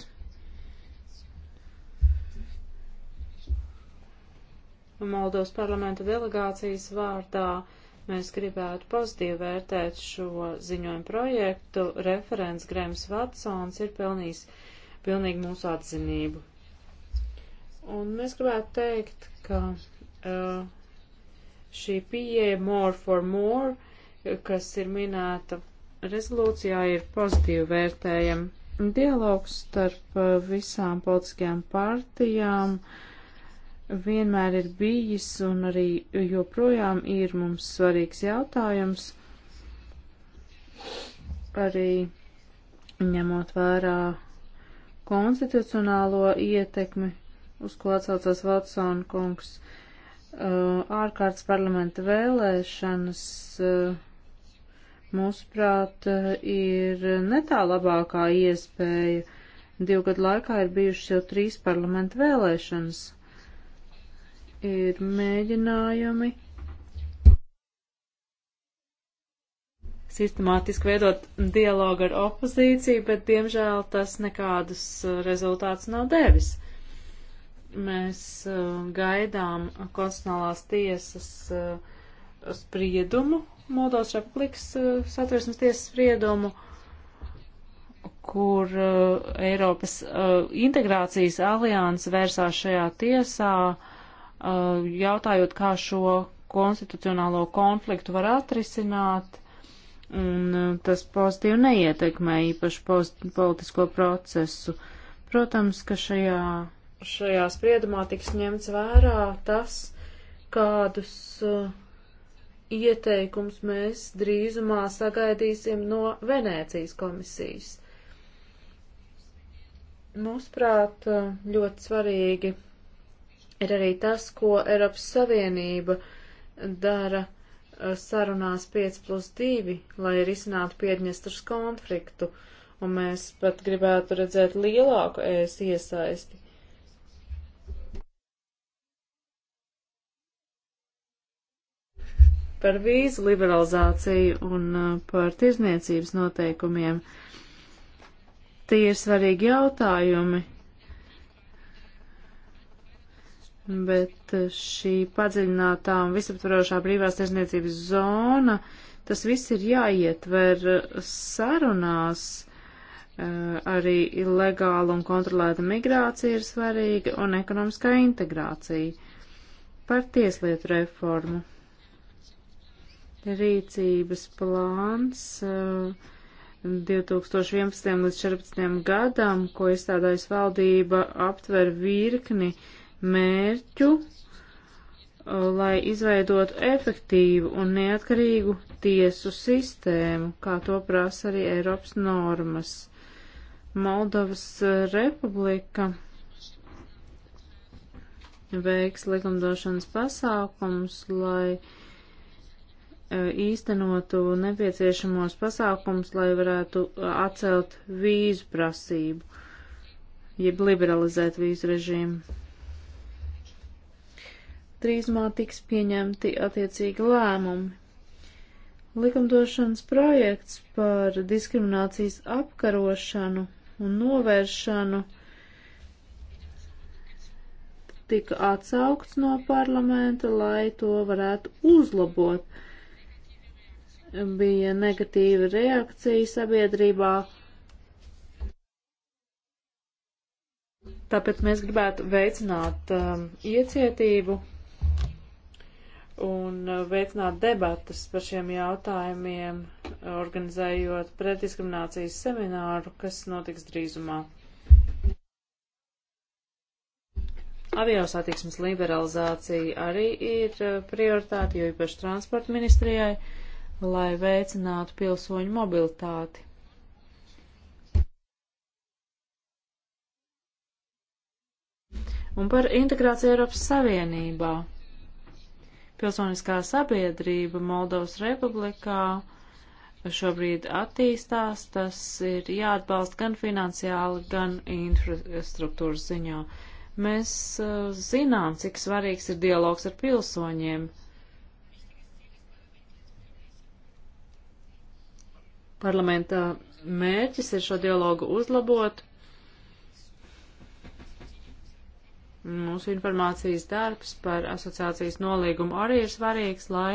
Moldovas parlamenta delegācijas vārdā Mēs gribētu pozitīvi vērtēt šo ziņojumu projektu. Referents Grēms Vatsons ir pelnījis pilnīgi mūsu atzinību. Un mēs gribētu teikt, ka uh, šī pieeja more for more, kas ir minēta rezolūcijā, ir pozitīvi vērtējama. Dialogs starp uh, visām politiskajām partijām uh, vienmēr ir bijis un arī joprojām ir mums svarīgs jautājums. Arī ņemot vērā konstitucionālo ietekmi, uz ko atsaucās Vatsona kungs, uh, ārkārtas parlamenta vēlēšanas, uh, mūsuprāt, uh, ir netā labākā iespēja. Divu gadu laikā ir bijušas jau trīs parlamenta vēlēšanas ir mēģinājumi sistemātiski veidot dialogu ar opozīciju, bet diemžēl tas nekādus uh, rezultātus nav devis. Mēs uh, gaidām konstitucionālās tiesas uh, spriedumu, Moldovas republikas uh, satversmes tiesas spriedumu, kur uh, Eiropas uh, integrācijas alianses vērsās šajā tiesā Uh, jautājot, kā šo konstitucionālo konfliktu var atrisināt, un uh, tas pozitīvi neietekmē īpaši politisko procesu. Protams, ka šajā, šajā spriedumā tiks ņemts vērā tas, kādus uh, ieteikums mēs drīzumā sagaidīsim no Venēcijas komisijas. Mūsuprāt, uh, ļoti svarīgi ir arī tas, ko Eiropas Savienība dara uh, sarunās 5 plus 2, lai risinātu Piedņestras konfliktu, un mēs pat gribētu redzēt lielāku ēs iesaisti. Par vīzu liberalizāciju un uh, par tirzniecības noteikumiem. Tie ir svarīgi jautājumi, bet šī padziļinātā un visaptvarošā brīvās tirzniecības zona, tas viss ir jāietver sarunās. Eh, arī legāla un kontrolēta migrācija ir svarīga un ekonomiskā integrācija. Par tieslietu reformu. Rīcības plāns 2011. Eh, līdz 2014. gadam, ko izstādājas valdība, aptver virkni uh, mērķu, uh, lai izveidotu efektīvu un neatkarīgu tiesu sistēmu, kā to prasa arī Eiropas normas. Moldovas uh, republika veiks likumdošanas pasākums, lai uh, īstenotu nepieciešamos pasākums, lai varētu atcelt vīzu prasību, jeb liberalizēt vīzu režīmu drīzumā tiks pieņemti attiecīgi lēmumi. Likumdošanas projekts par diskriminācijas apkarošanu un novēršanu tika atsaukts no parlamenta, lai to varētu uzlabot. Bija negatīva reakcija sabiedrībā. Tāpēc mēs gribētu veicināt um, iecietību un uh, veicināt debatas par šiem jautājumiem, organizējot pretdiskriminācijas semināru, kas notiks drīzumā. Aviosatiksmes liberalizācija arī ir uh, prioritāte, jo īpaši transporta ministrijai, lai veicinātu pilsoņu mobilitāti. Un par integrāciju Eiropas Savienībā. Pilsoniskā sabiedrība Moldovas republikā šobrīd attīstās, tas ir jāatbalsta gan finansiāli, gan infrastruktūras ziņā. Mēs uh, zinām, cik svarīgs ir dialogs ar pilsoņiem. Parlamenta mērķis ir šo dialogu uzlabot, Mūsu informācijas darbs par asociācijas nolīgumu arī ir svarīgs, lai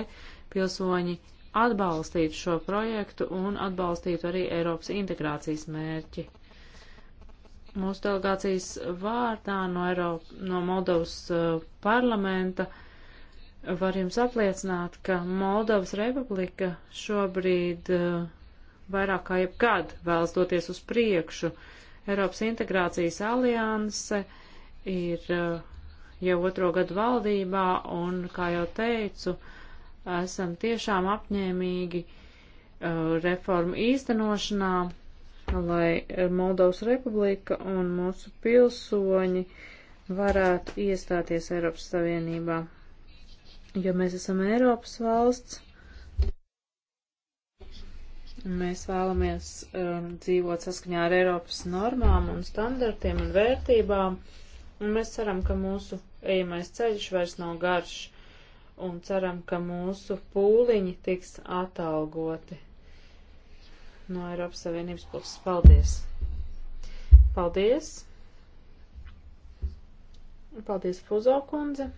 pilsoņi atbalstītu šo projektu un atbalstītu arī Eiropas integrācijas mērķi. Mūsu delegācijas vārdā no, Eiropa, no Moldovas uh, parlamenta var jums apliecināt, ka Moldovas republika šobrīd uh, vairāk kā jebkad vēlas doties uz priekšu. Eiropas integrācijas alianse uh, ir eh, jau otro gadu valdībā, un, kā jau teicu, esam tiešām apņēmīgi eh, reformu īstenošanā, lai eh, Moldovas republika un mūsu pilsoņi varētu iestāties Eiropas Savienībā. Jo mēs esam Eiropas valsts, mēs vēlamies um, dzīvot saskaņā ar Eiropas normām un standartiem un vērtībām, Un mēs ceram, ka mūsu ejamais ceļš vairs nav garš, un ceram, ka mūsu pūliņi tiks atalgoti no Eiropas Savienības puses. Paldies! Paldies! Paldies, Fuzo kundze!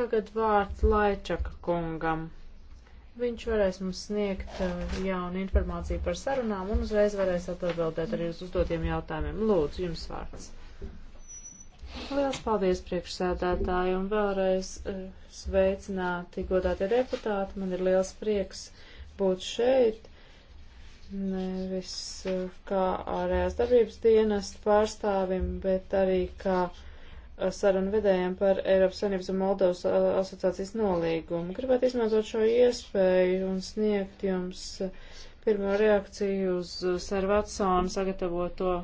Tagad vārds Laičaka kungam. Viņš varēs mums sniegt uh, jaunu informāciju par sarunām un uzreiz varēs atbildēt arī uz uzdotiem jautājumiem. Lūdzu, jums vārds. Liels paldies priekšsēdētāji un vēlreiz eh, sveicināti godātie deputāti. Man ir liels prieks būt šeit. Nevis eh, kā ārējās darbības dienas pārstāvim, bet arī kā eh, sarunu vedējiem par Eiropas Savienības un Moldovas asociācijas nolīgumu. Gribētu izmantot šo iespēju un sniegt jums pirmo reakciju uz Sarvatsonu sagatavoto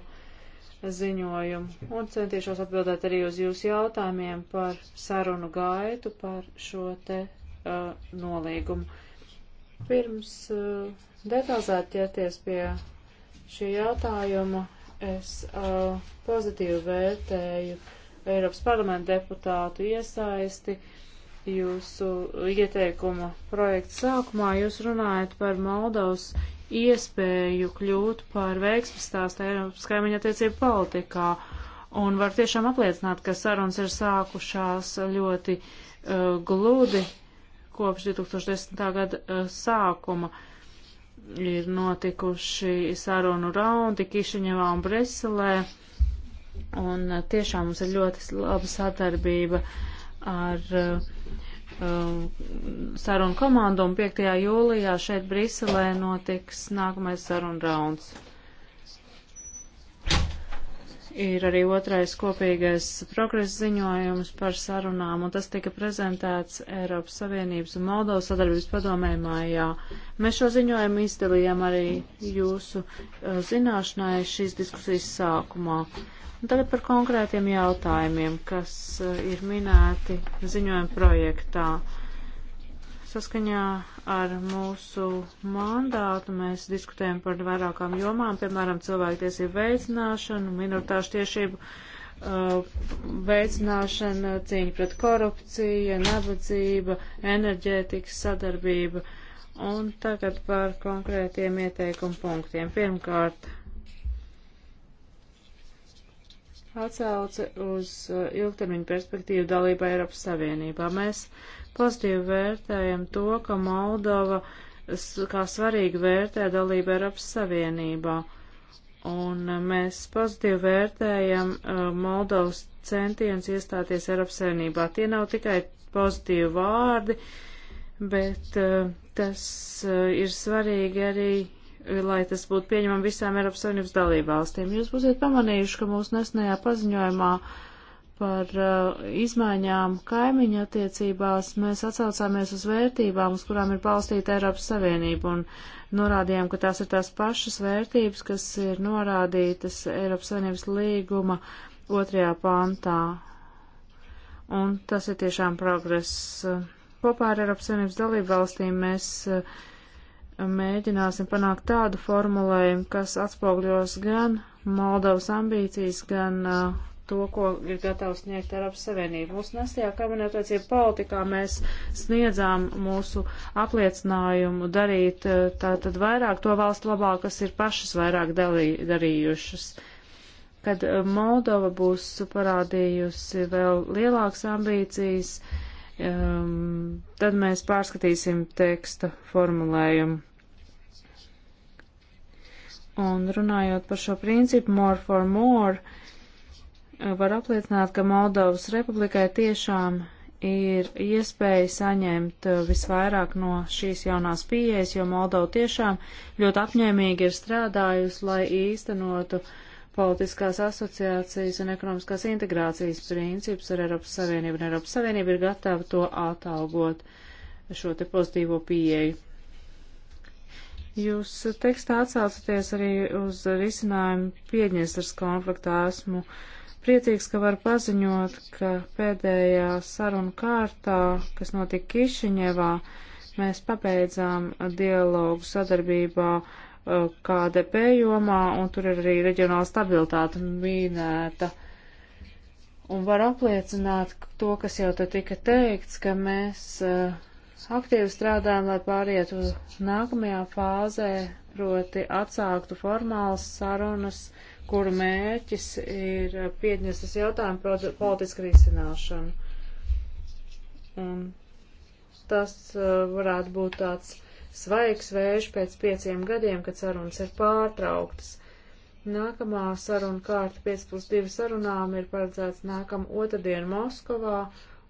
ziņojumu un centīšos atbildēt arī uz jūsu jautājumiem par sarunu gaitu, par šo te uh, nolīgumu. Pirms uh, detalizēt ķerties pie šī jautājuma, es uh, pozitīvi vērtēju Eiropas parlamenta deputātu iesaisti. Jūsu ieteikuma projekta sākumā jūs runājat par Moldovas iespēju kļūt par veiksmes stāstu Eiropas kaimiņa attiecību politikā. Un var tiešām apliecināt, ka sarunas ir sākušās ļoti uh, gludi kopš 2010. gada uh, sākuma. Ir notikuši sarunu raundi Kišiņevā un Breselē. Un uh, tiešām mums ir ļoti laba sadarbība ar uh, Um, sarunu komandu, un 5. jūlijā šeit Briselē notiks nākamais sarunu rauns. Ir arī otrais kopīgais progresa ziņojums par sarunām, un tas tika prezentēts Eiropas Savienības un Moldovas sadarbības padomē mājā. Mēs šo ziņojumu izdalījām arī jūsu uh, zināšanai šīs diskusijas sākumā. Uh, Tagad par konkrētiem jautājumiem, kas eh, ir minēti ziņojuma projektā. Saskaņā ar mūsu mandātu mēs diskutējam par vairākām jomām, piemēram, cilvēktiesību veicināšanu, minoritāšu tiešību eh, veicināšana, cīņa pret korupciju, nabadzība, enerģētikas sadarbība. Un tagad par konkrētiem ieteikumu punktiem. Pirmkārt, atsauce uz uh, ilgtermiņu perspektīvu dalību Eiropas Savienībā. Mēs pozitīvi vērtējam to, ka Moldova kā svarīgi vērtē dalību Eiropas Savienībā. Un uh, mēs pozitīvi vērtējam uh, Moldovas centienus iestāties Eiropas Savienībā. Tie nav tikai pozitīvi vārdi, bet tas ir svarīgi arī lai tas būtu pieņemam visām Eiropas Savienības dalībvalstīm. Jūs būsiet pamanījuši, ka mūsu nesnējā paziņojumā par uh, izmaiņām kaimiņa attiecībās mēs atsaucāmies uz vērtībām, uz kurām ir balstīta Eiropas Savienība, un norādījām, ka tās ir tās pašas vērtības, kas ir norādītas Eiropas Savienības līguma otrajā pantā. Un tas ir tiešām progress. Kopā ar Eiropas Savienības dalību valstīm mēs uh, mēģināsim panākt tādu formulējumu, kas atspogļos gan Moldovas ambīcijas, gan uh, to, ko ir gatavs sniegt Eiropas Savienība. Mūsu nestajā kabinetotiecība politikā mēs sniedzām mūsu apliecinājumu darīt uh, tātad vairāk to valstu labā, kas ir pašas vairāk dalī, darījušas. Kad uh, Moldova būs parādījusi vēl lielākas ambīcijas, um, tad mēs pārskatīsim teksta formulējumu. Un runājot par šo principu more for more, eh, var apliecināt, ka Moldovas republikai tiešām ir iespēja saņemt eh, visvairāk no šīs jaunās pieejas, jo Moldova tiešām ļoti apņēmīgi ir strādājusi, lai īstenotu politiskās asociācijas un ekonomiskās integrācijas principus ar Eiropas Savienību, un Eiropas Savienība ir gatava to atalgot šo te pozitīvo pieeju. Jūs tekstā atsaucaties arī uz risinājumu Piedņestras konfliktā. Esmu priecīgs, ka var paziņot, ka pēdējā saruna kārtā, kas notika Kišiņevā, mēs pabeidzām dialogu sadarbībā uh, KDP jomā, un tur ir arī reģionāla stabilitāte mīnēta. Un var apliecināt to, kas jau te tika teikts, ka mēs uh, aktīvi strādājam, lai pārietu uz nākamajā fāzē, proti atsāktu formālas sarunas, kuru mērķis ir piedņestas jautājumu politisku risināšanu. Un tas uh, varētu būt tāds svaigs vējš pēc pieciem gadiem, kad sarunas ir pārtrauktas. Nākamā saruna kārta 5 plus 2 sarunām ir paredzēts nākamu otrdien Moskovā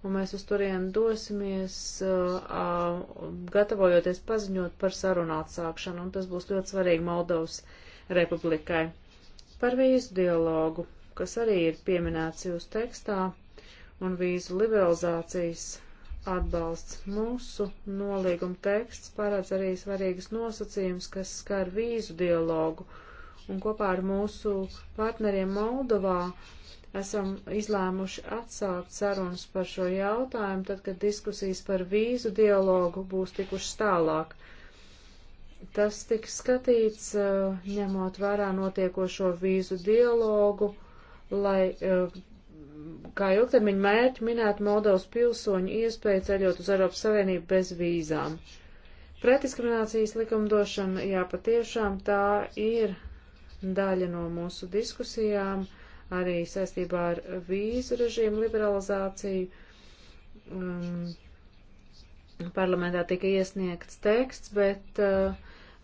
un mēs uz turienu dosimies, uh, gatavojoties paziņot par sarunu atsākšanu, un tas būs ļoti svarīgi Moldovas republikai. Par vīzu dialogu, kas arī ir pieminēts jūsu tekstā, un vīzu liberalizācijas atbalsts mūsu nolīguma teksts paredz arī svarīgas nosacījumus, kas skar vīzu dialogu, un kopā ar mūsu partneriem Moldovā esam izlēmuši atsākt sarunas par šo jautājumu, tad, kad diskusijas par vīzu dialogu būs tikušas tālāk. Tas tiks skatīts, eh, ņemot vērā notiekošo vīzu dialogu, lai, eh, kā ilgtermiņa mērķi, minētu Moldovas pilsoņu iespēju ceļot uz Eiropas Savienību bez vīzām. Pretdiskriminācijas likumdošana, jā, patiešām tā ir daļa no mūsu diskusijām arī saistībā ar vīzu režīmu liberalizāciju. Um, parlamentā tika iesniegts teksts, bet uh,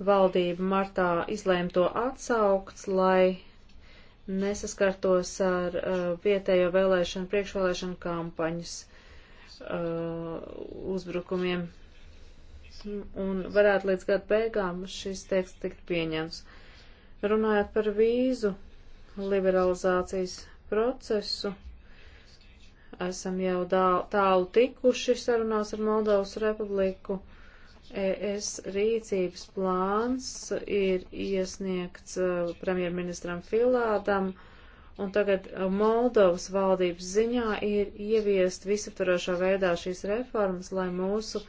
valdība martā izlēma to atsaukt, lai nesaskartos ar uh, vietējo vēlēšanu, priekšvēlēšanu kampaņas uh, uzbrukumiem. Un varētu līdz gada beigām šis teksts tikt pieņems. Runājot par vīzu liberalizācijas procesu. Esam jau tālu tikuši sarunās ar Moldovas republiku. ES rīcības plāns ir iesniegts uh, premjerministram Filādam, un tagad uh, Moldovas valdības ziņā ir ieviest visaptvarošā veidā šīs reformas, lai mūsu uh,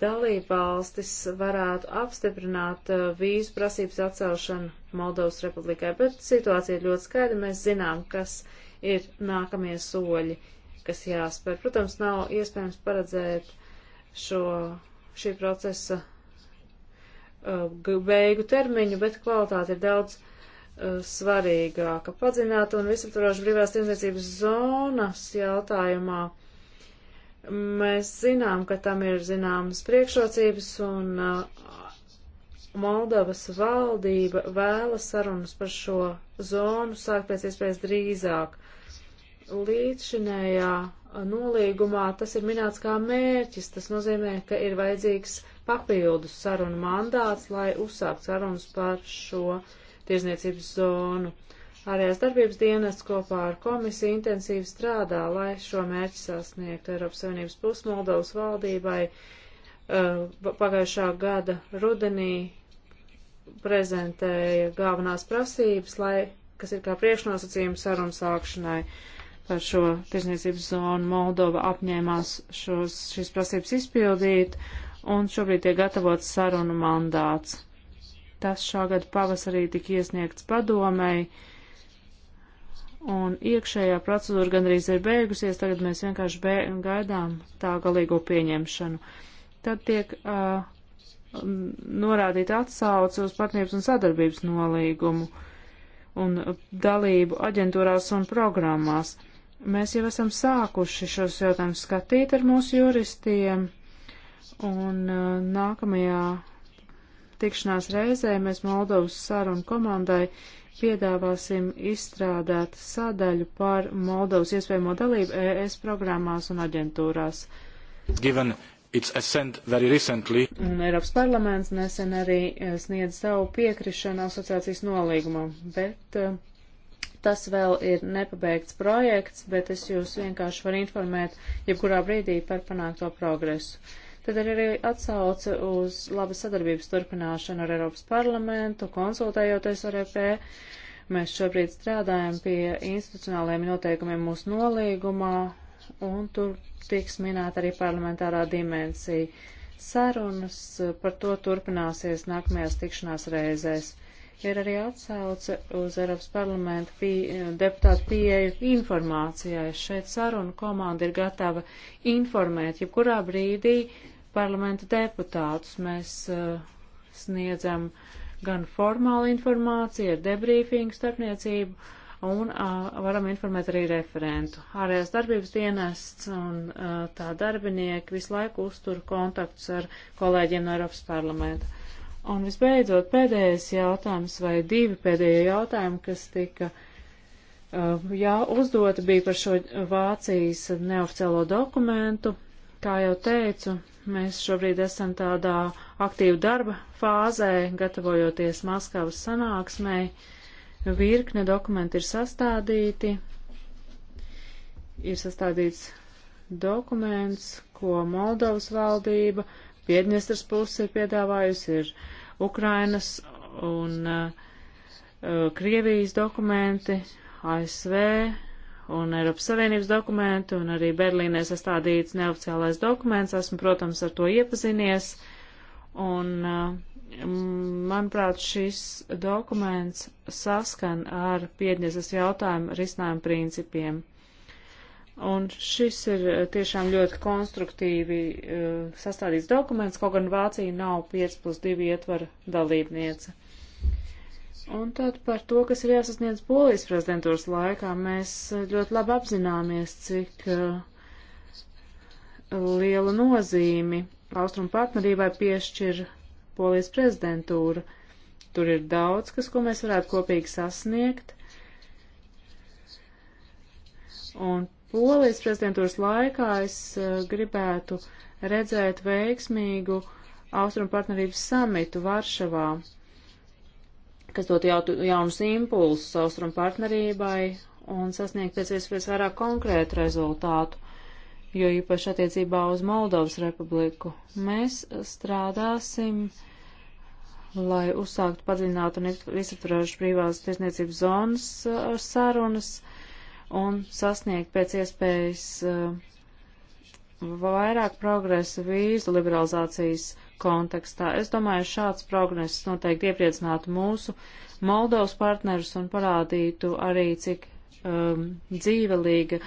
dalībvalstis varētu apstiprināt uh, vīzu prasības atcelšanu Moldovas republikai, bet situācija ir ļoti skaidra. Mēs zinām, kas ir nākamie soļi, kas jāspēr. Protams, nav iespējams paredzēt šo, šī procesa uh, beigu termiņu, bet kvalitāte ir daudz uh, svarīgāka. Padziļināta un visaptvaroša brīvās tirdzniecības zonas jautājumā. Uh, Mēs zinām, ka tam ir zināmas priekšrocības un uh, Moldovas valdība vēlas sarunas par šo zonu sākt pēc iespējas drīzāk. Līdzšinējā nolīgumā tas ir minēts kā mērķis. Tas nozīmē, ka ir vajadzīgs papildus sarunu mandāts, lai uzsākt sarunas par šo tirzniecības zonu. Ārējās darbības dienests kopā ar komisiju intensīvi strādā, lai šo mērķi sasniegtu Eiropas Savienības pusmoldovas valdībai. Uh, pagājušā gada rudenī prezentēja galvenās prasības, lai, kas ir kā priekšnosacījums sarunu sākšanai par šo tirzniecības zonu. Moldova apņēmās šos, šīs prasības izpildīt, un šobrīd tiek gatavots sarunu mandāts. Tas šā gada pavasarī tika iesniegts padomēji un iekšējā procedūra gandrīz ir beigusies, tagad mēs vienkārši be, gaidām tā galīgo pieņemšanu. Tad tiek uh, norādīta atsauce uz partnerības un sadarbības nolīgumu un dalību aģentūrās un programmās. Mēs jau esam sākuši šos jautājumus skatīt ar mūsu juristiem, un uh, nākamajā tikšanās reizē mēs Moldovas sarunu komandai uh, piedāvāsim izstrādāt sadaļu par Moldovas iespējamo dalību ES programmās un aģentūrās. Given its assent very recently. Un Eiropas parlaments nesen arī e, sniedz savu piekrišanu asociācijas nolīgumam, bet uh, tas vēl ir nepabeigts projekts, bet es jūs vienkārši varu informēt jebkurā brīdī par panākto progresu. Uh, Tad ir arī atsauce uz labu sadarbības turpināšanu ar Eiropas parlamentu, konsultējoties ar EP. Mēs šobrīd strādājam pie institucionālajiem noteikumiem mūsu nolīgumā, un tur tiks minēta arī parlamentārā dimensija. Sarunas par to turpināsies nākamajās tikšanās reizēs ir arī atsauce uz Eiropas parlamenta pie, deputātu pieeju informācijai. Šeit saruna komanda ir gatava informēt jebkurā brīdī parlamenta deputātus. Mēs uh, sniedzam gan formālu informāciju ar debrīfingu starpniecību un uh, varam informēt arī referentu. Ārējās darbības dienests un uh, tā darbinieki visu laiku uztur kontaktus ar kolēģiem no Eiropas parlamenta. Un visbeidzot, pēdējais jautājums vai divi pēdējie jautājumi, kas tika uh, jā, uzdota, bija par šo Vācijas neoficiālo dokumentu. Kā jau teicu, Mēs šobrīd esam tādā aktīva darba fāzē, gatavojoties Maskavas sanāksmei. Virkne dokumenti ir sastādīti. Ir sastādīts dokuments, ko Moldovas valdība, Piedņestras puse ir piedāvājusi, ir Ukrainas un uh, Krievijas dokumenti, ASV, un Eiropas Savienības dokumentu, un arī Berlīnē sastādīts neoficiālais dokuments. Esmu, protams, ar to iepazinies, un, eh, manuprāt, šis dokuments saskan ar piedņesas jautājumu risinājumu principiem. Un šis ir eh, tiešām ļoti konstruktīvi eh, sastādīts dokuments, kaut gan Vācija nav 5 plus 2 ietvara dalībniece. Un tad par to, kas ir jāsasniedz polijas prezidentūras laikā, mēs eh, ļoti labi apzināmies, cik eh, lielu nozīmi austrumu partnerībai piešķir polijas prezidentūra. Tur ir daudz, kas, ko mēs varētu kopīgi sasniegt. Un polijas prezidentūras laikā es eh, gribētu redzēt veiksmīgu austrumu partnerības samitu Varšavā kas dotu jautu, jaunus impulsus austrumu partnerībai un sasniegt pēc iespējas vairāk konkrētu rezultātu, jo īpaši attiecībā uz Moldovas republiku. Mēs strādāsim, lai uzsāktu padziļinātu un izturēšu privās tiesniecības zonas uh, sarunas un sasniegt pēc iespējas uh, vairāk progresa vīzu liberalizācijas kontekstā. Es domāju, šāds progress noteikti iepriecinātu mūsu Moldovas partnerus un parādītu arī, cik um, dzīvelīga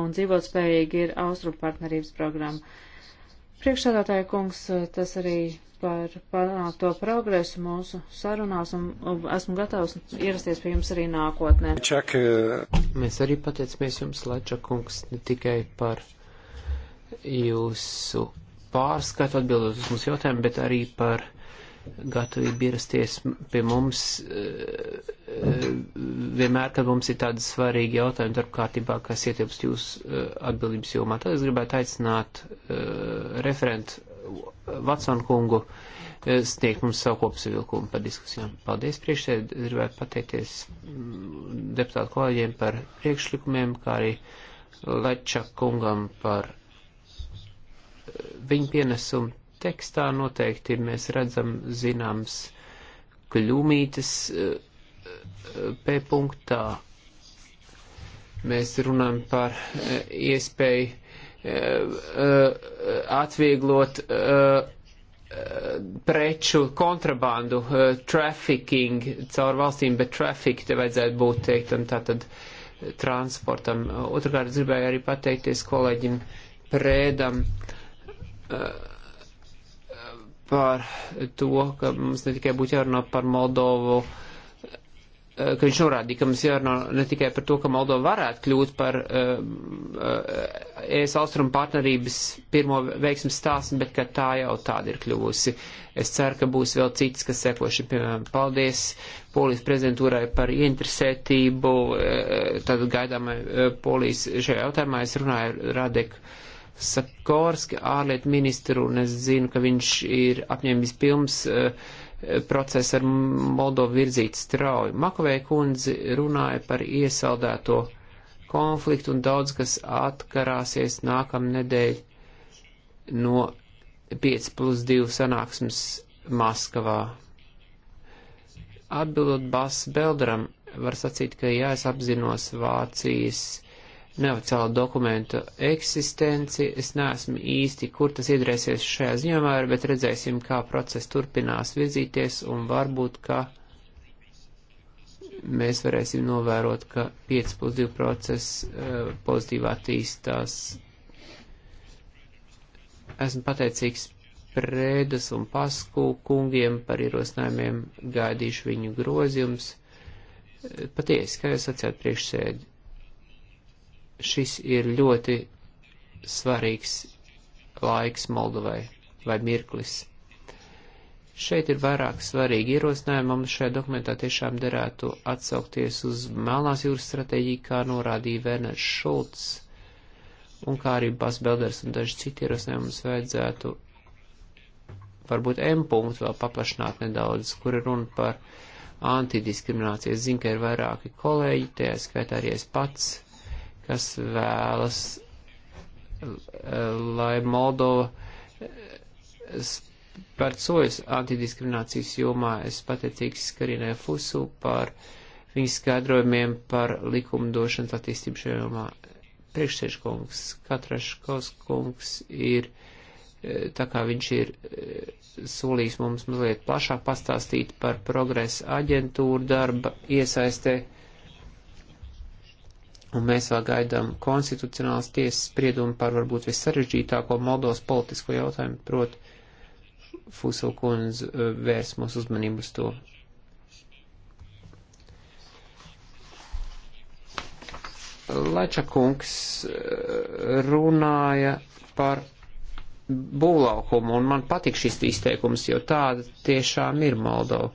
un dzīvotspējīga ir Austrum partnerības programma. Priekšsādātāja kungs, tas arī par panākto progresu mūsu sarunās un esmu gatavs ierasties pie jums arī nākotnē. Čak, e, mēs arī pateicamies jums, Leča kungs, ne tikai par jūsu pārskatu atbildot uz mūsu jautājumu, bet arī par gatavību ierasties pie mums eh, vienmēr, kad mums ir tādi svarīgi jautājumi darba kārtībā, kas ietilpst jūsu eh, atbildības jomā. Tad es gribētu aicināt eh, referentu Vatsonu kungu sniegt mums savu kopsavilkumu par diskusijām. Paldies priekšsēd, gribētu pateikties mm, deputātu kolēģiem par priekšlikumiem, kā arī Leča kungam par viņa pienesuma tekstā noteikti mēs redzam zināms kļūmītes eh, eh, P punktā. Mēs runājam par eh, iespēju atvieglot preču kontrabandu, trafficking caur valstīm, bet traffic te vajadzētu būt teiktam tātad transportam. Otrakārt gribēju arī pateikties kolēģim Prēdam. Uh, par to, ka mums ne tikai būtu jārunā par Moldovu, ka viņš norādīja, ka mums jārunā ne tikai par to, ka Moldova varētu kļūt par uh, uh, ES austrumu partnerības pirmo veiksmu stāstu, bet ka tā jau tāda ir kļuvusi. Es ceru, ka būs vēl citas, kas sekoši, piemēram, paldies Polijas prezidentūrai par ieinteresētību, uh, tad gaidāmai Polijas šajā jautājumā es runāju Radeku Sakorski ārlietu ministru, un es zinu, ka viņš ir apņēmis pilns eh, procesu ar Moldovu virzīt strauji. Makovē kundze runāja par iesaldēto konfliktu, un daudz kas atkarāsies nākamnedēļ no 5 plus 2 sanāksmes Maskavā. Atbildot Bas Belderam, var sacīt, ka jā, es apzinos Vācijas neoficiālu dokumentu eksistenci. Es neesmu īsti, kur tas iedarēsies šajā ziņojumā, bet redzēsim, kā process turpinās virzīties un varbūt, ka mēs varēsim novērot, ka 5 plus 2 process uh, pozitīvi attīstās. Esmu pateicīgs Prēdas un Pasku kungiem par ierosinājumiem, gaidīšu viņu grozījums. Patiesi, kā jūs sacījāt priekšsēdi, Šis ir ļoti svarīgs laiks Moldovai vai mirklis. Šeit ir vairāk svarīgi ierosinājumi, mums šajā dokumentā tiešām derētu atsaukties uz Melnās jūras stratēģiju, kā norādīja Verners Šulcs, un kā arī Bas Belders un daži citi ierosinājumi mums vajadzētu varbūt M punktu vēl paplašināt nedaudz, kur ir runa par antidiskrimināciju. Es zinu, ka ir vairāki kolēģi, tajā skaitā arī es pats, kas vēlas, eh, lai Moldova eh, par soļus antidiskriminācijas jomā. Es pateicīgs Karinai Fusu par viņas skaidrojumiem par likumdošanas attīstību šajā jomā. Priekšsēžkungs, Katraškos kungs ir, eh, tā kā viņš ir solījis mums mazliet plašāk pastāstīt par progresa aģentūru darba iesaistē un mēs vēl gaidām konstitucionālas tiesas spriedumu par varbūt vissarežģītāko Moldovas politisko jautājumu, proti Fusilkundz uh, vērs mūsu uzmanību uz to. Leča kungs uh, runāja par būvlaukumu, un man patīk šis izteikums, jo tāda tiešām ir Moldova.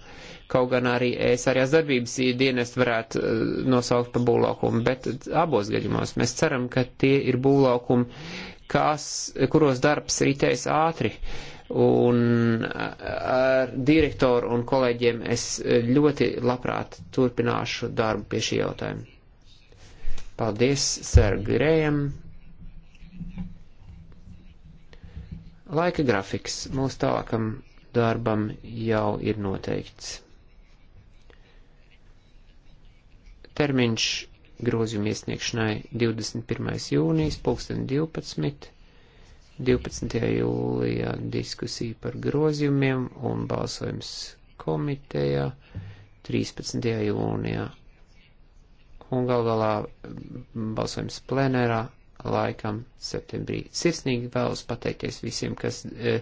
Kaut gan arī es arī darbības dienestu varētu eh, nosaukt par būvlaukumu, bet abos gadījumos mēs ceram, ka tie ir būvlaukumi, kas, kuros darbs ritēs ātri. Un eh, ar direktoru un kolēģiem es eh, ļoti labprāt turpināšu darbu pie šī jautājuma. Paldies, Sērgirējam! Laika grafiks mūsu tālākam darbam jau ir noteikts. Termiņš grozījuma iesniegšanai 21. jūnijas, 2012. 12. jūlijā diskusija par grozījumiem un balsojums komitejā 13. jūnijā. Un gal galā balsojums plenērā laikam septembrī. Sirsnīgi vēlos pateikties visiem, kas e,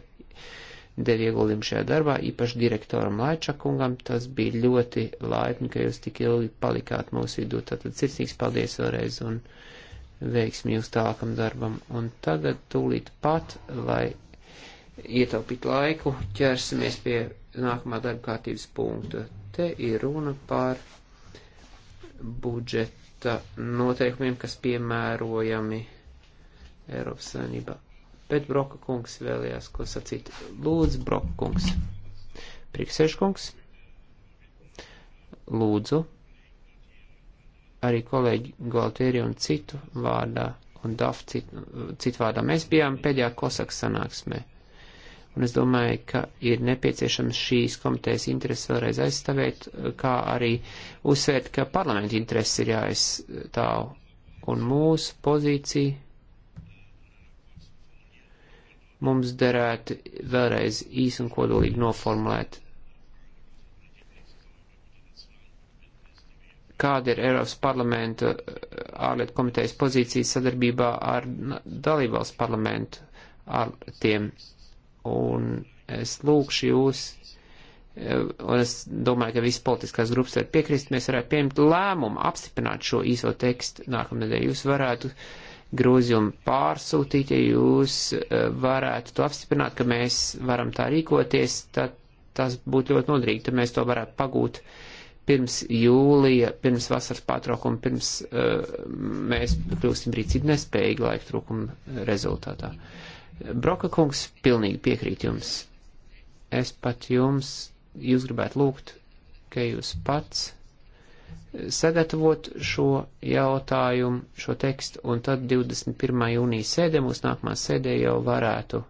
devu ieguldījumu šajā darbā, īpaši direktoram Laičakungam. Tas bija ļoti laipni, ka jūs tik ilgi palikāt mūsu vidū. Tātad sirsnīgs paldies vēlreiz un veiksmi jūs tālākam darbam. Un tagad tūlīt pat, lai ietaupītu laiku, ķersimies pie nākamā darba kārtības punkta. Te ir runa par budžetu sta noteikumiem, kas piemērojami Eiropas Savienībā. Bet Broka kungs vēlējās, ko sacīt. Lūdzu, Broka kungs. Prikseškungs. Lūdzu. Arī kolēģi Galtieri un citu vārdā un DAF citu, citu vārdā. Mēs bijām pēdējā Kosaka sanāksmē. Un es domāju, ka ir nepieciešams šīs komitejas intereses vēlreiz aizstāvēt, kā arī uzsvērt, ka parlamenta intereses ir jāaizstāv. Un mūsu pozīcija mums derētu vēlreiz īsi un kodolīgi noformulēt. Kāda ir Eiropas parlamenta uh, ārlietu komitejas pozīcija sadarbībā ar dalībvalsts parlamentu ar tiem un es lūkšu jūs, un es domāju, ka visas politiskās grupas var piekrist, mēs varētu pieņemt lēmumu apstiprināt šo īso tekstu nākamnedēļ. Jūs varētu grozījumu pārsūtīt, ja jūs eh, varētu to apstiprināt, ka mēs varam tā rīkoties, tad tas būtu ļoti nodrīgi, tad mēs to varētu pagūt pirms jūlija, pirms vasaras pārtraukuma, pirms uh, mēs kļūsim rīcību nespējīgi laika trūkuma rezultātā. Uh, Broka kungs pilnīgi piekrīt jums. Es pat jums, jūs gribētu lūgt, ka jūs pats sagatavot šo jautājumu, šo tekstu, un tad 21. jūnija sēdē, mūsu nākamā sēdē jau varētu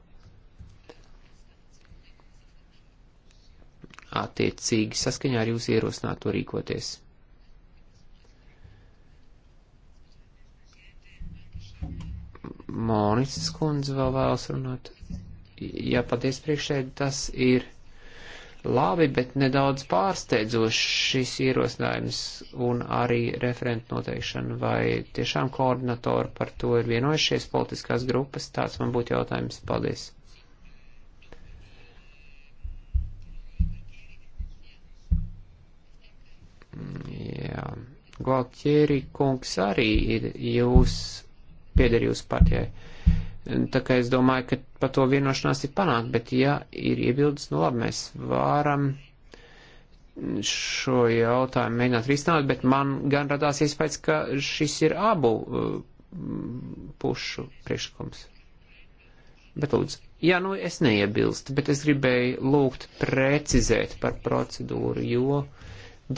attiecīgi saskaņā ar jūsu ierosināto rīkoties. Monisas kundze vēl vēlas runāt. Jā, paties priekšēji, tas ir labi, bet nedaudz pārsteidzoši šis ierosinājums un arī referentu noteikšana. Vai tiešām koordinatori par to ir vienojušies politiskās grupas? Tāds man būtu jautājums. Paldies. Jā. Gualtieri kungs arī ir jūs pieder jūsu partijai. Tā kā es domāju, ka par to vienošanās ir panākt, bet ja ir iebildes, nu labi, mēs varam šo jautājumu mēģināt risināt, bet man gan radās iespējas, ka šis ir abu mm, pušu priekšlikums. Bet lūdzu, jā, nu es neiebilstu, bet es gribēju lūgt precizēt par procedūru, jo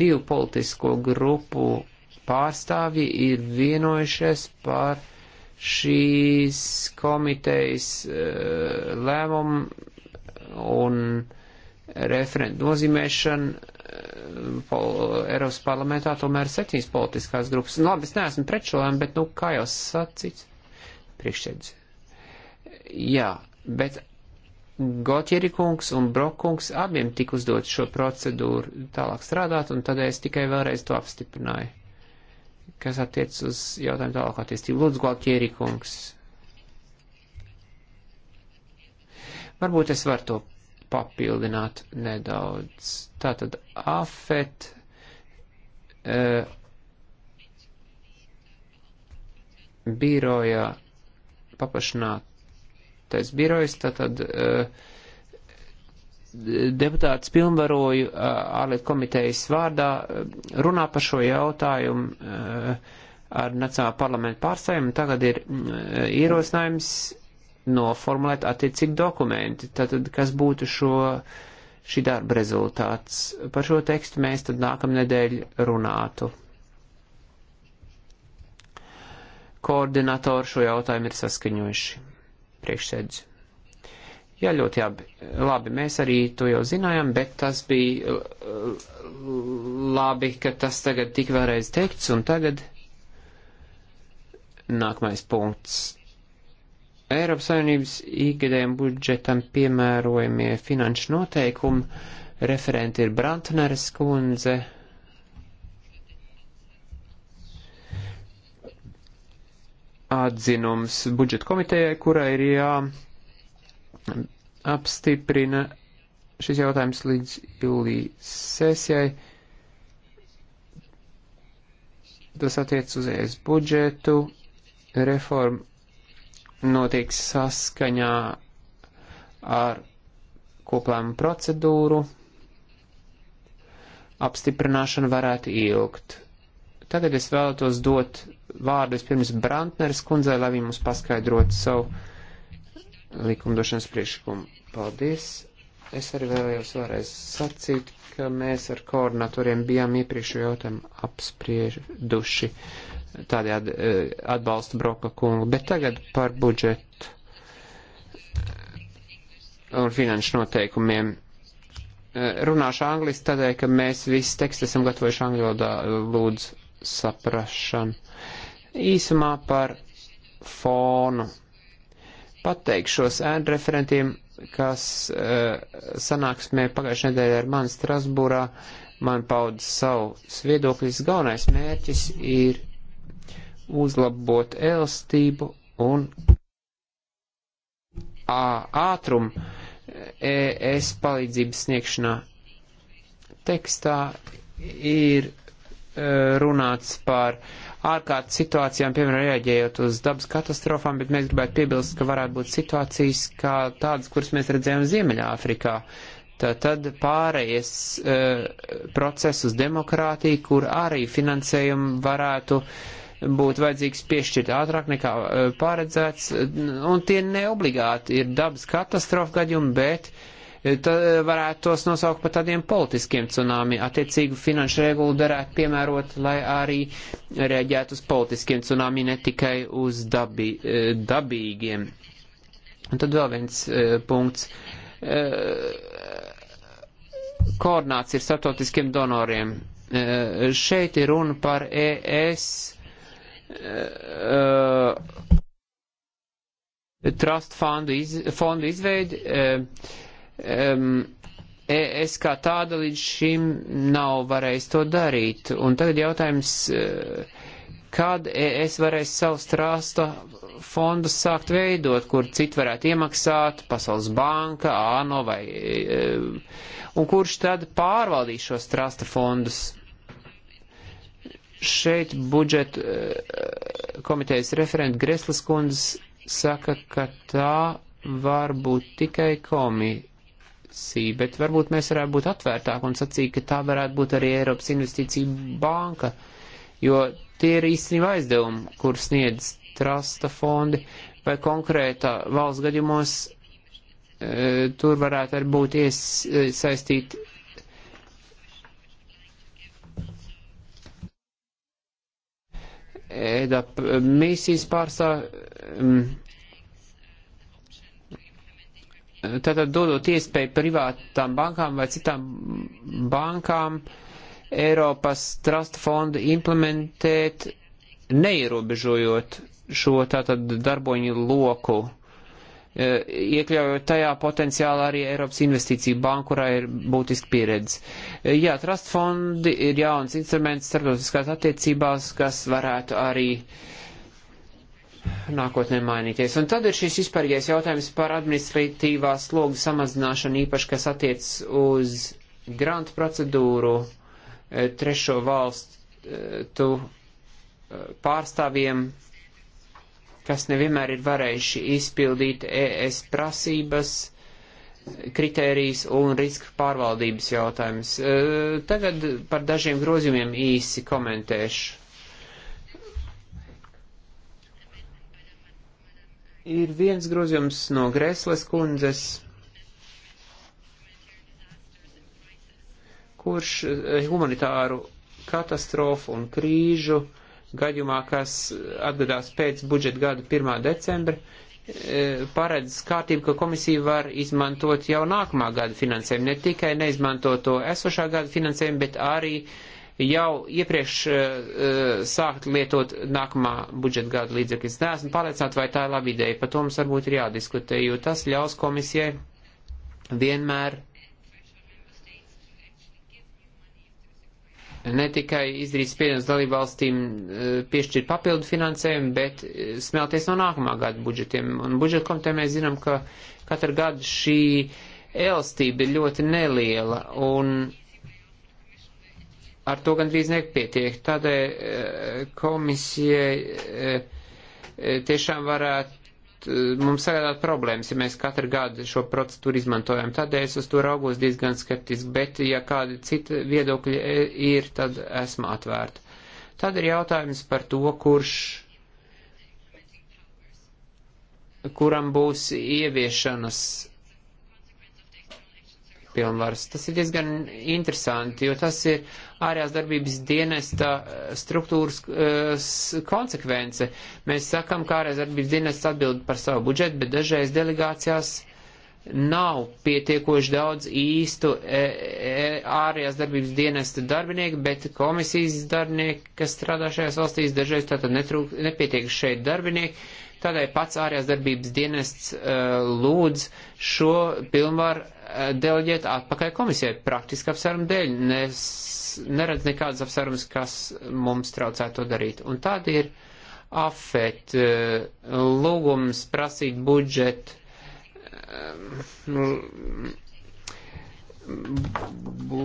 divu politisko grupu pārstāvji ir vienojušies par šīs komitejas eh, lēmumu un referentu nozīmēšanu eh, Eiropas parlamentā tomēr septiņas politiskās grupas. Nu, labi, es neesmu pret šo lēmumu, bet, nu, kā jau sacīts, priekšsēdz. Jā, bet Gotjeri kungs un Brokungs abiem tika uzdot šo procedūru tālāk strādāt, un tad es tikai vēlreiz to apstiprināju kas attiec uz jautājumu tālāko attīstību. Lūdzu, Galtieri kungs. Varbūt es varu to papildināt nedaudz. Tātad afet. Uh, biroja paplašinātais birojs, tātad uh, deputāts pilnvaroju ārlietu komitejas vārdā runā par šo jautājumu ar Nacionālā parlamenta pārstāvjiem. Tagad ir ierosinājums noformulēt attiecīgi dokumenti. Tātad, kas būtu šo, šī darba rezultāts? Par šo tekstu mēs tad nākamnedēļ runātu. Koordinatori šo jautājumu ir saskaņojuši priekšsēdzi. Jā, ļoti labi. labi. Mēs arī to jau zinājām, bet tas bija labi, ka tas tagad tik vēlreiz teikts, un tagad nākamais punkts. Eiropas Savienības ikgadējiem budžetam piemērojamie finanšu noteikumi, referenti ir Brantneres kundze. Atzinums budžeta komitejai, kurai ir jā. Ja apstiprina šis jautājums līdz jūlijas sesijai. Tas attiec uz ES budžetu. Reforma notiek saskaņā ar koplēmu procedūru. Apstiprināšana varētu ilgt. Tagad es vēlētos dot vārdu pirms Brantneres kundzei, lai viņa mums paskaidrotu savu likumdošanas priekšlikumu. Paldies! Es arī vēlējos vēlreiz sacīt, ka mēs ar koordinatoriem bijām iepriekšējo jautājumu apsprieduši tādējādi e, atbalsta Broka kungu, bet tagad par budžetu un finanšu noteikumiem. E, runāšu angliski tādēļ, ka mēs visi tekstu esam gatavojuši angļu valodā, lūdzu saprašanu. Īsumā par fonu pateikšos ēnu referentiem, kas uh, sanāksmē pagājušajā nedēļā ar mani Strasbūrā, man pauda savu viedokļus. Galvenais mērķis ir uzlabot elastību un ātrumu eh, ES palīdzības sniegšanā. Tekstā ir uh, runāts par uh, ārkārtas situācijām, piemēram, reaģējot uz dabas katastrofām, bet mēs gribētu piebilst, ka varētu būt situācijas kā tādas, kuras mēs redzējām Ziemeļāfrikā. Tad pārējais e, eh, process uz demokrātiju, kur arī finansējumu varētu būt vajadzīgs piešķirt ātrāk nekā e, paredzēts, un tie neobligāti ir dabas katastrofa gadījumi, bet uh, Tad varētu tos nosaukt par tādiem politiskiem cunami. Attiecīgu finanšu regulu darētu piemērot, lai arī reaģētu uz politiskiem cunami, ne tikai uz dabi, eh, dabīgiem. Un tad vēl viens eh, punkts. Eh, Koordinācija ar starptautiskiem donoriem. Šeit ir runa par ES trust fondu, iz, fondu izveidi. Uh, um, es kā tāda līdz šim nav varējis to darīt. Un tagad jautājums, e, kad es varēšu savu strāsta fondu sākt veidot, kur citi varētu iemaksāt, Pasaules banka, ANO vai. E, un kurš tad pārvaldīs šos strāsta fondus? Šeit budžeta e, komitejas referenta Greslas kundzes saka, ka tā var būt tikai komisija reakcija, bet varbūt mēs varētu būt atvērtāk un sacīt, ka tā varētu būt arī Eiropas investīcija banka, jo tie ir īstenībā aizdevumi, kur sniedz trasta fondi vai konkrēta valsts gadījumos e, tur varētu arī būt iesaistīt e, EDAP misijas pārstāv. Um, tātad dodot iespēju privātām bankām vai citām bankām Eiropas Trust fondu implementēt, neierobežojot šo tātad darboņu loku, e, iekļaujot tajā potenciāli arī Eiropas investīciju banku, kurā ir būtiski pieredze. E, jā, trust fondi ir jauns instruments starptautiskās attiecībās, kas varētu arī uh, nākotnē mainīties. Un tad ir šis vispārīgais jautājums par administratīvās slogu samazināšanu, īpaši kas attiec uz grantu procedūru e, trešo valstu e, pārstāvjiem, kas nevienmēr ir varējuši izpildīt ES prasības, e, kritērijas un riska pārvaldības jautājumus. Tagad par dažiem grozījumiem īsi komentēšu Ir viens grozījums no Gresles kundzes, kurš eh, humanitāru katastrofu un krīžu gadījumā, kas atgadās pēc budžeta gada 1. decembra, eh, paredz kārtību, ka komisija var izmantot jau nākamā gada finansējumu, ne tikai neizmantot to esošā gada finansējumu, bet arī uh, jau iepriekš uh, sākt lietot nākamā budžeta gada līdzekļus. Es neesmu pārliecināts, vai tā ir laba ideja, par to mums varbūt ir jādiskutē, jo tas ļaus komisijai vienmēr ne tikai izdarīt spiedienus dalību valstīm eh, piešķirt papildu finansējumu, bet smelties no nākamā gada budžetiem. Un budžeta komitē mēs zinām, ka katru gadu šī elastība ir ļoti neliela. Un ar to gandrīz nepietiek. Tādēļ eh, komisijai eh, eh, tiešām varētu mums sagādāt problēmas, ja mēs katru gadu šo procedūru izmantojam. Tādēļ es uz to raugos diezgan skeptiski, bet ja kādi citi viedokļi ir, tad esmu atvērta. Tad ir jautājums par to, kurš kuram būs ieviešanas pilnvaras. Tas ir diezgan interesanti, jo tas ir ārējās darbības dienesta eh, struktūras uh, konsekvence. Mēs sakam, ka ārējās darbības dienests atbild par savu budžetu, bet dažreiz delegācijās nav pietiekoši daudz īstu e, e, ārējās darbības dienesta darbinieku, bet komisijas darbinieki, kas strādā šajās valstīs, dažreiz tātad netrūk, nepietiek šeit darbinieki. Tādēļ pats ārējās darbības dienests e, lūdz šo pilnvaru deleģēt atpakaļ komisijai praktiski apsvērumu dēļ. Nes, neredz nekādas apsvērumas, kas mums traucē to darīt. Un tad ir afet eh, lūgums prasīt budžetu. Eh, bu,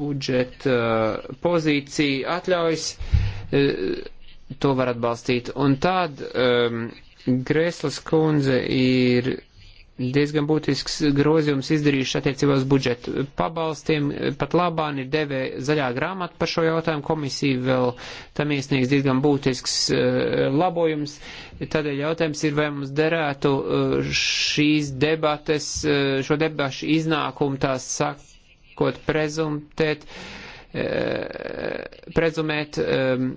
budžeta eh, pozīciju atļaujas, to var atbalstīt. Un tad um, Grēslas kundze ir diezgan būtisks grozījums izdarījuši attiecībā uz budžetu pabalstiem. Pat labāk ir devē zaļā grāmata par šo jautājumu. Komisija vēl tam iesniegs diezgan būtisks eh, labojums. Tādēļ jautājums ir, vai mums derētu eh, šīs debates, eh, šo debašu iznākumu tās sakot prezumtēt, prezumēt ehm,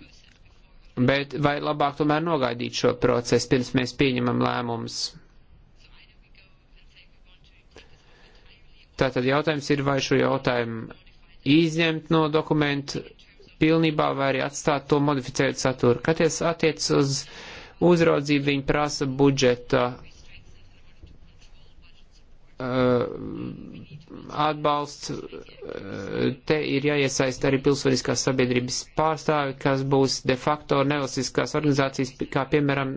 bet vai labāk tomēr nogaidīt šo procesu, pirms mēs pieņemam lēmumus? Tātad jautājums ir, vai šo jautājumu izņemt no dokumentu pilnībā vai arī atstāt to modificēt saturu. Katies attiec uz uzraudzību, viņi prasa budžeta uh, atbalsts, uh, te ir jāiesaist arī pilsoniskās sabiedrības pārstāvi, kas būs de facto nevalstiskās organizācijas, kā piemēram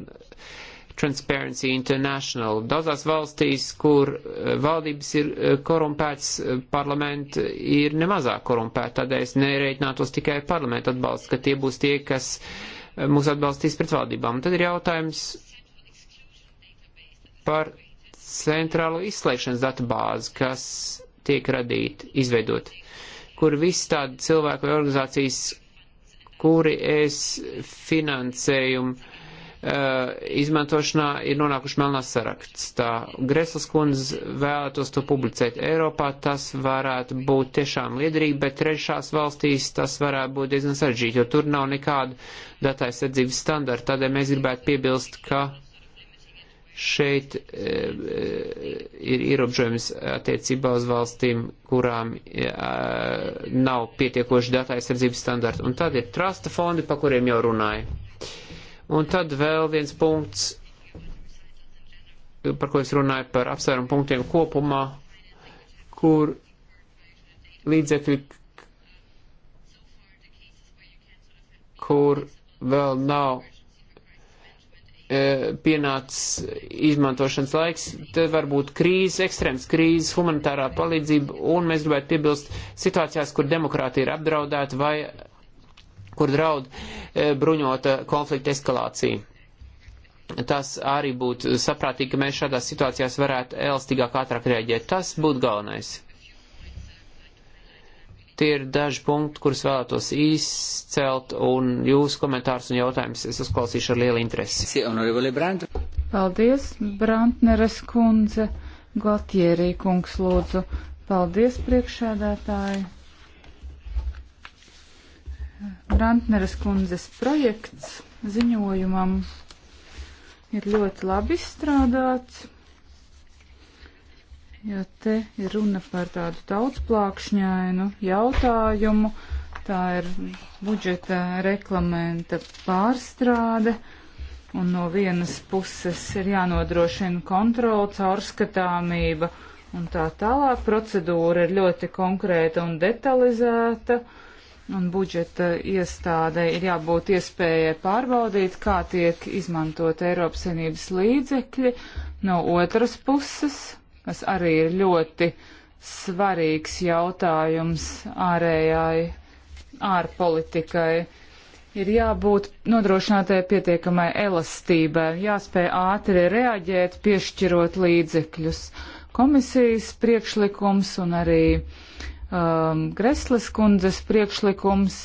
Transparency International. Daudzās valstīs, kur eh, valdības ir eh, korumpētas, eh, parlamenti ir nemazāk korumpēti, tādēļ es nereikinātos tikai ar parlamentu atbalstu, ka tie būs tie, kas mūs atbalstīs pret valdībām. Un tad ir jautājums par centrālo izslēgšanas datubāzi, kas tiek radīta, izveidot, kur visi tādi cilvēki vai organizācijas, kuri es finansējumu Eh, izmantošanā ir nonākuši melnās sarakstā. Greslas kundze vēlētos to publicēt Eiropā, tas varētu būt tiešām liederīgi, bet trešās valstīs tas varētu būt diezgan sarežģīti, jo tur nav nekādu dataizsardzības standartu. Tādēļ mēs gribētu piebilst, ka šeit e, ir ierobežojums attiecībā uz valstīm, kurām e, nav pietiekoši dataizsardzības standarti. Un tad ir trusta fondi, pa kuriem jau runāju. Un tad vēl viens punkts, par ko es runāju par apsvērumu punktiem kopumā, kur līdzekļi, kur vēl nav e, pienācis izmantošanas laiks, tad var būt krīzes, ekstrēms krīzes, humanitārā palīdzība, un mēs gribētu piebilst situācijās, kur demokrātija ir apdraudēta vai kur draud e, bruņota konflikta eskalācija. Tas arī būtu saprātīgi, ka mēs šādās situācijās varētu elastīgāk ātrāk rēģēt. Tas būtu galvenais. Tie ir daži punkti, kurus vēlētos izcelt, un jūsu komentārus un jautājumus es uzklausīšu ar lielu interesi. Paldies, Brantneres kundze, Galtierī kungs lūdzu. Paldies, priekšēdētāji. Brantneres kundzes projekts ziņojumam ir ļoti labi izstrādāts, jo te ir runa par tādu daudzplākšņainu jautājumu. Tā ir budžeta reklamenta pārstrāde, un no vienas puses ir jānodrošina kontrola, caurskatāmība un tā tālāk. Procedūra ir ļoti konkrēta un detalizēta. Uh, un budžeta iestādē ir jābūt iespējai pārbaudīt, kā tiek izmantot Eiropas Savienības līdzekļi. No otras puses, kas arī ir ļoti svarīgs jautājums ārējai, ārpolitikai, ir jābūt nodrošinātai pietiekamai elastībai, jāspēj ātri reaģēt, piešķirot līdzekļus. Komisijas priekšlikums un arī uh, um, Gresles kundzes priekšlikums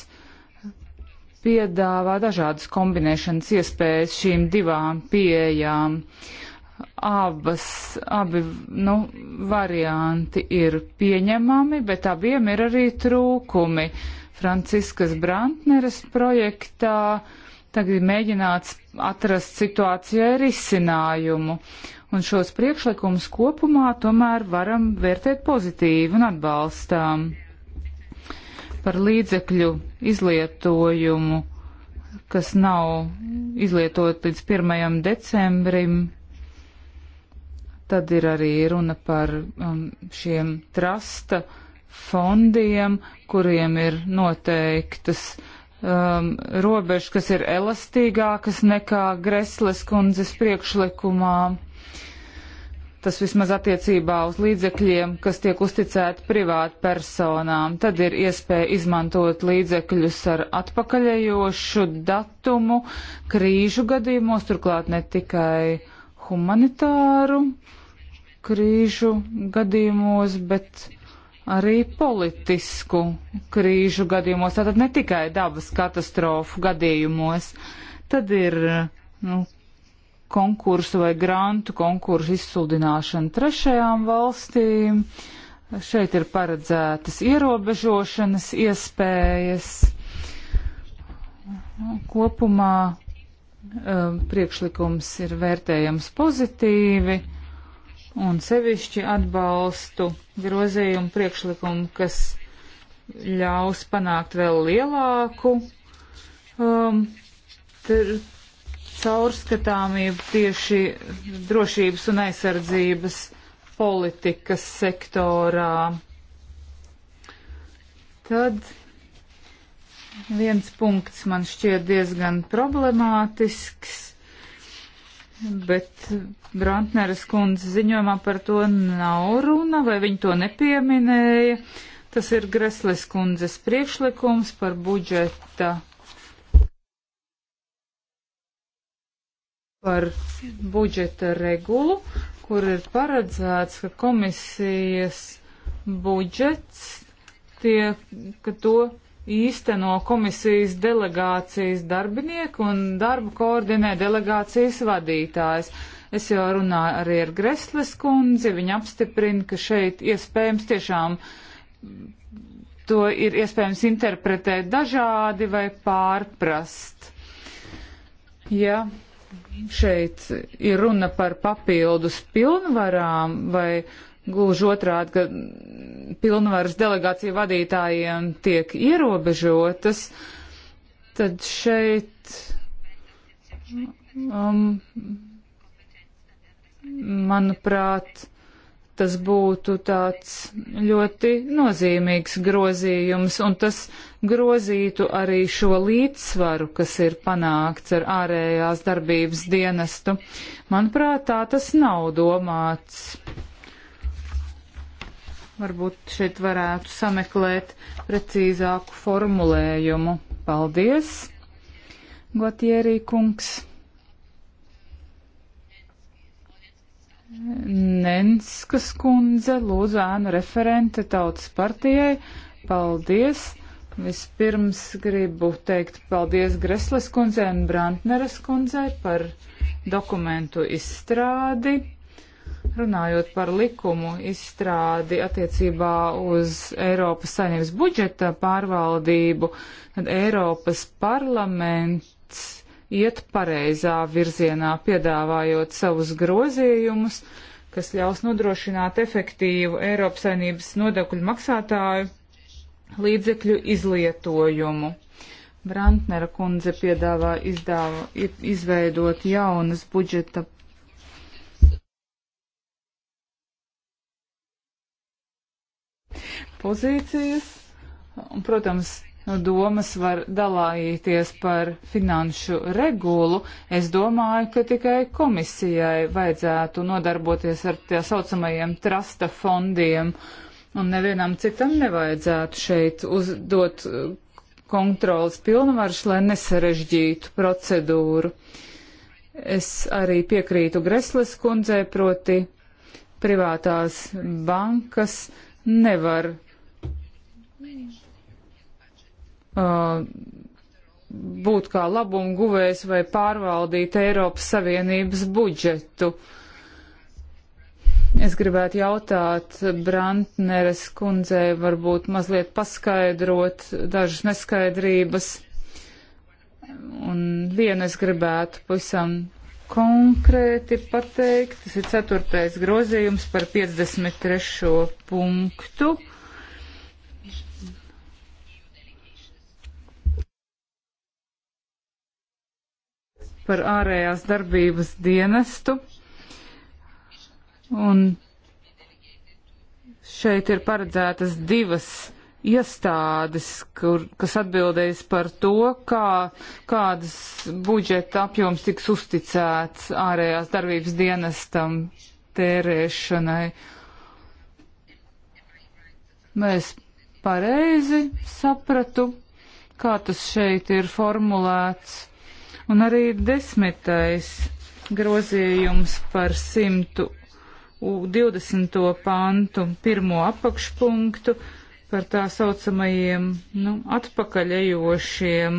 piedāvā dažādas kombinēšanas iespējas šīm divām pieejām. Abas, abi nu, varianti ir pieņemami, bet abiem ir arī trūkumi. Franciskas Brantneres projektā tagad ir mēģināts atrast situācijai risinājumu un šos priekšlikumus kopumā tomēr varam vērtēt pozitīvi un atbalstām par līdzekļu izlietojumu, kas nav izlietot līdz 1. decembrim. Tad ir arī runa par um, šiem trasta fondiem, kuriem ir noteiktas um, robežas, kas ir elastīgākas nekā Gresles kundzes priekšlikumā. Tas vismaz attiecībā uz līdzekļiem, kas tiek uzticēti privāti personām. Tad ir iespēja izmantot līdzekļus ar atpakaļējošu datumu krīžu gadījumos, turklāt ne tikai humanitāru krīžu gadījumos, bet arī politisku krīžu gadījumos, tātad ne tikai dabas katastrofu gadījumos. Tad ir nu, konkursu vai grantu konkursu izsludināšanu trešajām valstīm. Šeit ir paredzētas ierobežošanas iespējas. Kopumā um, priekšlikums ir vērtējams pozitīvi un sevišķi atbalstu grozījumu priekšlikumu, kas ļaus panākt vēl lielāku um, caurskatāmību tieši drošības un aizsardzības politikas sektorā. Tad viens punkts man šķiet diezgan problemātisks, bet Brantneres kundze ziņojumā par to nav runa, vai viņa to nepieminēja. Tas ir Gresles kundzes priekšlikums par budžeta par budžeta regulu, kur ir paredzēts, ka komisijas budžets tiek, ka to īsteno komisijas delegācijas darbinieku un darbu koordinē delegācijas vadītājs. Es jau runāju arī ar Gresles kundzi, viņa apstiprina, ka šeit iespējams tiešām to ir iespējams interpretēt dažādi vai pārprast. Ja šeit ir runa par papildus pilnvarām vai gluži otrādi, ka pilnvaras delegāciju vadītājiem tiek ierobežotas, tad šeit um, manuprāt, tas būtu tāds ļoti nozīmīgs grozījums, un tas grozītu arī šo līdzsvaru, kas ir panākts ar ārējās darbības dienestu. Manuprāt, tā tas nav domāts. Varbūt šeit varētu sameklēt precīzāku formulējumu. Paldies, Gotierī kungs! Nenskas kundze, lūdzu ēnu referente tautas partijai. Paldies! Vispirms gribu teikt paldies Gresles kundzei un Brantneres kundzei par dokumentu izstrādi. Runājot par likumu izstrādi attiecībā uz Eiropas saimnības budžeta pārvaldību, tad Eiropas parlaments iet pareizā virzienā, piedāvājot savus grozījumus, kas ļaus nodrošināt efektīvu Eiropas saimnības nodokļu maksātāju līdzekļu izlietojumu. Brantnera kundze piedāvā izdāva, izveidot jaunas budžeta pozīcijas. Un, protams, nu, domas var dalīties par finanšu regulu, es domāju, ka tikai komisijai vajadzētu nodarboties ar tā saucamajiem trasta fondiem, un nevienam citam nevajadzētu šeit uzdot uh, kontrolas pilnvarš, lai nesarežģītu procedūru. Es arī piekrītu Gresles kundzē, proti privātās bankas nevar uh, būt kā labumu guvējs vai pārvaldīt Eiropas Savienības budžetu. Es gribētu jautāt Brantneres kundzei, varbūt mazliet paskaidrot dažas neskaidrības. Un vienu es gribētu pavisam konkrēti pateikt, tas ir ceturtais grozījums par 53. punktu. par ārējās darbības dienestu. Un šeit ir paredzētas divas iestādes, kur, kas atbildēs par to, kā, kādas budžeta apjoms tiks uzticēts ārējās darbības dienestam tērēšanai. Mēs pareizi sapratu, kā tas šeit ir formulēts. Un arī desmitais grozījums par 120. pantu pirmo apakšpunktu par tā saucamajiem nu, atpakaļejošiem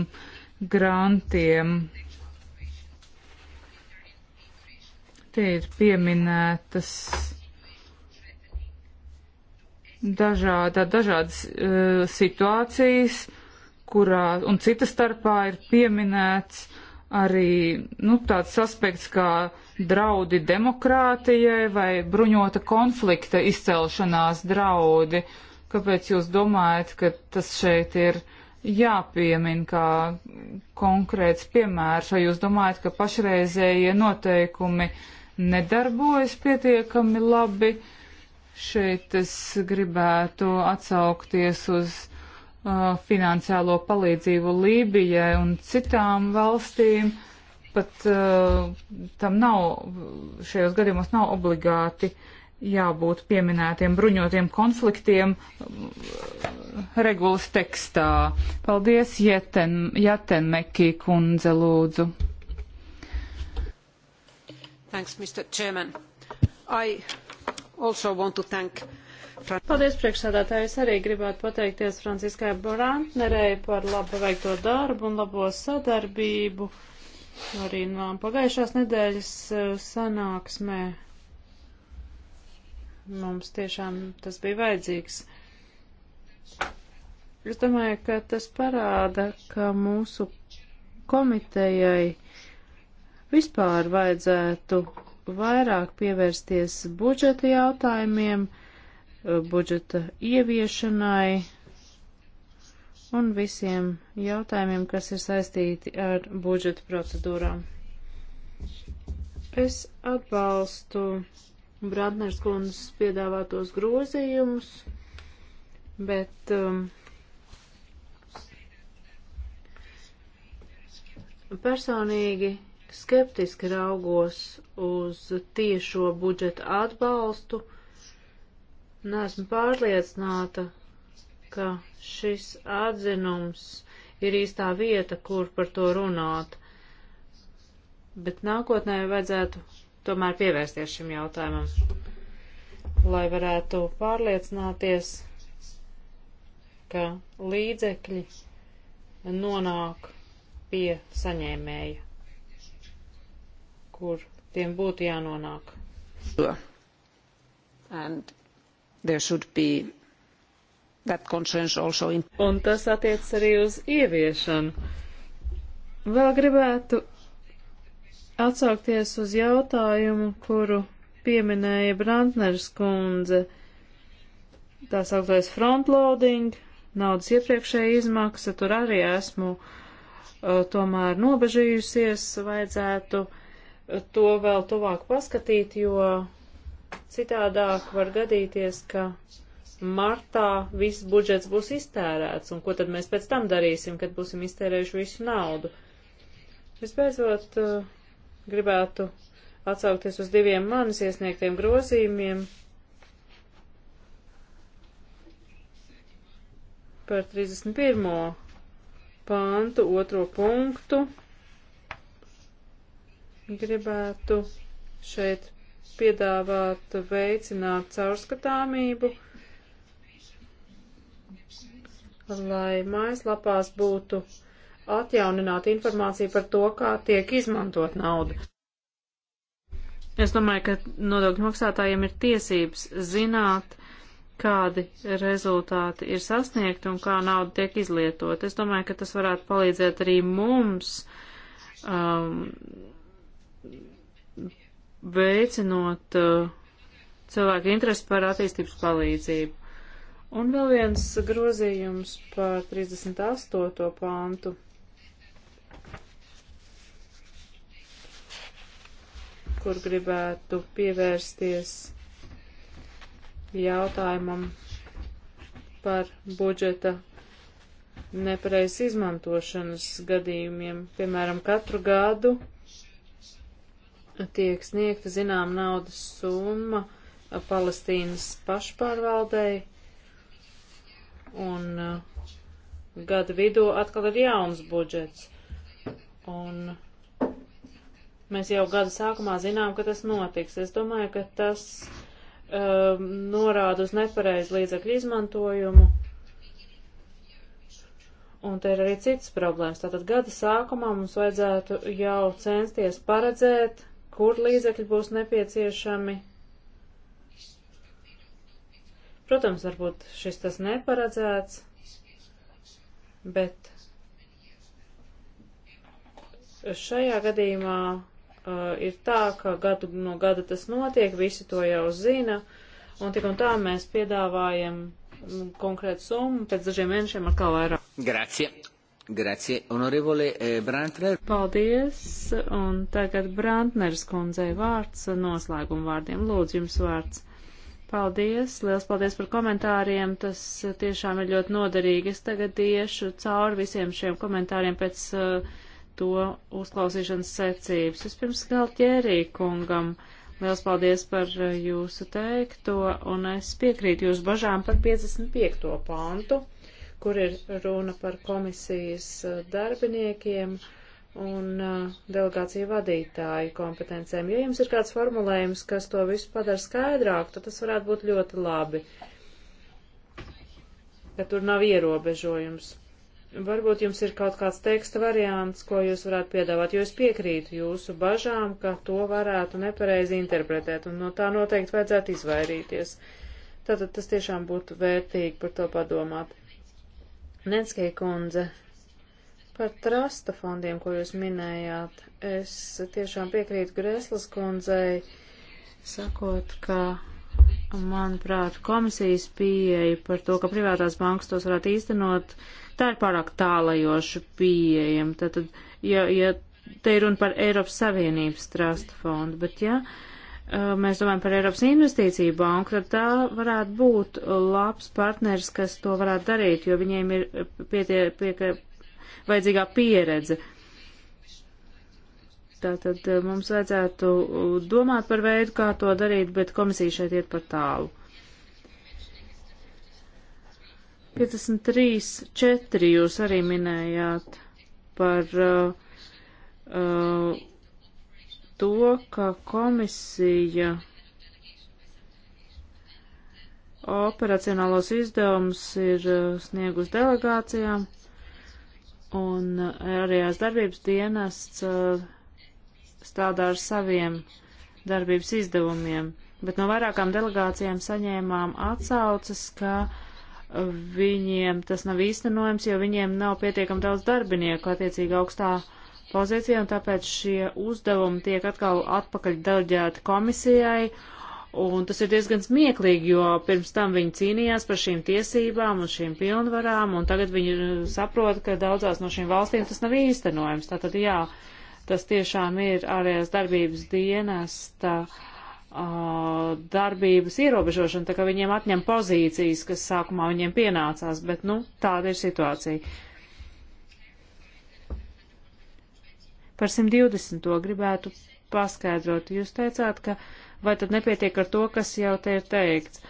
grantiem. Te ir pieminētas dažāda, dažādas uh, situācijas, kurā, un cita starpā ir pieminēts uh, arī nu, tāds aspekts kā draudi demokrātijai vai bruņota konflikta izcelšanās draudi. Kāpēc jūs domājat, ka tas šeit ir jāpiemin kā konkrēts piemērs, vai jūs domājat, ka pašreizējie noteikumi nedarbojas pietiekami labi? Šeit es gribētu atsaukties uz uh, finansiālo palīdzību Lībijai un citām valstīm, pat uh, tam nav, šajos gadījumos nav obligāti jābūt pieminētiem bruņotiem konfliktiem uh, regulas tekstā. Paldies, Jaten, Jaten Mekī kundze, lūdzu. Thanks, Mr. Chairman. I also want to thank Paldies, priekšsēdētāji. Es arī gribētu pateikties Franciskai Borantnerei par labu veikto darbu un labo sadarbību arī no pagājušās nedēļas eh, sanāksmē. Mums tiešām tas bija vajadzīgs. Es domāju, ka tas parāda, ka mūsu komitejai vispār vajadzētu vairāk pievērsties budžeta jautājumiem Uh, budžeta ieviešanai un visiem jautājumiem, kas ir saistīti ar budžeta procedūrām. Es atbalstu Brantners kundzes piedāvātos grozījumus, bet um, personīgi skeptiski raugos uz tiešo budžeta atbalstu Nesmu pārliecināta, ka šis atzinums ir īstā vieta, kur par to runāt. Bet nākotnē vajadzētu tomēr pievērsties šim jautājumam, lai varētu pārliecināties, ka līdzekļi nonāk pie saņēmēja, kur tiem būtu jānonāk. And there should be that concerns also in. Un tas attiec arī uz ieviešanu. Vēl gribētu atsaukties uz jautājumu, kuru pieminēja Brantners kundze. Tā sauktais frontloading, naudas iepriekšēja izmaksa, tur arī esmu uh, tomēr nobežījusies, vajadzētu to vēl tuvāk paskatīt, jo Citādāk var gadīties, ka martā viss budžets būs iztērēts, un ko tad mēs pēc tam darīsim, kad būsim iztērējuši visu naudu? Visbeidzot, eh, gribētu atsaukties uz diviem manis iesniegtiem grozījumiem par 31. pāntu, otro punktu. Gribētu šeit piedāvāt veicināt caurskatāmību, lai mājaslapās būtu atjaunināta informācija par to, kā tiek izmantot nauda. Es domāju, ka nodokļu maksātājiem ir tiesības zināt, kādi rezultāti ir sasniegti un kā nauda tiek izlietot. Es domāju, ka tas varētu palīdzēt arī mums um, veicinot eh, cilvēku interesi par attīstības palīdzību. Un vēl viens grozījums par 38. pāntu. kur gribētu pievērsties jautājumam par budžeta nepareiz izmantošanas gadījumiem. Piemēram, katru gadu tiek sniegta zinām naudas summa Palestīnas pašpārvaldei, un uh, gada vidū atkal ir jauns budžets. Un mēs jau gada sākumā zinām, ka tas notiks. Es domāju, ka tas um, norāda uz nepareizu līdzekļu izmantojumu. Un te ir arī citas problēmas. Tātad gada sākumā mums vajadzētu jau censties paredzēt kur līdzekļi būs nepieciešami. Protams, varbūt šis tas neparedzēts, bet šajā gadījumā uh, ir tā, ka gadu no gada tas notiek, visi to jau zina, un tik un tā mēs piedāvājam mm, konkrētu summu, pēc dažiem mēnešiem atkal vairāk. Grazie. Grazie, honorevole eh, Brantner. Paldies, un tagad Brantners kundzei vārds noslēguma vārdiem. Lūdzu, jums vārds. Paldies, liels paldies par komentāriem, tas tiešām ir ļoti noderīgi. Es tagad iešu cauri visiem šiem komentāriem pēc uh, to uzklausīšanas secības. Vispirms gal ķērī kungam. Liels paldies par eh, jūsu teikto, un es piekrītu jūsu bažām par 55. pantu kur ir runa par komisijas eh, darbiniekiem un eh, delegāciju vadītāju kompetencēm. Ja jums ir kāds formulējums, kas to visu padara skaidrāk, tad tas varētu būt ļoti labi, ka tur nav ierobežojums. Varbūt jums ir kaut kāds teksta variants, ko jūs varētu piedāvāt, jo es piekrītu jūsu bažām, ka to varētu nepareizi interpretēt, un no tā noteikti vajadzētu izvairīties. Tātad tas tiešām būtu vērtīgi par to padomāt. Nenskai kundze, par trasta fondiem, ko jūs minējāt, es tiešām piekrītu Greslas kundzei, sakot, ka, manuprāt, komisijas pieeja par to, ka privātās bankas tos varētu īstenot, tā ir pārāk tālajoša pieejama. Tad, ja, ja te ir runa par Eiropas Savienības trasta fondu, bet ja Eh, mēs domājam par Eiropas investīciju banku, tad tā varētu būt labs partners, kas to varētu darīt, jo viņiem ir pietie, pie, vajadzīgā pieredze. Tātad eh, mums vajadzētu domāt par veidu, kā to darīt, bet komisija šeit iet par tālu. 53.4 jūs arī minējāt par uh, uh, to, ka komisija operacionālos izdevumus ir uh, sniegus delegācijām, un uh, ārējās darbības dienests uh, strādā ar saviem darbības izdevumiem, bet no vairākām delegācijām saņēmām atsaucas, ka viņiem tas nav īstenojams, jo viņiem nav pietiekam daudz darbinieku attiecīgi augstā uh, pozīcija, un tāpēc šie uzdevumi tiek atkal atpakaļ deleģēti komisijai. Un tas ir diezgan smieklīgi, jo pirms tam viņi cīnījās par šīm tiesībām un šīm pilnvarām, un tagad viņi uh, saprot, ka daudzās no šīm valstīm tas nav īstenojams. Tātad, jā, tas tiešām ir ārējās darbības dienesta uh, darbības ierobežošana, tā ka viņiem atņem pozīcijas, kas sākumā viņiem pienācās, bet, nu, tāda ir situācija. Par 120. gribētu paskaidrot. Jūs teicāt, ka vai tad nepietiek ar to, kas jau te ir teikts.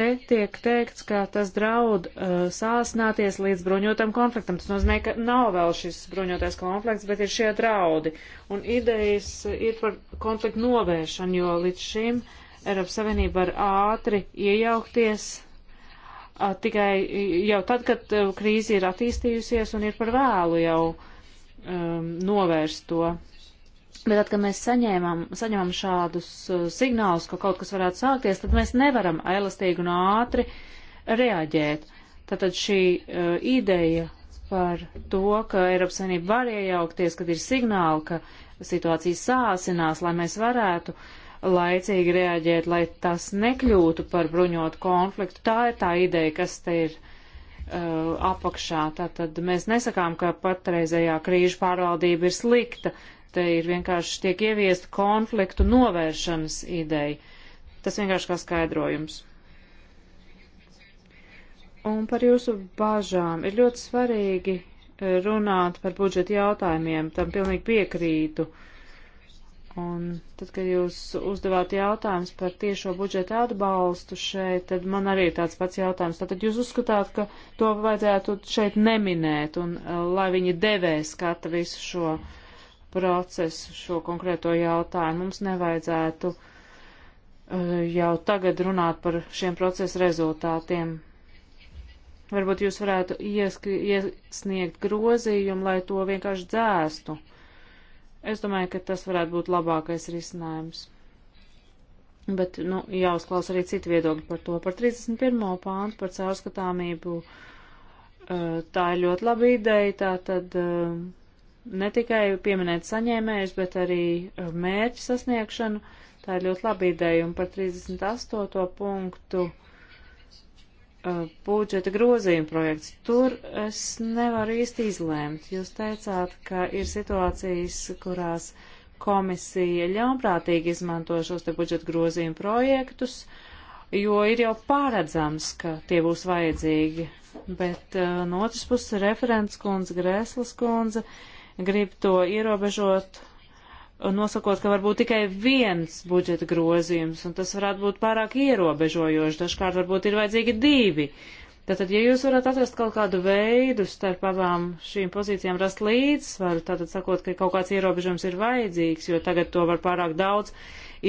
Te tiek teikts, ka tas draud uh, sāsnāties līdz bruņotam konfliktam. Tas nozīmē, ka nav vēl šis bruņotais konflikts, bet ir šie draudi. Un idejas ir par konfliktu novēršanu, jo līdz šim Eiropas Savienība var ātri iejaukties uh, tikai jau tad, kad uh, krīze ir attīstījusies un ir par vēlu jau. Uh, um, novērst to. Bet tad, kad mēs saņēmam, saņemam šādus uh, signālus, ka kaut kas varētu sākties, tad mēs nevaram elastīgi un ātri reaģēt. Tātad šī uh, ideja par to, ka Eiropas Savienība var iejaukties, kad ir signāli, ka situācija sāsinās, lai mēs varētu laicīgi reaģēt, lai tas nekļūtu par bruņotu konfliktu, tā ir tā ideja, kas te ir Uh, apakšā. Tātad mēs nesakām, ka patreizējā krīžu pārvaldība ir slikta. Te ir vienkārši tiek ieviest konfliktu novēršanas ideja. Tas vienkārši kā skaidrojums. Un par jūsu bažām ir ļoti svarīgi eh, runāt par budžeta jautājumiem. Tam pilnīgi piekrītu. Uh, Un tad, kad jūs uzdevāt jautājumus par tiešo budžeta atbalstu šeit, tad man arī ir tāds pats jautājums. Tātad jūs uzskatāt, ka to vajadzētu šeit neminēt, un uh, lai viņi devē skata visu šo procesu, šo konkrēto jautājumu, mums nevajadzētu uh, jau tagad runāt par šiem procesu rezultātiem. Varbūt jūs varētu iesniegt grozījumu, lai to vienkārši dzēstu Es domāju, ka tas varētu būt labākais risinājums. Bet, nu, jāuzklaus arī citu viedokļu par to. Par 31. pāntu, par caurskatāmību, eh, tā ir ļoti laba ideja. Tā tad eh, ne tikai pieminēt saņēmējus, bet arī eh, mērķu sasniegšanu. Tā ir ļoti laba ideja. Un par 38. punktu Uh, budžeta grozījuma projekts. Tur es nevaru īsti izlēmt. Jūs teicāt, ka ir situācijas, kurās komisija ļaunprātīgi izmanto šos te budžeta grozījuma projektus, jo ir jau pāredzams, ka tie būs vajadzīgi. Bet uh, no otras puses referents kundze, Grēslas kundze grib to ierobežot nosakot, ka varbūt tikai viens budžeta grozījums, un tas varētu būt pārāk ierobežojoši, dažkārt varbūt ir vajadzīgi divi. Tātad, ja jūs varat atrast kaut kādu veidu starp abām šīm pozīcijām, rast līdzsvaru, tātad sakot, ka kaut kāds ierobežums ir vajadzīgs, jo tagad to var pārāk daudz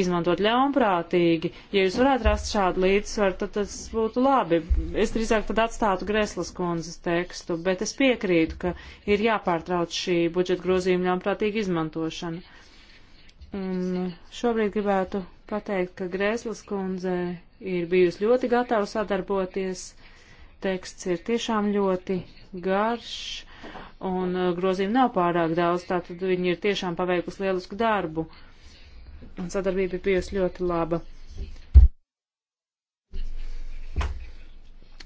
izmantot ļaunprātīgi, ja jūs varētu rast šādu līdzsvaru, tad tas būtu labi. Es drīzāk tad atstātu Greslas kundzes tekstu, bet es piekrītu, ka ir jāpārtrauc šī budžeta grozījuma ļaunprātīga izmantošana. Un šobrīd gribētu pateikt, ka Grēslas kundze ir bijusi ļoti gatava sadarboties. Teksts ir tiešām ļoti garš, un uh, grozīm nav pārāk daudz, tātad viņi ir tiešām paveikusi lielisku darbu, un sadarbība ir bijusi ļoti laba.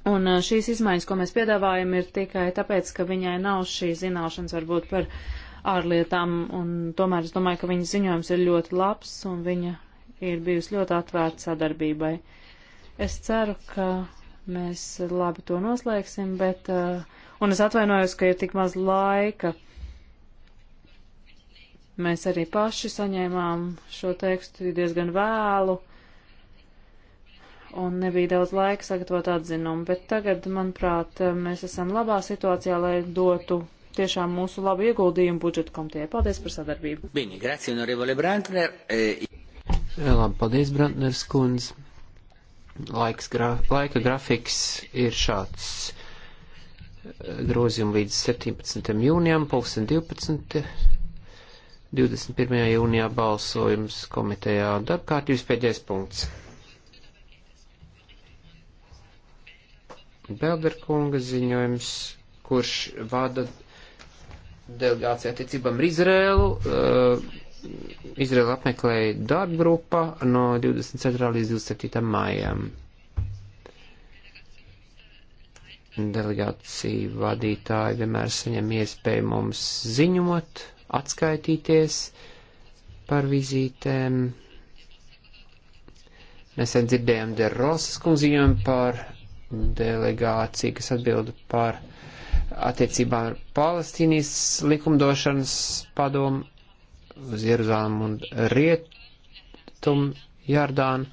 Un uh, šīs izmaiņas, ko mēs piedāvājam, ir tikai tāpēc, ka viņai nav šī zināšanas varbūt par uh, ārlietām, un tomēr es domāju, ka viņas ziņojums ir ļoti labs, un viņa ir bijusi ļoti atvērta sadarbībai. Es ceru, ka mēs labi to noslēgsim, bet, uh, un es atvainojos, ka ir tik maz laika. Mēs arī paši saņēmām šo tekstu diezgan vēlu, un nebija daudz laika sagatavot atzinumu, bet tagad, manuprāt, mēs esam labā situācijā, lai dotu tiešām mūsu labu ieguldījumu budžeta komitē. Paldies par sadarbību. Bini, grazie, onorevole Brantner. E... Eh, Labi, paldies, Brantners kundz. Laiks, gra, laika grafiks ir šāds. Grozījumi līdz 17. jūnijam, pulksten 12. 21. jūnijā balsojums komitejā darbkārtības pēdējais punkts. Belderkunga ziņojums, kurš vada delegācija attiecībām ar Izrēlu. Uh, Izrēla apmeklēja darba grupa no 24. līdz 27. maijam. Delegācija vadītāji vienmēr saņem iespēju mums ziņot, atskaitīties par vizītēm. Nesen dzirdējām Derosas kundziņojumu par delegāciju, kas atbilda par uh, attiecībā ar Palestīnijas likumdošanas padomu uz Jeruzālēm un Rietum Jordānu.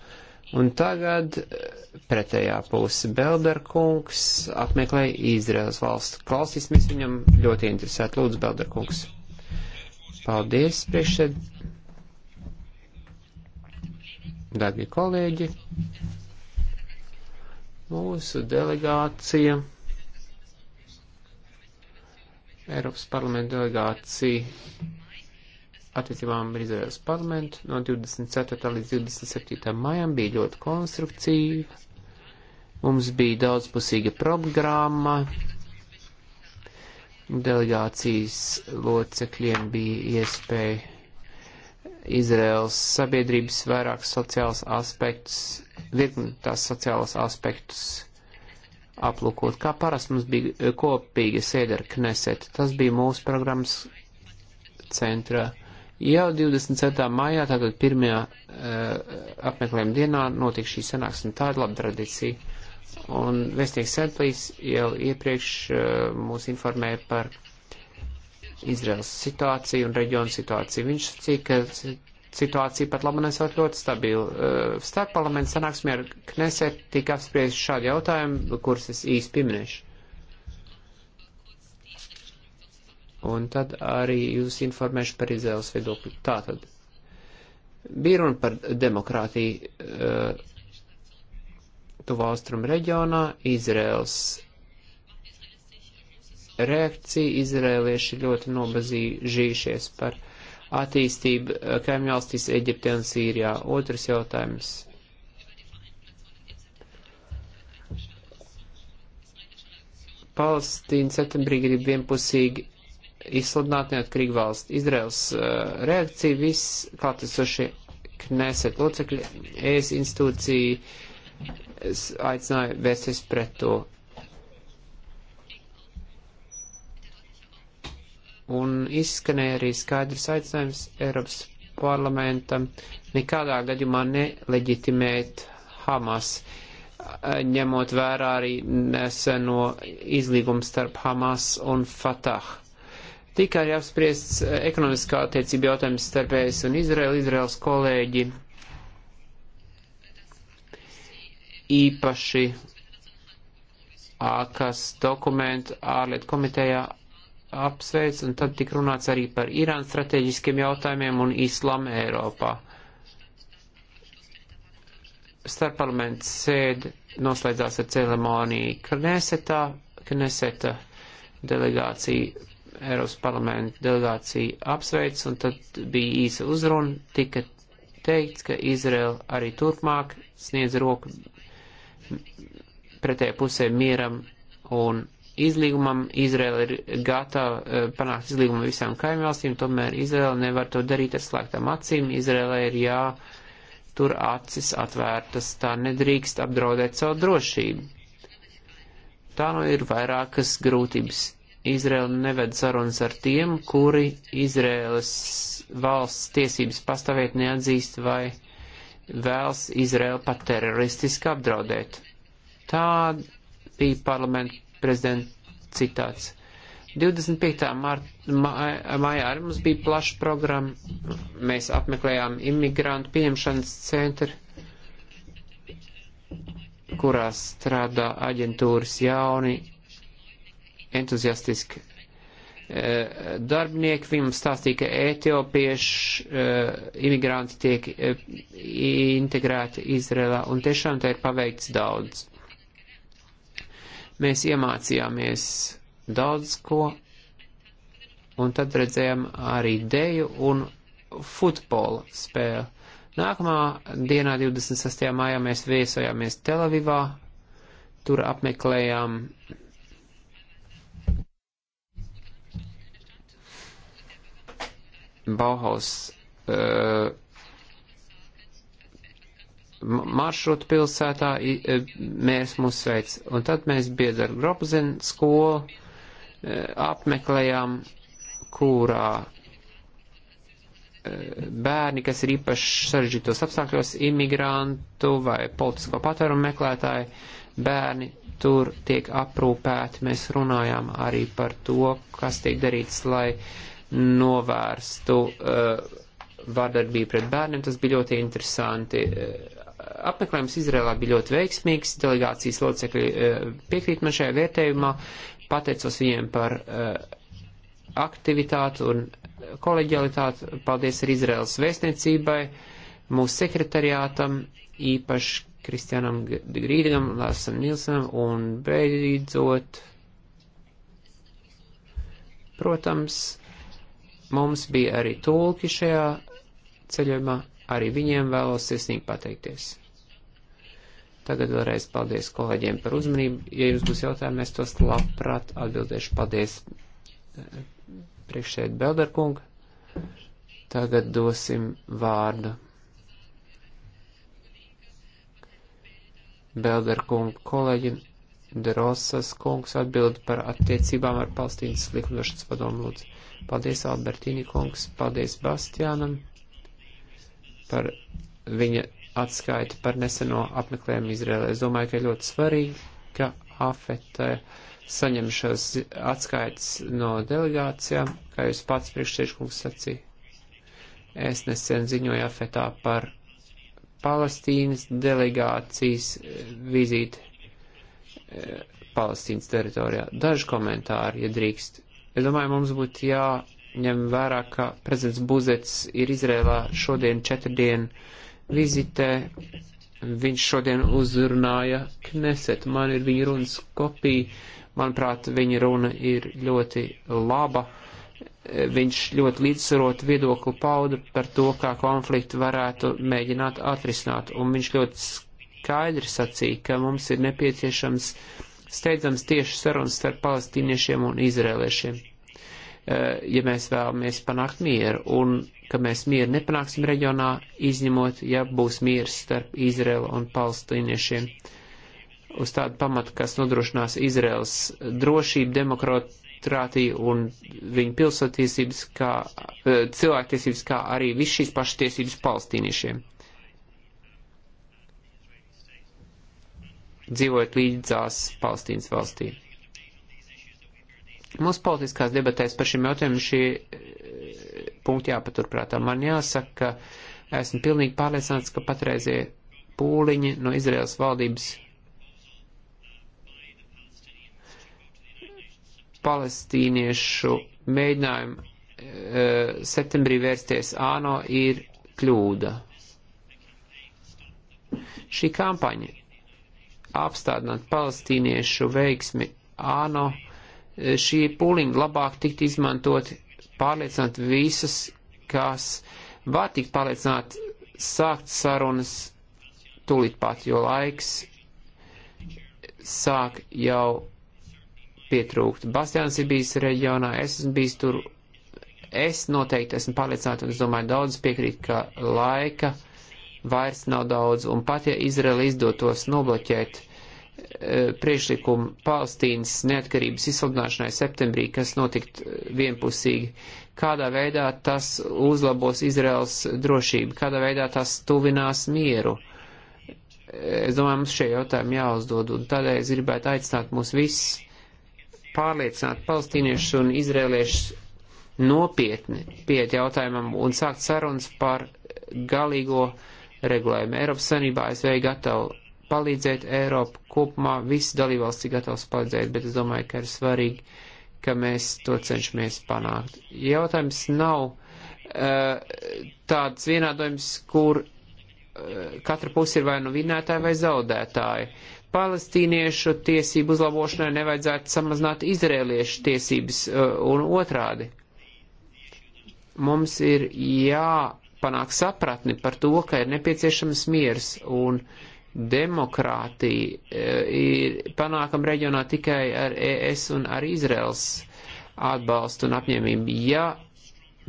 Un tagad eh, pretējā puse Belderkungs apmeklē Izraels valsts. Klausīsimies viņam ļoti interesēt. Lūdzu, Belderkungs. Paldies, priekšsēd. Darbie kolēģi, mūsu delegācija. Eiropas parlamenta delegācija attiecībām ar Izraels parlamentu no 24. līdz 27. maijam bija ļoti konstruktīva. Mums bija daudzpusīga programma. Delegācijas locekļiem bija iespēja Izraels sabiedrības vairākus sociālus aspektus, virkni tās sociālus aspektus aplūkot. Kā parasti mums bija e, kopīga sēde ar Kneset. Tas bija mūsu programmas centra. Jau 27. maijā, tātad pirmajā uh, apmeklējuma dienā, notika šī sanāksme. Tā ir laba tradīcija. Un vēstnieks Sedlīs jau iepriekš uh, mūs informēja par Izraels situāciju un reģionu situāciju. Viņš sacīja, ka situācija pat labi nesot ļoti stabila. Eh, Starp parlamentu sanāksmē ar Kneset tika apspriest šādi jautājumi, kurus es īsti pieminēšu. Un tad arī jūs informēšu par Izraels viedokli. Tātad, bija runa par demokrātiju uh, eh, tuvā austrumu reģionā, Izraels reakcija, izrēlieši ļoti nobazījušies par uh, attīstība eh, kaimiņvalstīs Eģiptē un Sīrijā. Otrs jautājums. Palestīna septembrī grib vienpusīgi izsludināt neatkarīgu valsti. Izraels uh, reakcija viss klātesošie Kneset locekļi, ES institūcija aicināja vērsties pret to. un izskanēja arī skaidrs aicinājums Eiropas parlamentam nekādā gadījumā neleģitimēt Hamas, ņemot vērā arī neseno izlīgumu starp Hamas un Fatah. Tika arī apspriests ekonomiskā attiecība jautājums starp ES un Izraēlu. Izraels kolēģi īpaši AKAS dokumentu ārlietu komitejā apsveic, un tad tik runāts arī par Irānas strateģiskiem jautājumiem un islamu Eiropā. Starparlaments sēde noslēdzās ar ceremoniju Knesetā, Kneseta delegācija, Eiropas parlamenta delegācija apsveic, un tad bija īsa uzruna, tika teikts, ka Izraela arī turpmāk sniedz roku pretējai pusē mieram un izlīgumam. Izraela ir gatava eh, panākt izlīgumu visām kaimvalstīm, tomēr Izraela nevar to darīt ar slēgtām acīm. Izraela ir jā, tur acis atvērtas, tā nedrīkst apdraudēt savu drošību. Tā nu ir vairākas grūtības. Izraela neved sarunas ar tiem, kuri Izraēlas valsts tiesības pastāvēt neatzīst vai vēlas Izraelu pat teroristiski apdraudēt. Tā bija parlamenta prezidenta citāts. 25. Mār, mā, mājā arī mums bija plaša programma. Mēs apmeklējām imigrantu pieņemšanas centru, kurās strādā aģentūras jauni, entuziastiski e, darbinieki, viņam stāstīja, ka etiopieši uh, imigranti tiek uh, integrēti Izrēlā, un tiešām te ir paveikts daudz. Mēs iemācījāmies daudz ko, un tad redzējām arī deju un futbola spēli. Nākamā dienā, 26. maijā, mēs viesojāmies Telavivā, tur apmeklējām Bauhaus uh, maršrutu pilsētā, e, mēs mūs sveic. Un tad mēs biedz ar Grobzen skolu e, apmeklējām, kurā e, bērni, kas ir īpaši sarežģītos apstākļos, imigrantu vai politisko patvērumu meklētāji, bērni tur tiek aprūpēti. Mēs runājām arī par to, kas tiek darīts, lai novērstu uh, vardarbību pret bērniem. Tas bija ļoti interesanti uh, apmeklējums Izrēlā bija ļoti veiksmīgs, delegācijas locekļi eh, piekrīt man šajā vērtējumā, pateicos viņiem par eh, aktivitāti un koleģialitāti, paldies arī Izrēlas vēstniecībai, mūsu sekretariātam, īpaši Kristianam Grīdam, Lāsam Nilsam un beidzot, protams, mums bija arī tulki šajā ceļojumā, arī viņiem vēlos sirsnīgi pateikties. Tagad vēlreiz paldies kolēģiem par uzmanību. Ja jums būs jautājumi, es tos labprāt atbildēšu. Paldies priekšsēd Belderkunga. Tagad dosim vārdu Belderkunga kolēģim. Derosas kungs atbild par attiecībām ar Palestīnas likumdošanas padomu lūdzu. Paldies Albertīni kungs, paldies Bastiānam par viņa atskaiti par neseno apmeklējumu Izrēlē. Es domāju, ka ļoti svarīgi, ka AFET eh, saņem šos atskaites no delegācijām, kā jūs pats priekšsēžkungs sacīja. Es nesen ziņoju AFETā par Palestīnas delegācijas eh, vizīti eh, Palestīnas teritorijā. Daži komentāri, ja drīkst. Es domāju, mums būtu jāņem vērā, ka prezidents Buzets ir Izrēlā šodien četrdien dienu vizitē viņš šodien uzrunāja Kneset. Man ir viņa runas kopija. Manuprāt, viņa runa ir ļoti laba. Viņš ļoti līdzsvarot viedokli pauda par to, kā konfliktu varētu mēģināt atrisināt. Un viņš ļoti skaidri sacīja, ka mums ir nepieciešams steidzams tieši sarunas starp palestīniešiem un izrēliešiem. Eh, ja mēs vēlamies panākt mieru, un ka mēs mieru nepanāksim reģionā, izņemot, ja būs miers starp Izraelu un palestīniešiem. Uz tādu pamatu, kas nodrošinās Izraels drošību, demokrātiju un viņu pilsotiesības, kā eh, cilvēktiesības, kā arī viss šīs pašas tiesības palestīniešiem. dzīvojot līdzās Palestīnas valstī. Mūsu politiskās debatēs par šiem jautājumiem šie eh, punkti jāpaturprātā. Man jāsaka, ka esmu pilnīgi pārliecināts, ka patreizie pūliņi no Izraels valdības palestīniešu mēģinājumu eh, septembrī vērsties āno ir kļūda. Šī kampaņa apstādināt palestīniešu veiksmi āno. Uh, šie pūliņi labāk tikt izmantot, pārliecināt visas, kas var tikt pārliecināt, sākt sarunas tūlīt pat, jo laiks sāk jau pietrūkt. Bastiāns ir bijis reģionā, es esmu bijis tur, es noteikti esmu pārliecināta, un es domāju, daudz piekrīt, ka laika vairs nav daudz, un pat ja Izraela izdotos nobloķēt, uh, E, priekšlikumu Palestīnas neatkarības izsludināšanai septembrī, kas notikt e, vienpusīgi. Kādā veidā tas uzlabos Izraels drošību, kādā veidā tas tuvinās mieru. Es domāju, mums šie jautājumi jāuzdod, un tādēļ es gribētu aicināt mūs visus pārliecināt palestīniešus un izrēliešus nopietni pieiet jautājumam un sākt sarunas par galīgo regulējumu. Eiropas Sanībā es vēju gatavu palīdzēt Eiropu kopumā, visas dalībvalsts ir gatavs palīdzēt, bet es domāju, ka ir svarīgi, ka mēs to cenšamies panākt. Jautājums nav uh, tāds vienādojums, kur uh, katra puse ir vai nu vinētāja vai zaudētāja. Palestīniešu tiesību uzlabošanai nevajadzētu samazināt izrēliešu tiesības uh, un otrādi. Mums ir jāpanāk sapratni par to, ka ir nepieciešams miers un uh, demokrātija e, ir panākam reģionā tikai ar ES un ar Izraels atbalstu un apņēmību. Ja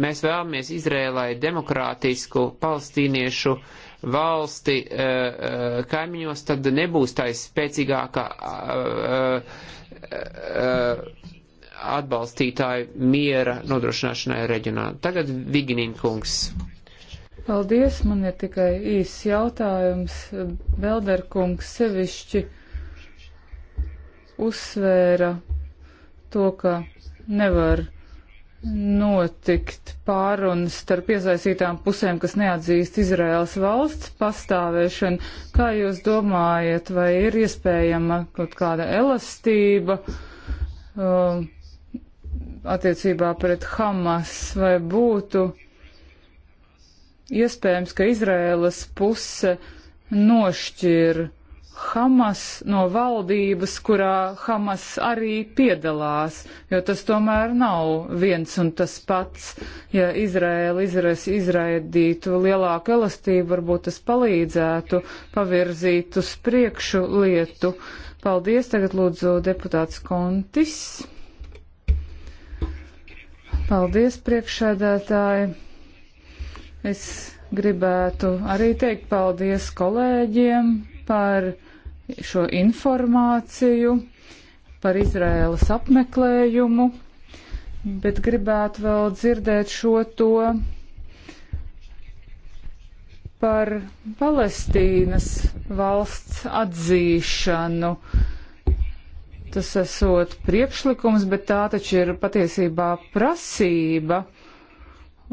mēs vēlamies Izrēlai demokrātisku palestīniešu valsti e, e, kaimiņos, tad nebūs tais spēcīgākā atbalstītāju miera nodrošināšanai reģionā. Tagad Viginīnkungs. kungs. Paldies, man ir tikai īsts jautājums. Belderkungs sevišķi uzsvēra to, ka nevar notikt pārunas starp iesaistītām pusēm, kas neatzīst Izraels valsts pastāvēšanu. Kā jūs domājat, vai ir iespējama kaut kāda elastība uh, attiecībā pret Hamas, vai būtu Iespējams, ka Izrēlas puse nošķir Hamas no valdības, kurā Hamas arī piedalās, jo tas tomēr nav viens un tas pats. Ja Izrēla izraidītu lielāku elastību, varbūt tas palīdzētu pavirzīt uz priekšu lietu. Paldies, tagad lūdzu deputāts Kontis. Paldies, priekšsēdētāji. Es gribētu arī teikt paldies kolēģiem par šo informāciju, par Izraēlas apmeklējumu, bet gribētu vēl dzirdēt šo to par Palestīnas valsts atzīšanu. Tas esot priekšlikums, bet tā taču ir patiesībā prasība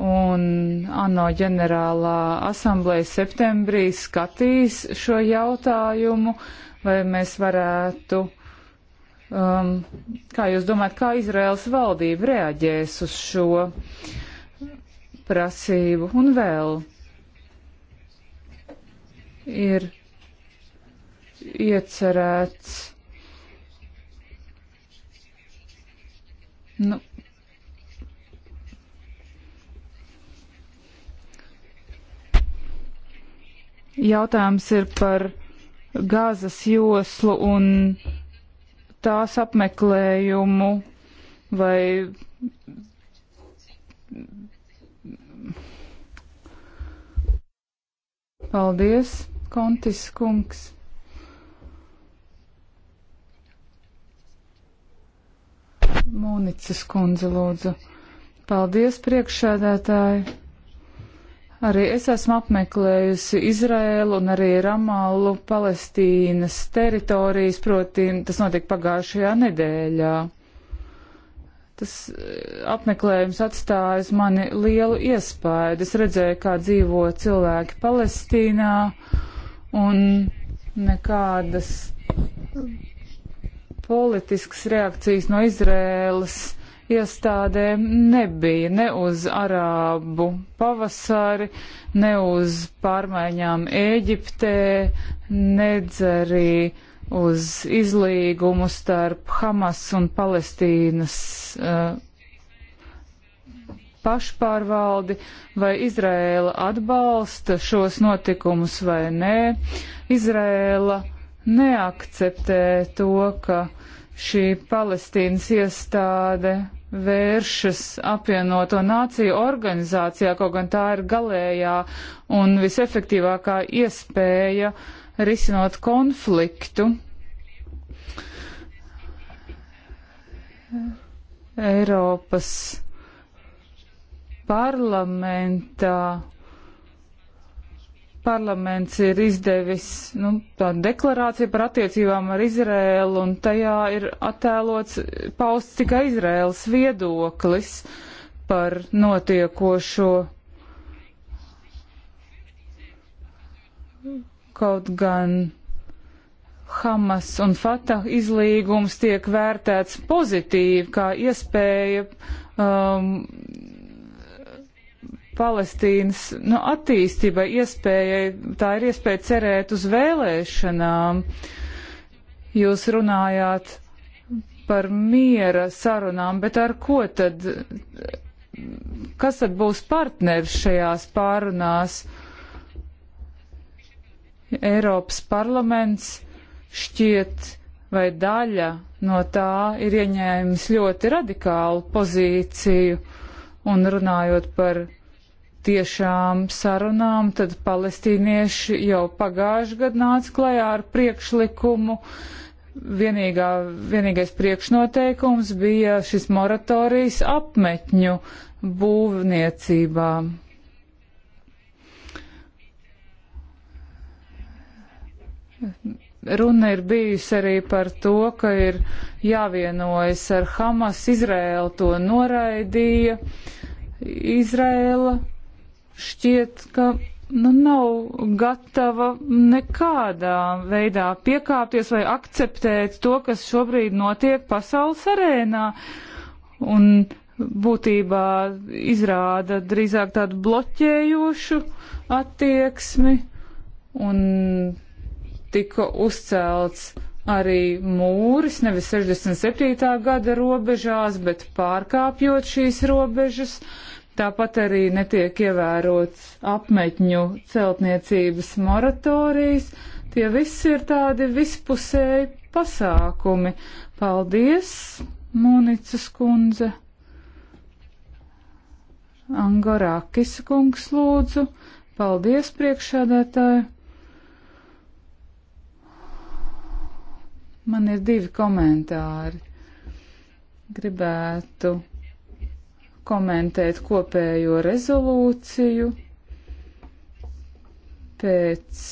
un ANO ģenerālā asamblēja septembrī skatīs šo jautājumu, vai mēs varētu, um, kā jūs domājat, kā Izraels valdība reaģēs uz šo prasību un vēl ir iecerēts. Nu, Jautājums ir par gāzes joslu un tās apmeklējumu vai Paldies, Kontis kungs. Mūnicis kundze lūdzu. Paldies, priekšsēdētāji. Arī es esmu apmeklējusi Izraēlu un arī Ramallu Palestīnas teritorijas, proti tas notika pagājušajā nedēļā. Tas eh, apmeklējums atstājas mani lielu iespēju. Es redzēju, kā dzīvo cilvēki Palestīnā un nekādas politiskas reakcijas no Izraēlas iestādēm nebija ne uz arābu pavasari, ne uz pārmaiņām Ēģiptē, nedz arī uz izlīgumu starp Hamas un Palestīnas uh, pašpārvaldi, vai Izraēla atbalsta šos notikumus vai nē. Izraēla neakceptē to, ka šī Palestīnas iestāde vēršas apvienoto nāciju organizācijā, kaut gan tā ir galējā un visefektīvākā iespēja risinot konfliktu. Eiropas parlamentā parlaments ir izdevis nu, tādu deklarāciju par attiecībām ar Izrēlu, un tajā ir attēlots pausts tikai Izrēlas viedoklis par notiekošo. Kaut gan Hamas un Fatah izlīgums tiek vērtēts pozitīvi, kā iespēja um, Palestīnas nu, attīstībai, iespējai, tā ir iespēja cerēt uz vēlēšanām. Jūs runājāt par miera sarunām, bet ar ko tad, kas tad būs partners šajās pārunās? Eiropas parlaments šķiet vai daļa no tā ir ieņēmis ļoti radikālu pozīciju un runājot par tiešām sarunām, tad palestīnieši jau pagājuši gadu nāca klajā ar priekšlikumu. Vienīgā, vienīgais priekšnoteikums bija šis moratorijas apmetņu būvniecībā. Runa ir bijusi arī par to, ka ir jāvienojas ar Hamas. Izraēla to noraidīja. Izraēla šķiet, ka nu, nav gatava nekādā veidā piekāpties vai akceptēt to, kas šobrīd notiek pasaules arēnā. Un būtībā izrāda drīzāk tādu bloķējošu attieksmi un tika uzcelts arī mūris, nevis 67. gada robežās, bet pārkāpjot šīs robežas. Uh, Tāpat arī netiek ievērots apmetņu celtniecības moratorijas. Tie visi ir tādi vispusēji pasākumi. Paldies, Mūnicas kundze. Angorākis kungs lūdzu. Paldies, priekšsēdētāji. Man ir divi komentāri. Gribētu komentēt kopējo rezolūciju pēc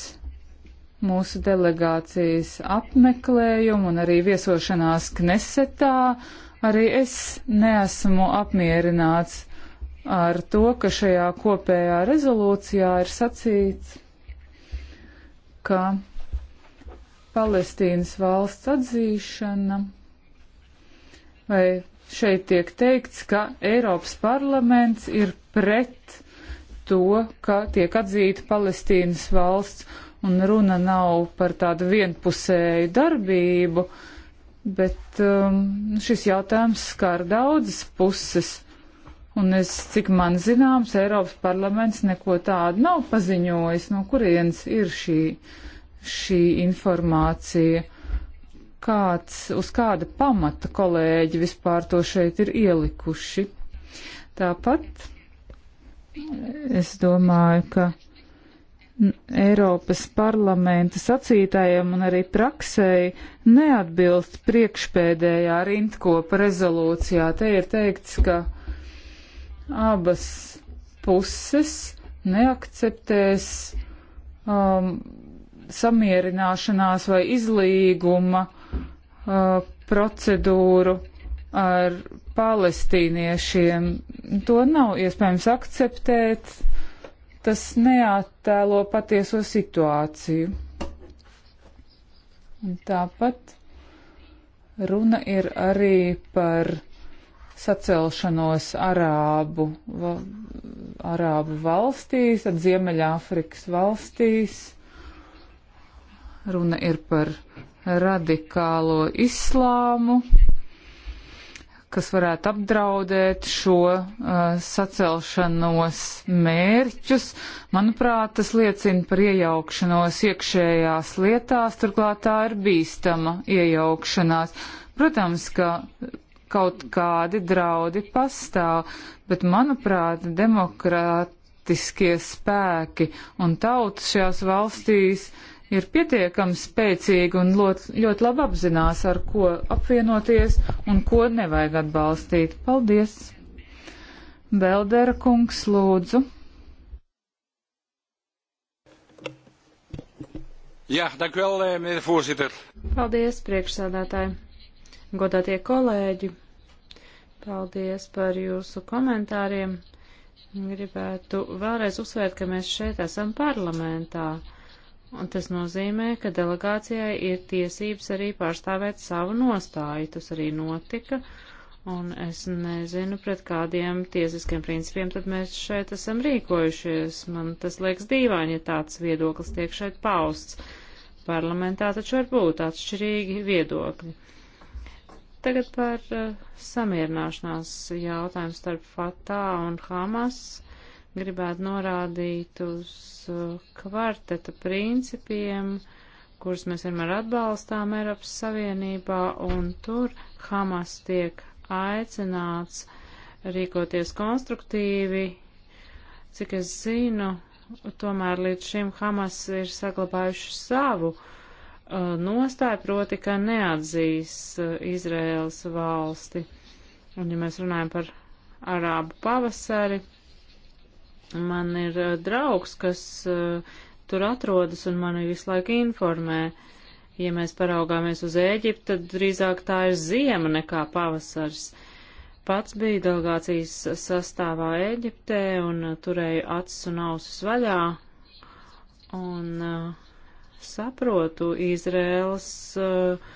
mūsu delegācijas apmeklējumu un arī viesošanās Knesetā. Arī es neesmu apmierināts ar to, ka šajā kopējā rezolūcijā ir sacīts, ka Palestīnas valsts atzīšana vai Šeit tiek teikts, ka Eiropas parlaments ir pret to, ka tiek atzīta Palestīnas valsts, un runa nav par tādu vienpusēju darbību, bet um, šis jautājums skar daudzas puses. Un es, cik man zināms, Eiropas parlaments neko tādu nav paziņojis, no kurienes ir šī, šī informācija kāds, uz kāda pamata kolēģi vispār to šeit ir ielikuši. Tāpat es domāju, ka Eiropas parlamenta sacītājiem un arī praksēji neatbilst priekšpēdējā rindkopa rezolūcijā. Te ir teikts, ka abas puses neakceptēs um, samierināšanās vai izlīguma uh, uh, procedūru ar palestīniešiem. To nav iespējams akceptēt. Tas neattēlo patieso situāciju. Un tāpat runa ir arī par sacelšanos arābu, va, arābu valstīs, tad Ziemeļāfrikas valstīs. Runa ir par radikālo islāmu, kas varētu apdraudēt šo uh, sacelšanos mērķus. Manuprāt, tas liecina par iejaukšanos iekšējās lietās, turklāt tā ir bīstama iejaukšanās. Protams, ka kaut kādi draudi pastāv, bet manuprāt, demokrātiskie spēki un tautas šajās valstīs uh, ir pietiekami spēcīga un lot, ļoti labi apzinās, ar ko apvienoties un ko nevajag atbalstīt. Paldies! Beldera kungs lūdzu. Jā, dank vēl, mēr fūsiter. Paldies, priekšsādātāji. Godātie kolēģi, paldies par jūsu komentāriem. Gribētu vēlreiz uzsvērt, ka mēs šeit esam parlamentā. Un tas nozīmē, ka delegācijai ir tiesības arī pārstāvēt savu nostāju. Tas arī notika. Un es nezinu, pret kādiem tiesiskiem principiem tad mēs šeit esam rīkojušies. Man tas liekas dīvaini, ja tāds viedoklis tiek šeit pausts. Parlamentā taču var būt atšķirīgi viedokļi. Tagad par uh, samierināšanās jautājumu starp Fatā un Hamas. Uh, gribētu norādīt uz uh, kvarteta principiem, kurus mēs vienmēr atbalstām Eiropas Savienībā, un tur Hamas tiek aicināts rīkoties konstruktīvi. Cik es zinu, tomēr līdz šim Hamas ir saglabājuši savu uh, nostāju, proti, ka neatzīs uh, Izraēlas valsti. Un ja mēs runājam par arābu pavasari, Man ir eh, draugs, kas uh, tur atrodas un mani visu laiku informē. Ja mēs paraugāmies uz Ēģiptu, tad drīzāk tā ir ziema nekā pavasars. Pats biju delegācijas sastāvā Ēģiptē un uh, turēju acis un ausis vaļā. Un uh, saprotu Izrēlas uh,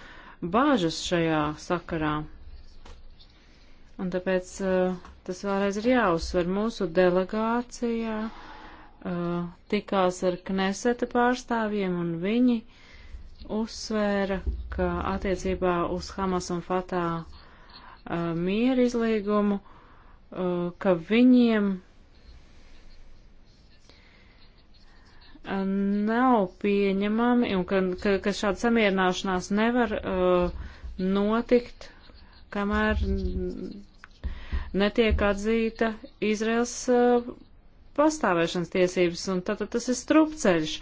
bāžas šajā sakarā. Un tāpēc uh, tas vēlreiz ir jāuzsver. Mūsu delegācijā uh, tikās ar Kneseta pārstāvjiem un viņi uzsvēra, ka attiecībā uz Hamas un Fatā uh, mieru izlīgumu, uh, ka viņiem uh, nav pieņemami un ka, ka, ka šāda samierināšanās nevar uh, notikt kamēr netiek atzīta Izraels uh, pastāvēšanas tiesības, un tad, tad tas ir strupceļš.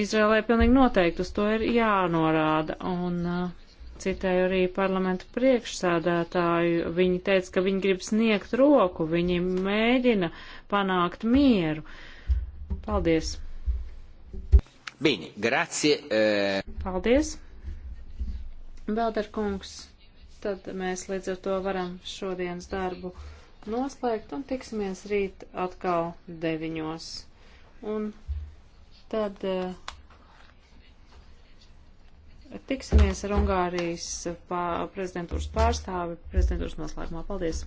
Izrēlē pilnīgi noteikti uz to ir jānorāda, un uh, citēju arī parlamentu priekšsēdētāju, viņi teica, ka viņi grib sniegt roku, viņi mēģina panākt mieru. Paldies! Bini, grazie! Uh... Paldies! Belderkungs! Tad mēs līdz ar to varam šodienas darbu noslēgt un tiksimies rīt atkal deviņos. Un tad uh, tiksimies ar Ungārijas pā, prezidentūras pārstāvi prezidentūras noslēgumā. Paldies!